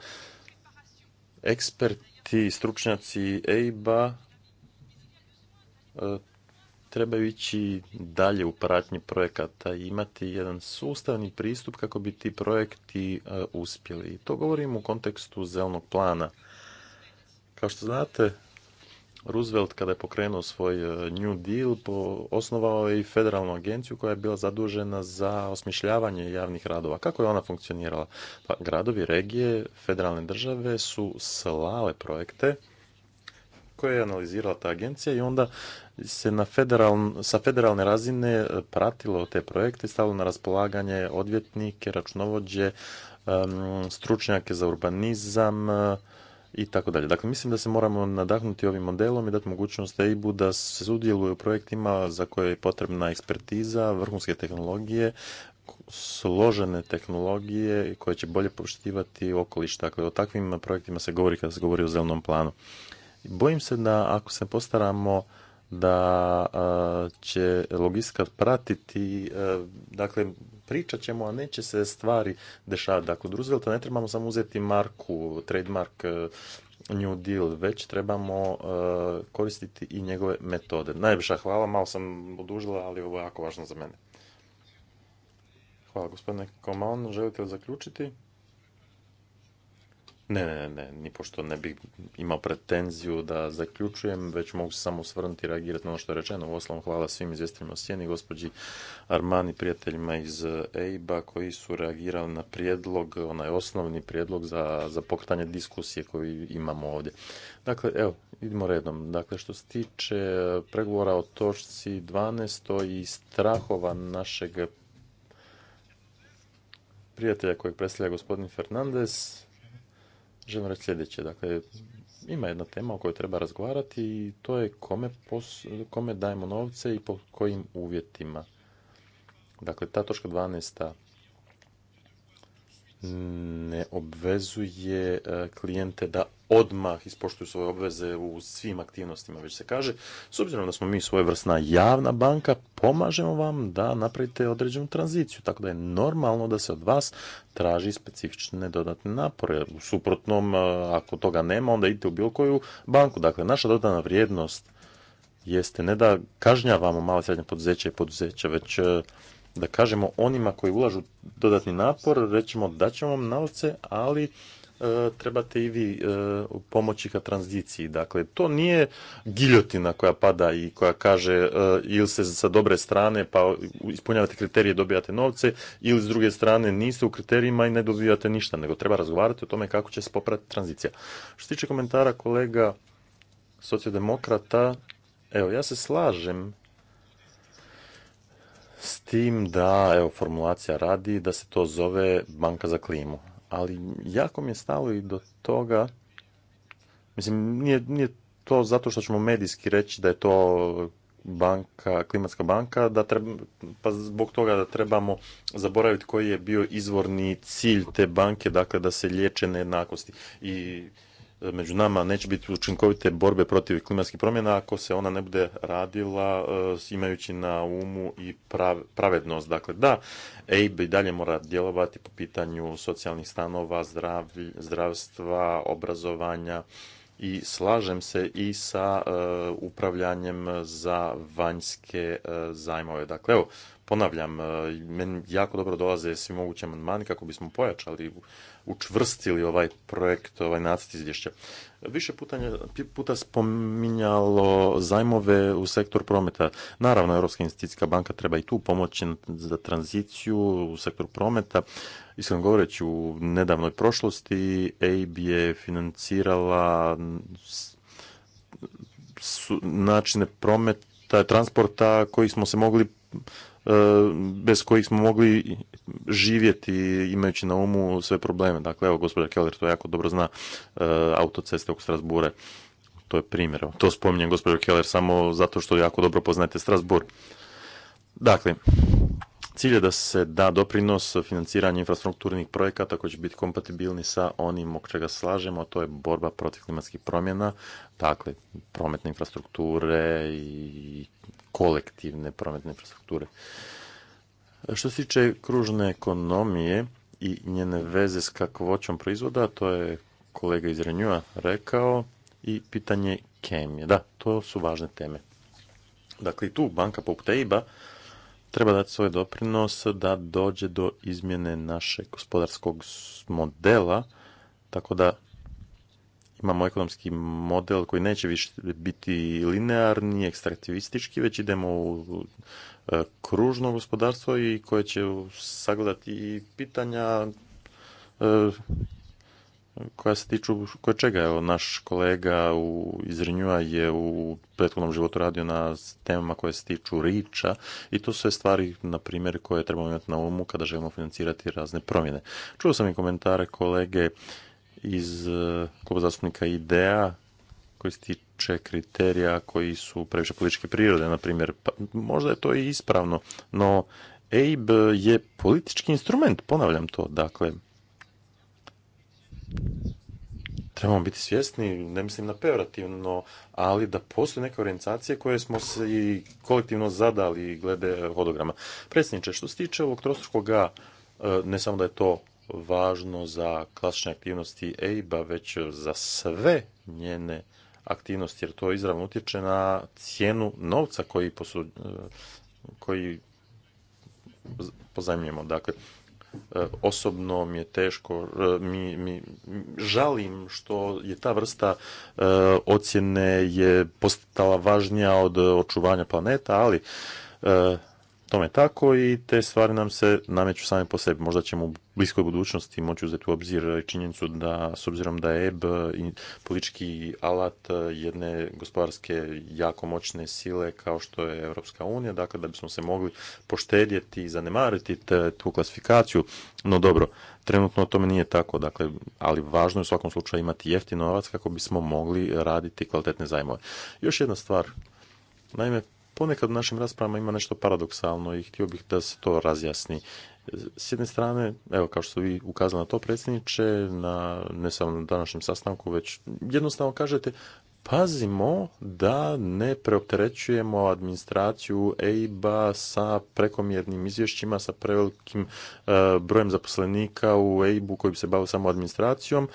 eksperti, stručnjaci EIBA e, trebaju ići dalje u pratnji projekata i imati jedan sustavni pristup kako bi ti projekti uspjeli. I to govorim u kontekstu zelenog plana. Kao što znate, Roosevelt kada je pokrenuo svoj e, New Deal osnovao je i federalnu agenciju koja je bila zadužena za osmišljavanje javnih radova. Kako je ona funkcionirala? Pa gradovi, regije, federalne države su slale projekte koje je analizirala ta agencija i onda se na federal, sa federalne razine e, pratilo te projekte, stavilo na raspolaganje odvjetnike, računovođe, stručnjake za urbanizam, i tako dalje. Dakle, mislim da se moramo nadahnuti ovim modelom i dati mogućnost EIB-u da se sudjeluje u projektima za koje je potrebna ekspertiza, vrhunske tehnologije, složene tehnologije koje će bolje poštivati okoliš. Dakle, o takvim projektima se govori kada se govori o zelenom planu. Bojim se da ako se postaramo da će logistika pratiti, dakle, pričat ćemo, a neće se stvari dešavati. Dakle, od Roosevelta ne trebamo samo uzeti marku, trademark eh, New Deal, već trebamo eh, koristiti i njegove metode. Najviša hvala, malo sam odužila, ali ovo je jako važno za mene. Hvala gospodine Koman, želite li zaključiti? Ne, ne, ne, ni pošto ne bih imao pretenziju da zaključujem, već mogu se samo svrnuti i reagirati na ono što je rečeno. U osnovu hvala svim izvjestiteljima o sjeni, gospođi Armani, prijateljima iz EIB-a koji su reagirali na prijedlog, onaj osnovni prijedlog za, za pokretanje diskusije koju imamo ovdje. Dakle, evo, idemo redom. Dakle, što se tiče pregovora o točci 12. i strahova našeg prijatelja kojeg predstavlja gospodin Fernandez, želim reći sljedeće. Dakle, ima jedna tema o kojoj treba razgovarati i to je kome, kome dajemo novce i po kojim uvjetima. Dakle, ta točka 12 ne obvezuje e, klijente da odmah ispoštuju svoje obveze u svim aktivnostima, već se kaže, s obzirom da smo mi svojevrsna javna banka, pomažemo vam da napravite određenu tranziciju, tako da je normalno da se od vas traži specifične dodatne napore. U suprotnom, e, ako toga nema, onda idite u bilo koju banku. Dakle, naša dodana vrijednost jeste ne da kažnjavamo malo srednje poduzeće i poduzeća, već e, da kažemo onima koji ulažu dodatni napor, rećemo da ćemo vam novce, ali e, trebate i vi e, pomoći ka tranziciji. Dakle, to nije giljotina koja pada i koja kaže e, ili se sa dobre strane pa ispunjavate kriterije, dobijate novce, ili s druge strane niste u kriterijima i ne dobijate ništa, nego treba razgovarati o tome kako će se popraviti tranzicija. Što se tiče komentara kolega sociodemokrata, evo, ja se slažem s tim da, evo, formulacija radi, da se to zove banka za klimu. Ali jako mi je stalo i do toga, mislim, nije, nije to zato što ćemo medijski reći da je to banka, klimatska banka, da pa zbog toga da trebamo zaboraviti koji je bio izvorni cilj te banke, dakle da se liječe nejednakosti. I među nama neće biti učinkovite borbe protiv klimatskih promjena ako se ona ne bude radila e, imajući na umu i pravednost. Dakle, da, EIB i dalje mora djelovati po pitanju socijalnih stanova, zdravstva, obrazovanja i slažem se i sa e, upravljanjem za vanjske e, zajmove. Dakle, evo, ponavljam, meni jako dobro dolaze svi mogući amandmani kako bismo pojačali učvrstili ovaj projekt, ovaj nacrt izvješća. Više puta puta spominjalo zajmove u sektor prometa. Naravno, Europska investicijska banka treba i tu pomoći za tranziciju u sektor prometa. Iskreno govoreći, u nedavnoj prošlosti EIB je financirala načine prometa, transporta koji smo se mogli E, bez kojih smo mogli živjeti imajući na umu sve probleme. Dakle, evo, gospođa Keller to jako dobro zna, e, autoceste oko Strasbure, to je primjer. To spominjem gospođo Keller samo zato što jako dobro poznajete Strasbur. Dakle, Cilj je da se da doprinos financiranju infrastrukturnih projekata koji će biti kompatibilni sa onim oko čega slažemo, a to je borba protiv klimatskih promjena, dakle prometne infrastrukture i kolektivne prometne infrastrukture. Što se tiče kružne ekonomije i njene veze s kakvoćom proizvoda, to je kolega iz Renjua rekao, i pitanje kemije. Da, to su važne teme. Dakle, tu banka poput EIBA treba dati svoj doprinos da dođe do izmjene našeg gospodarskog modela, tako da imamo ekonomski model koji neće više biti linearni, ekstraktivistički, već idemo u e, kružno gospodarstvo i koje će sagledati i pitanja e, koja se tiču koje čega evo naš kolega u iz je u prethodnom životu radio na temama koje se tiču riča i to su sve stvari na primjer koje trebamo imati na umu kada želimo financirati razne promjene. Čuo sam i komentare kolege iz eh, kluba zastupnika IDEA koji se tiče kriterija koji su previše političke prirode, na primjer. Pa, možda je to i ispravno, no EIB je politički instrument, ponavljam to. Dakle, trebamo biti svjesni, ne mislim na peorativno, ali da postoje neke orijentacije koje smo se i kolektivno zadali glede hodograma. Predsjedniče, što se tiče ovog trostrukog e, ne samo da je to važno za klasične aktivnosti EIBA, već za sve njene aktivnosti, jer to izravno utječe na cijenu novca koji, e, koji Dakle, E, osobno mi je teško, e, mi, mi, žalim što je ta vrsta e, ocjene je postala važnija od očuvanja planeta, ali tome tako i te stvari nam se nameću same po sebi. Možda ćemo u bliskoj budućnosti moći uzeti u obzir činjenicu da, s obzirom da je EB politički alat jedne gospodarske jako moćne sile kao što je Europska unija, dakle da bismo se mogli poštedjeti i zanemariti tu klasifikaciju, no dobro, trenutno tome nije tako, dakle, ali važno je u svakom slučaju imati jeftin novac kako bismo mogli raditi kvalitetne zajmove. Još jedna stvar, naime, ponekad u našim raspravama ima nešto paradoksalno i htio bih da se to razjasni. S jedne strane, evo kao što vi ukazali na to predsjedniče, na, ne samo na današnjem sastanku, već jednostavno kažete pazimo da ne preopterećujemo administraciju EIBA sa prekomjernim izvješćima, sa prevelikim e, brojem zaposlenika u EIBU koji bi se bavio samo administracijom.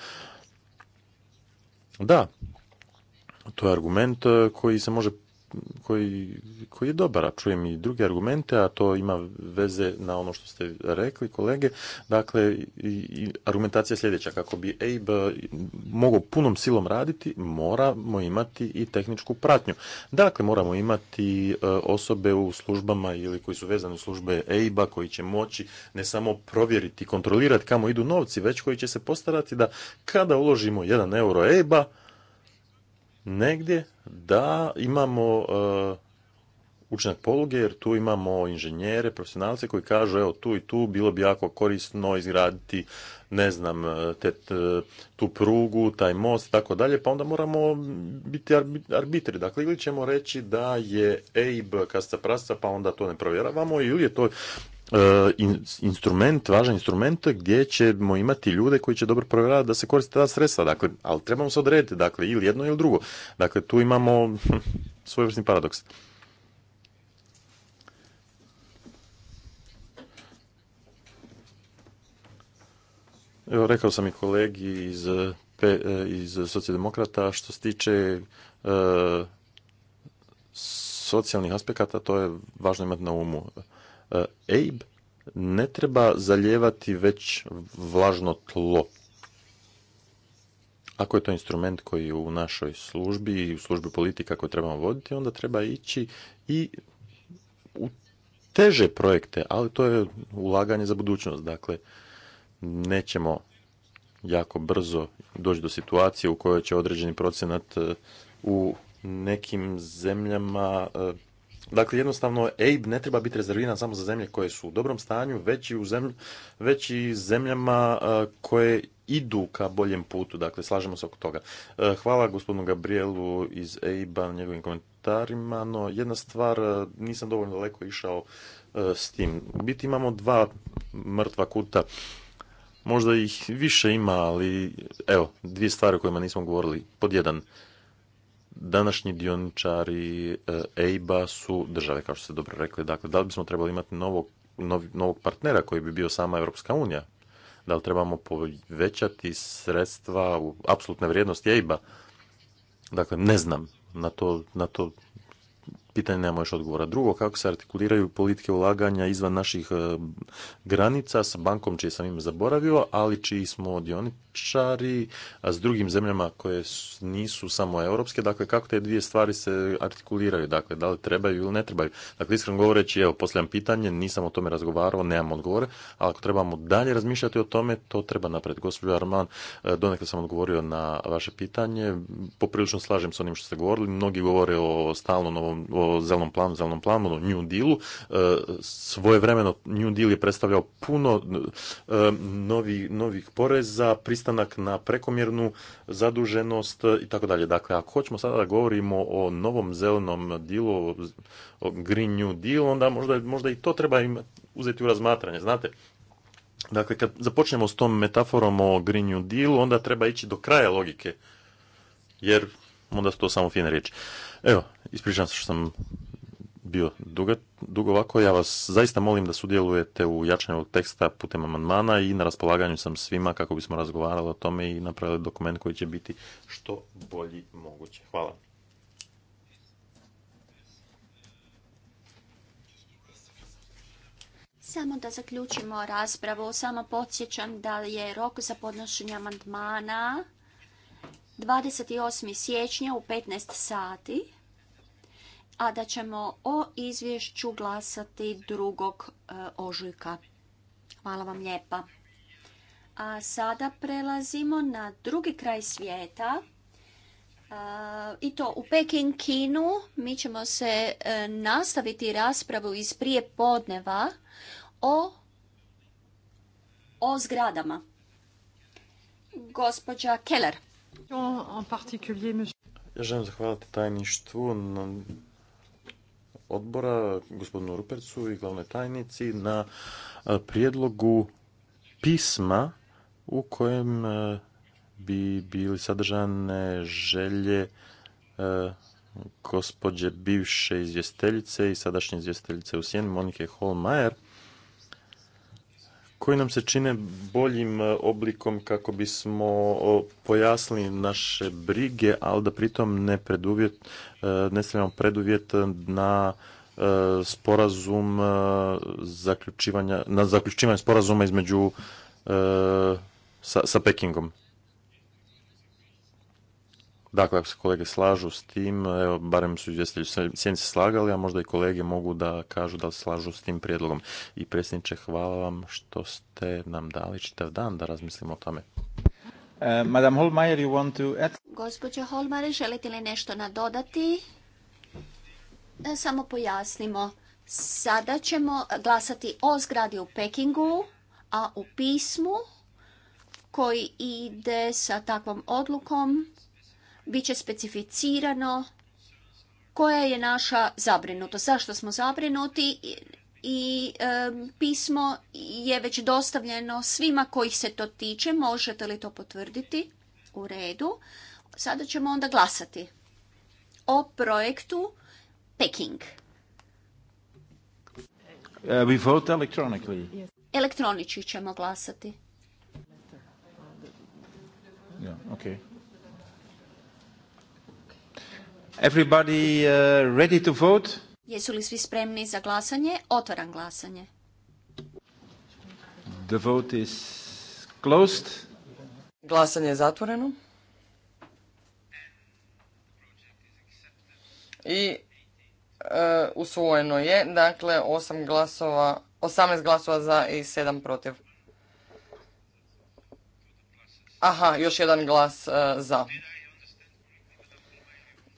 Da, to je argument e, koji se može koji, koji je dobar, a čujem i druge argumente, a to ima veze na ono što ste rekli, kolege. Dakle, i, argumentacija je sljedeća. Kako bi EIB mogao punom silom raditi, moramo imati i tehničku pratnju. Dakle, moramo imati e, osobe u službama ili koji su vezani u službe eib koji će moći ne samo provjeriti i kontrolirati kamo idu novci, već koji će se postarati da kada uložimo jedan euro eib negdje da imamo e, učinak poluge, jer tu imamo inženjere, profesionalce koji kažu evo tu i tu bilo bi jako korisno izgraditi ne znam, e, e, tu prugu, taj most, tako dalje, pa onda moramo biti arbitri. Dakle, ili ćemo reći da je EIB kasta prasta, pa onda to ne provjeravamo, ili je to E, instrument, važan instrument gdje ćemo imati ljude koji će dobro provjerati da se koriste ta sredstva, dakle, ali trebamo se odrediti, dakle, ili jedno ili drugo. Dakle, tu imamo hm, svojevrsni paradoks. Evo, rekao sam i kolegi iz, e, iz socijaldemokrata što se tiče e, socijalnih aspekata, to je važno imati na umu. EIB ne treba zaljevati već vlažno tlo. Ako je to instrument koji u našoj službi i u službi politika koju trebamo voditi, onda treba ići i u teže projekte, ali to je ulaganje za budućnost. Dakle, nećemo jako brzo doći do situacije u kojoj će određeni procenat e, u nekim zemljama e, Dakle, jednostavno, EIB ne treba biti rezerviran samo za zemlje koje su u dobrom stanju, već i, u već i zemljama e, koje idu ka boljem putu. Dakle, slažemo se oko toga. E, hvala gospodinu Gabrielu iz EIB-a na njegovim komentarima, no jedna stvar, e, nisam dovoljno daleko išao s tim. U biti imamo dva mrtva kuta. Možda ih više ima, ali evo, dvije stvari o kojima nismo govorili. Pod jedan, današnji dioničari e, EIBA su države, kao što ste dobro rekli. Dakle, da li bismo trebali imati novog, novog partnera koji bi bio sama Europska unija? Da li trebamo povećati sredstva u apsolutne vrijednosti EIBA? Dakle, ne znam. Na to, na to pitanje nema još odgovora. Drugo, kako se artikuliraju politike ulaganja izvan naših e, granica sa bankom čije sam im zaboravio, ali čiji smo dioničari a s drugim zemljama koje nisu samo europske. Dakle, kako te dvije stvari se artikuliraju? Dakle, da li trebaju ili ne trebaju? Dakle, iskreno govoreći, evo, posljedam pitanje, nisam o tome razgovarao, nemam odgovore, ali ako trebamo dalje razmišljati o tome, to treba napred. Gospodin Arman, e, donekle sam odgovorio na vaše pitanje. Poprilično slažem s onim što ste govorili. Mnogi govore o stalno novom, o o zelenom planu, zelenom planu, o ono, New Dealu. E, Svoje vremeno New Deal je predstavljao puno e, novi, novih poreza, pristanak na prekomjernu zaduženost i tako dalje. Dakle, ako hoćemo sada da govorimo o novom zelenom dealu, o Green New Deal, onda možda, možda i to treba im uzeti u razmatranje, znate. Dakle, kad započnemo s tom metaforom o Green New Dealu, onda treba ići do kraja logike, jer onda su to samo fine riječi. Evo, ispričavam se što sam bio dugo, dugo ovako. Ja vas zaista molim da sudjelujete u jačanju ovog teksta putem amandmana i na raspolaganju sam svima kako bismo razgovarali o tome i napravili dokument koji će biti što bolji moguće. Hvala. Samo da zaključimo raspravu, samo podsjećam da je rok za podnošenje amandmana 28. siječnja u 15 sati, a da ćemo o izvješću glasati drugog e, ožujka. Hvala vam lijepa. A sada prelazimo na drugi kraj svijeta. E, I to u Peking Kinu mi ćemo se e, nastaviti raspravu iz prije podneva o, o zgradama. Gospođa Keller. Ja želim zahvaliti tajništvu odbora, gospodinu Rupercu i glavnoj tajnici na e, prijedlogu pisma u kojem e, bi bili sadržane želje e, gospođe bivše izvjesteljice i sadašnje izvjesteljice u Sjeni, Monike Holmajer, koji nam se čine boljim e, oblikom kako bismo pojasnili naše brige, ali da pritom ne preduvjet, e, ne stavljamo preduvjet na e, sporazum zaključivanja, na zaključivanje sporazuma između sa, sa Pekingom. Dakle, ako se kolege slažu s tim, evo, barem su izvjestitelji sjednice slagali, a možda i kolege mogu da kažu da slažu s tim prijedlogom. I predsjedniče, hvala vam što ste nam dali čitav dan da razmislimo o tome. Uh, Madam Holmajer, you want to add? Gospođo želite li nešto nadodati? E, samo pojasnimo. Sada ćemo glasati o zgradi u Pekingu, a u pismu koji ide sa takvom odlukom bit će specificirano koja je naša zabrinutost, zašto smo zabrinuti i pismo je već dostavljeno svima kojih se to tiče. Možete li to potvrditi? U redu. Sada ćemo onda glasati o projektu Peking. Uh, we vote electronically. Elektronički ćemo glasati. Yeah, okay. Everybody uh, ready to vote? Jesu li svi spremni za glasanje? Otvaram glasanje. The vote is closed. Glasanje je zatvoreno. I e, usvojeno je, dakle, 8 glasova, 18 glasova za i 7 protiv. Aha, još jedan glas e, za.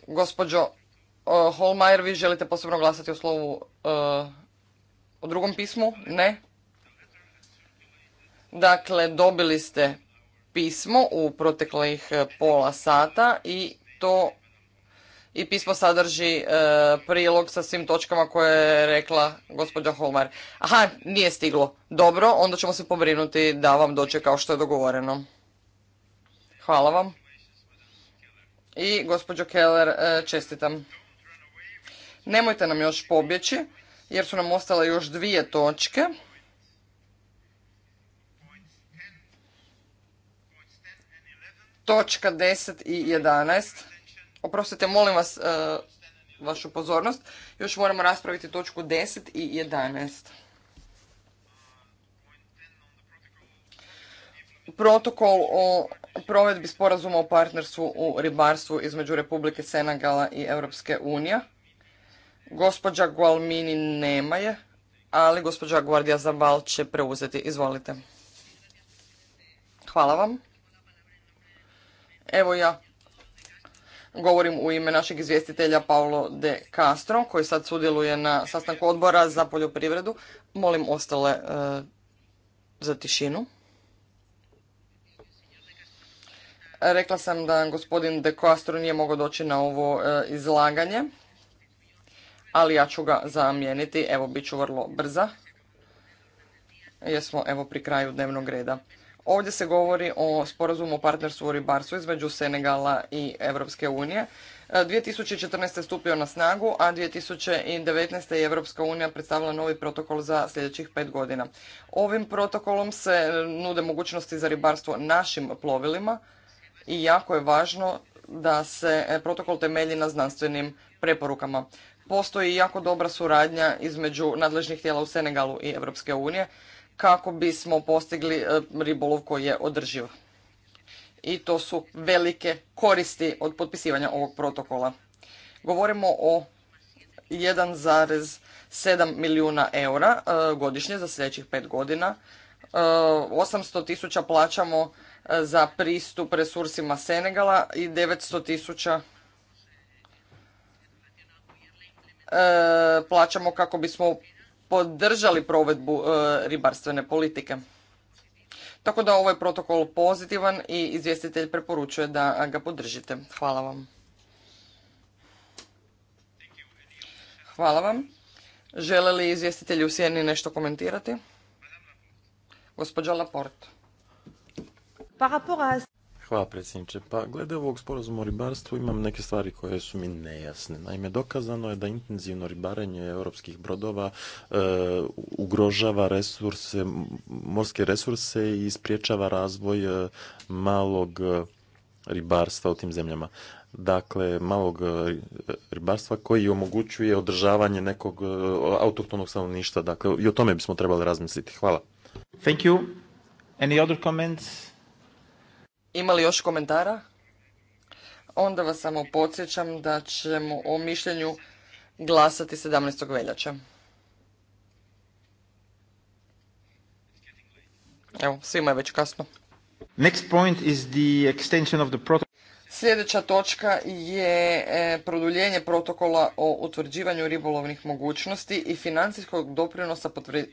Gospođo eh, Holmajer, vi želite posebno glasati o slovu eh, o drugom pismu? Ne. Dakle, dobili ste pismo u proteklih eh, pola sata i to i pismo sadrži prilog sa svim točkama koje je rekla gospođa Holmar. Aha, nije stiglo. Dobro, onda ćemo se pobrinuti da vam dođe kao što je dogovoreno. Hvala vam. I gospođo Keller, e, čestitam. Nemojte nam još pobjeći, jer su nam ostale još dvije točke. Točka 10 i 11. Oprostite, molim vas e, vašu pozornost. Još moramo raspraviti točku 10 i 11. protokol o provedbi sporazuma o partnerstvu u ribarstvu između Republike Senegala i Europske unije. Gospođa Gualmini nema je, ali gospođa Guardia Zabal će preuzeti. Izvolite. Hvala vam. Evo ja govorim u ime našeg izvjestitelja Paolo de Castro, koji sad sudjeluje na sastanku odbora za poljoprivredu. Molim ostale e, za tišinu. Rekla sam da gospodin De Castro nije mogao doći na ovo e, izlaganje, ali ja ću ga zamijeniti. Evo, bit ću vrlo brza. Jesmo, evo, pri kraju dnevnog reda. Ovdje se govori o sporazumu o partnerstvu u ribarstvu između Senegala i Europske unije. 2014. E, je stupio na snagu, a 2019. je Evropska unija predstavila novi protokol za sljedećih pet godina. Ovim protokolom se e, nude mogućnosti za ribarstvo našim plovilima, i jako je važno da se e, protokol temelji na znanstvenim preporukama. Postoji jako dobra suradnja između nadležnih tijela u Senegalu i Europske unije kako bismo postigli e, ribolov koji je održiv. I to su velike koristi od potpisivanja ovog protokola. Govorimo o 1,7 milijuna eura e, godišnje za sljedećih pet godina. 800 tisuća plaćamo za pristup resursima Senegala i 900 tisuća e, plaćamo kako bismo podržali provedbu e, ribarstvene politike. Tako da ovaj protokol pozitivan i izvjestitelj preporučuje da ga podržite. Hvala vam. Hvala vam. Žele li izvjestitelji u sjeni nešto komentirati? Gospođa Laporte. Hvala predsjedniče. Pa glede ovog sporazuma o ribarstvu imam neke stvari koje su mi nejasne. Naime, dokazano je da intenzivno ribarenje europskih brodova e, ugrožava resurse, morske resurse i spriječava razvoj e, malog e, ribarstva u tim zemljama. Dakle, malog ribarstva koji omogućuje održavanje nekog autohtonog stanovništva. Dakle, i o tome bismo trebali razmisliti. Hvala. Thank you. Any Imali još komentara? Onda vas samo podsjećam da ćemo o mišljenju glasati 17. veljače. Evo, svima je već kasno. Next Sljedeća točka je e, produljenje protokola o utvrđivanju ribolovnih mogućnosti i financijskog doprinosa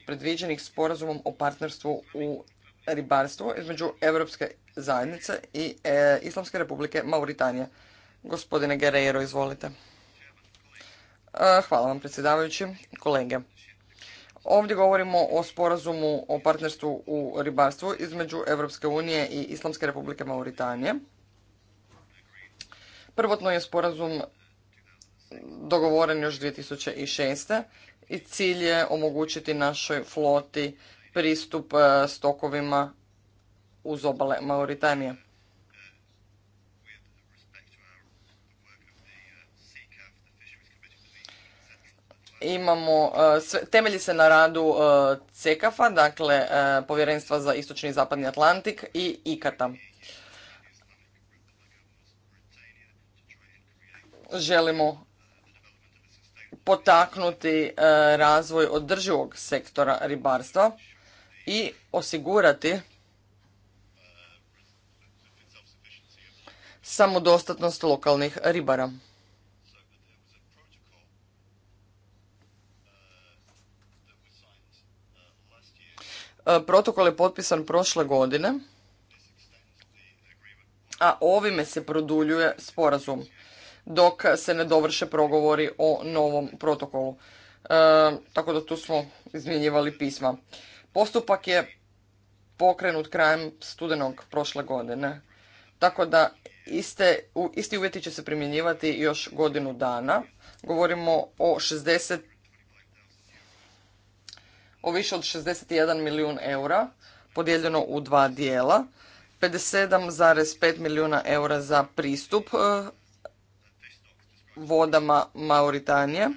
predviđenih sporazumom o partnerstvu u ribarstvo između Europske zajednice i e, Islamske republike Mauritanije. Gospodine Guerreiro, izvolite. E, hvala vam, predsjedavajući, kolege. Ovdje govorimo o sporazumu o partnerstvu u ribarstvu između Europske unije i Islamske republike Mauritanije. Prvotno je sporazum dogovoren još 2006. i cilj je omogućiti našoj floti pristup e, stokovima uz obale Mauritanije. Imamo, e, temelji se na radu e, CECAF-a, dakle Povjerenstva za istočni i zapadni Atlantik i IKATA. Želimo potaknuti razvoj održivog sektora ribarstva i osigurati samodostatnost lokalnih ribara. E, protokol je potpisan prošle godine, a ovime se produljuje sporazum dok se ne dovrše progovori o novom protokolu. E, tako da tu smo izmjenjivali pisma. Postupak je pokrenut krajem studenog prošle godine. Tako da iste, isti uvjeti će se primjenjivati još godinu dana. Govorimo o 60 o više od 61 milijun eura, podijeljeno u dva dijela. 57,5 milijuna eura za pristup e, vodama Mauritanije,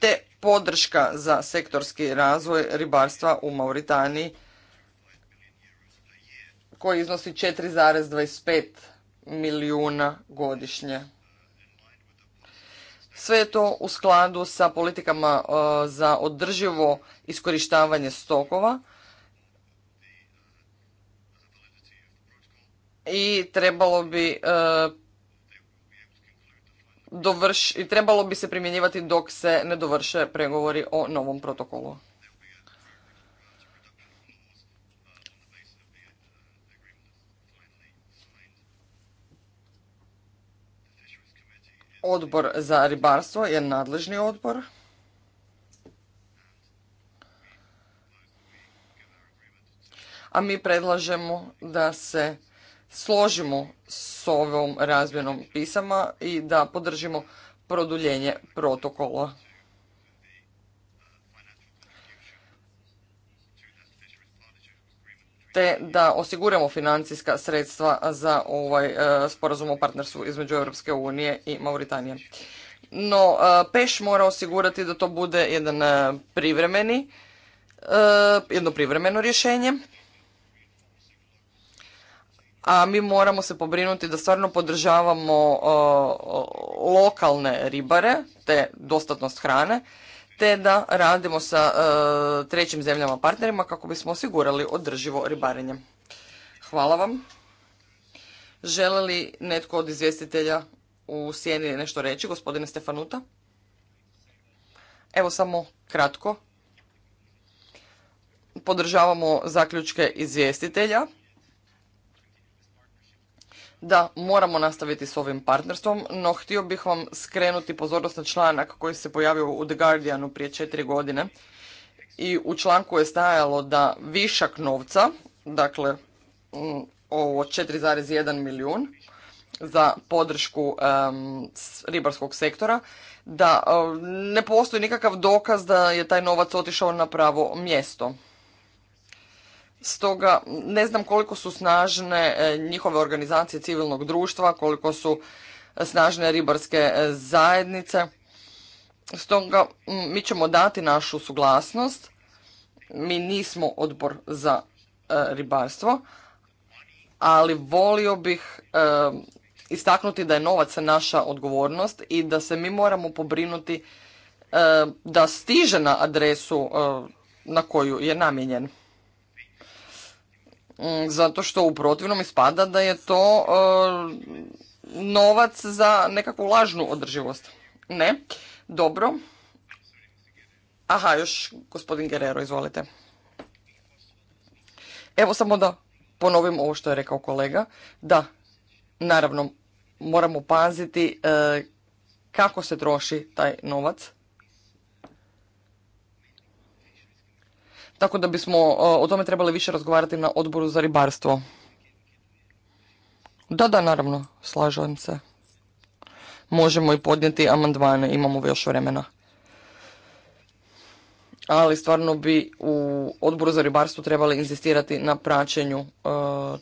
te podrška za sektorski razvoj ribarstva u Mauritaniji koji iznosi 4,25 milijuna godišnje. Sve je to u skladu sa politikama e, za održivo iskorištavanje stokova i trebalo bi e, dovrš, i trebalo bi se primjenjivati dok se ne dovrše pregovori o novom protokolu. Odbor za ribarstvo je nadležni odbor. A mi predlažemo da se složimo s ovom razmjenom pisama i da podržimo produljenje protokola. te da osiguramo financijska sredstva za ovaj e, sporazum o partnerstvu između Europske unije i Mauritanije. No, e, Peš mora osigurati da to bude jedan e, privremeni, jedno privremeno rješenje a mi moramo se pobrinuti da stvarno podržavamo e, lokalne ribare te dostatnost hrane te da radimo sa e, trećim zemljama partnerima kako bismo osigurali održivo ribarenje. Hvala vam. Žele li netko od izvjestitelja u sjeni nešto reći, gospodine Stefanuta? Evo samo kratko. Podržavamo zaključke izvjestitelja da moramo nastaviti s ovim partnerstvom, no htio bih vam skrenuti pozornost na članak koji se pojavio u The Guardianu prije četiri godine i u članku je stajalo da višak novca, dakle mm, ovo 4,1 milijun za podršku ribarskog sektora, da ne postoji nikakav dokaz da je taj novac otišao na pravo mjesto. Stoga ne znam koliko su snažne e, njihove organizacije civilnog društva, koliko su snažne ribarske e, zajednice. Stoga mi ćemo dati našu suglasnost. Mi nismo odbor za e, ribarstvo, ali volio bih istaknuti da je novac naša odgovornost i da se mi moramo pobrinuti da stiže na adresu na koju je namijenjen. Mm, zato što u protivnom ispada da je to e, novac za nekakvu lažnu održivost. Ne, dobro. Aha, još gospodin Guerrero, izvolite. Evo samo da ponovim ovo što je rekao kolega. Da, naravno, moramo paziti e, kako se troši taj novac. Tako da bismo e, o tome trebali više razgovarati na odboru za ribarstvo. Da, da, naravno, slažem se. Možemo i podnijeti amandmane, imamo još vremena. Ali stvarno bi u odboru za ribarstvo trebali inzistirati na praćenju e,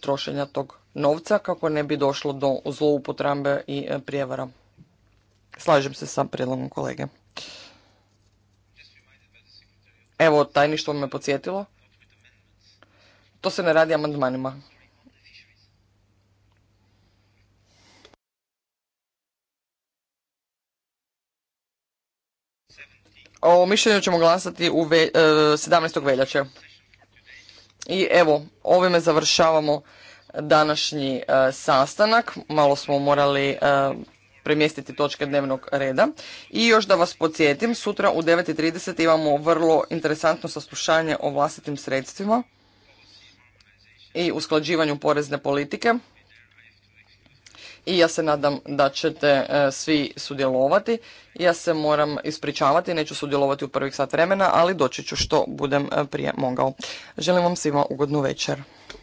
trošenja tog novca kako ne bi došlo do zloupotrambe i e, prijevara. Slažem se sa prijedlogom kolege. Evo, tajništvo me podsjetilo. To se ne radi amandmanima. O mišljenju ćemo glasati u 17. E, veljače. I evo, ovime završavamo današnji e, sastanak. Malo smo morali e, premjestiti točke dnevnog reda. I još da vas podsjetim, sutra u 9.30 imamo vrlo interesantno saslušanje o vlastitim sredstvima i usklađivanju porezne politike. I ja se nadam da ćete e, svi sudjelovati. Ja se moram ispričavati, neću sudjelovati u prvih sat vremena, ali doći ću što budem e, prije mogao. Želim vam svima ugodnu večer.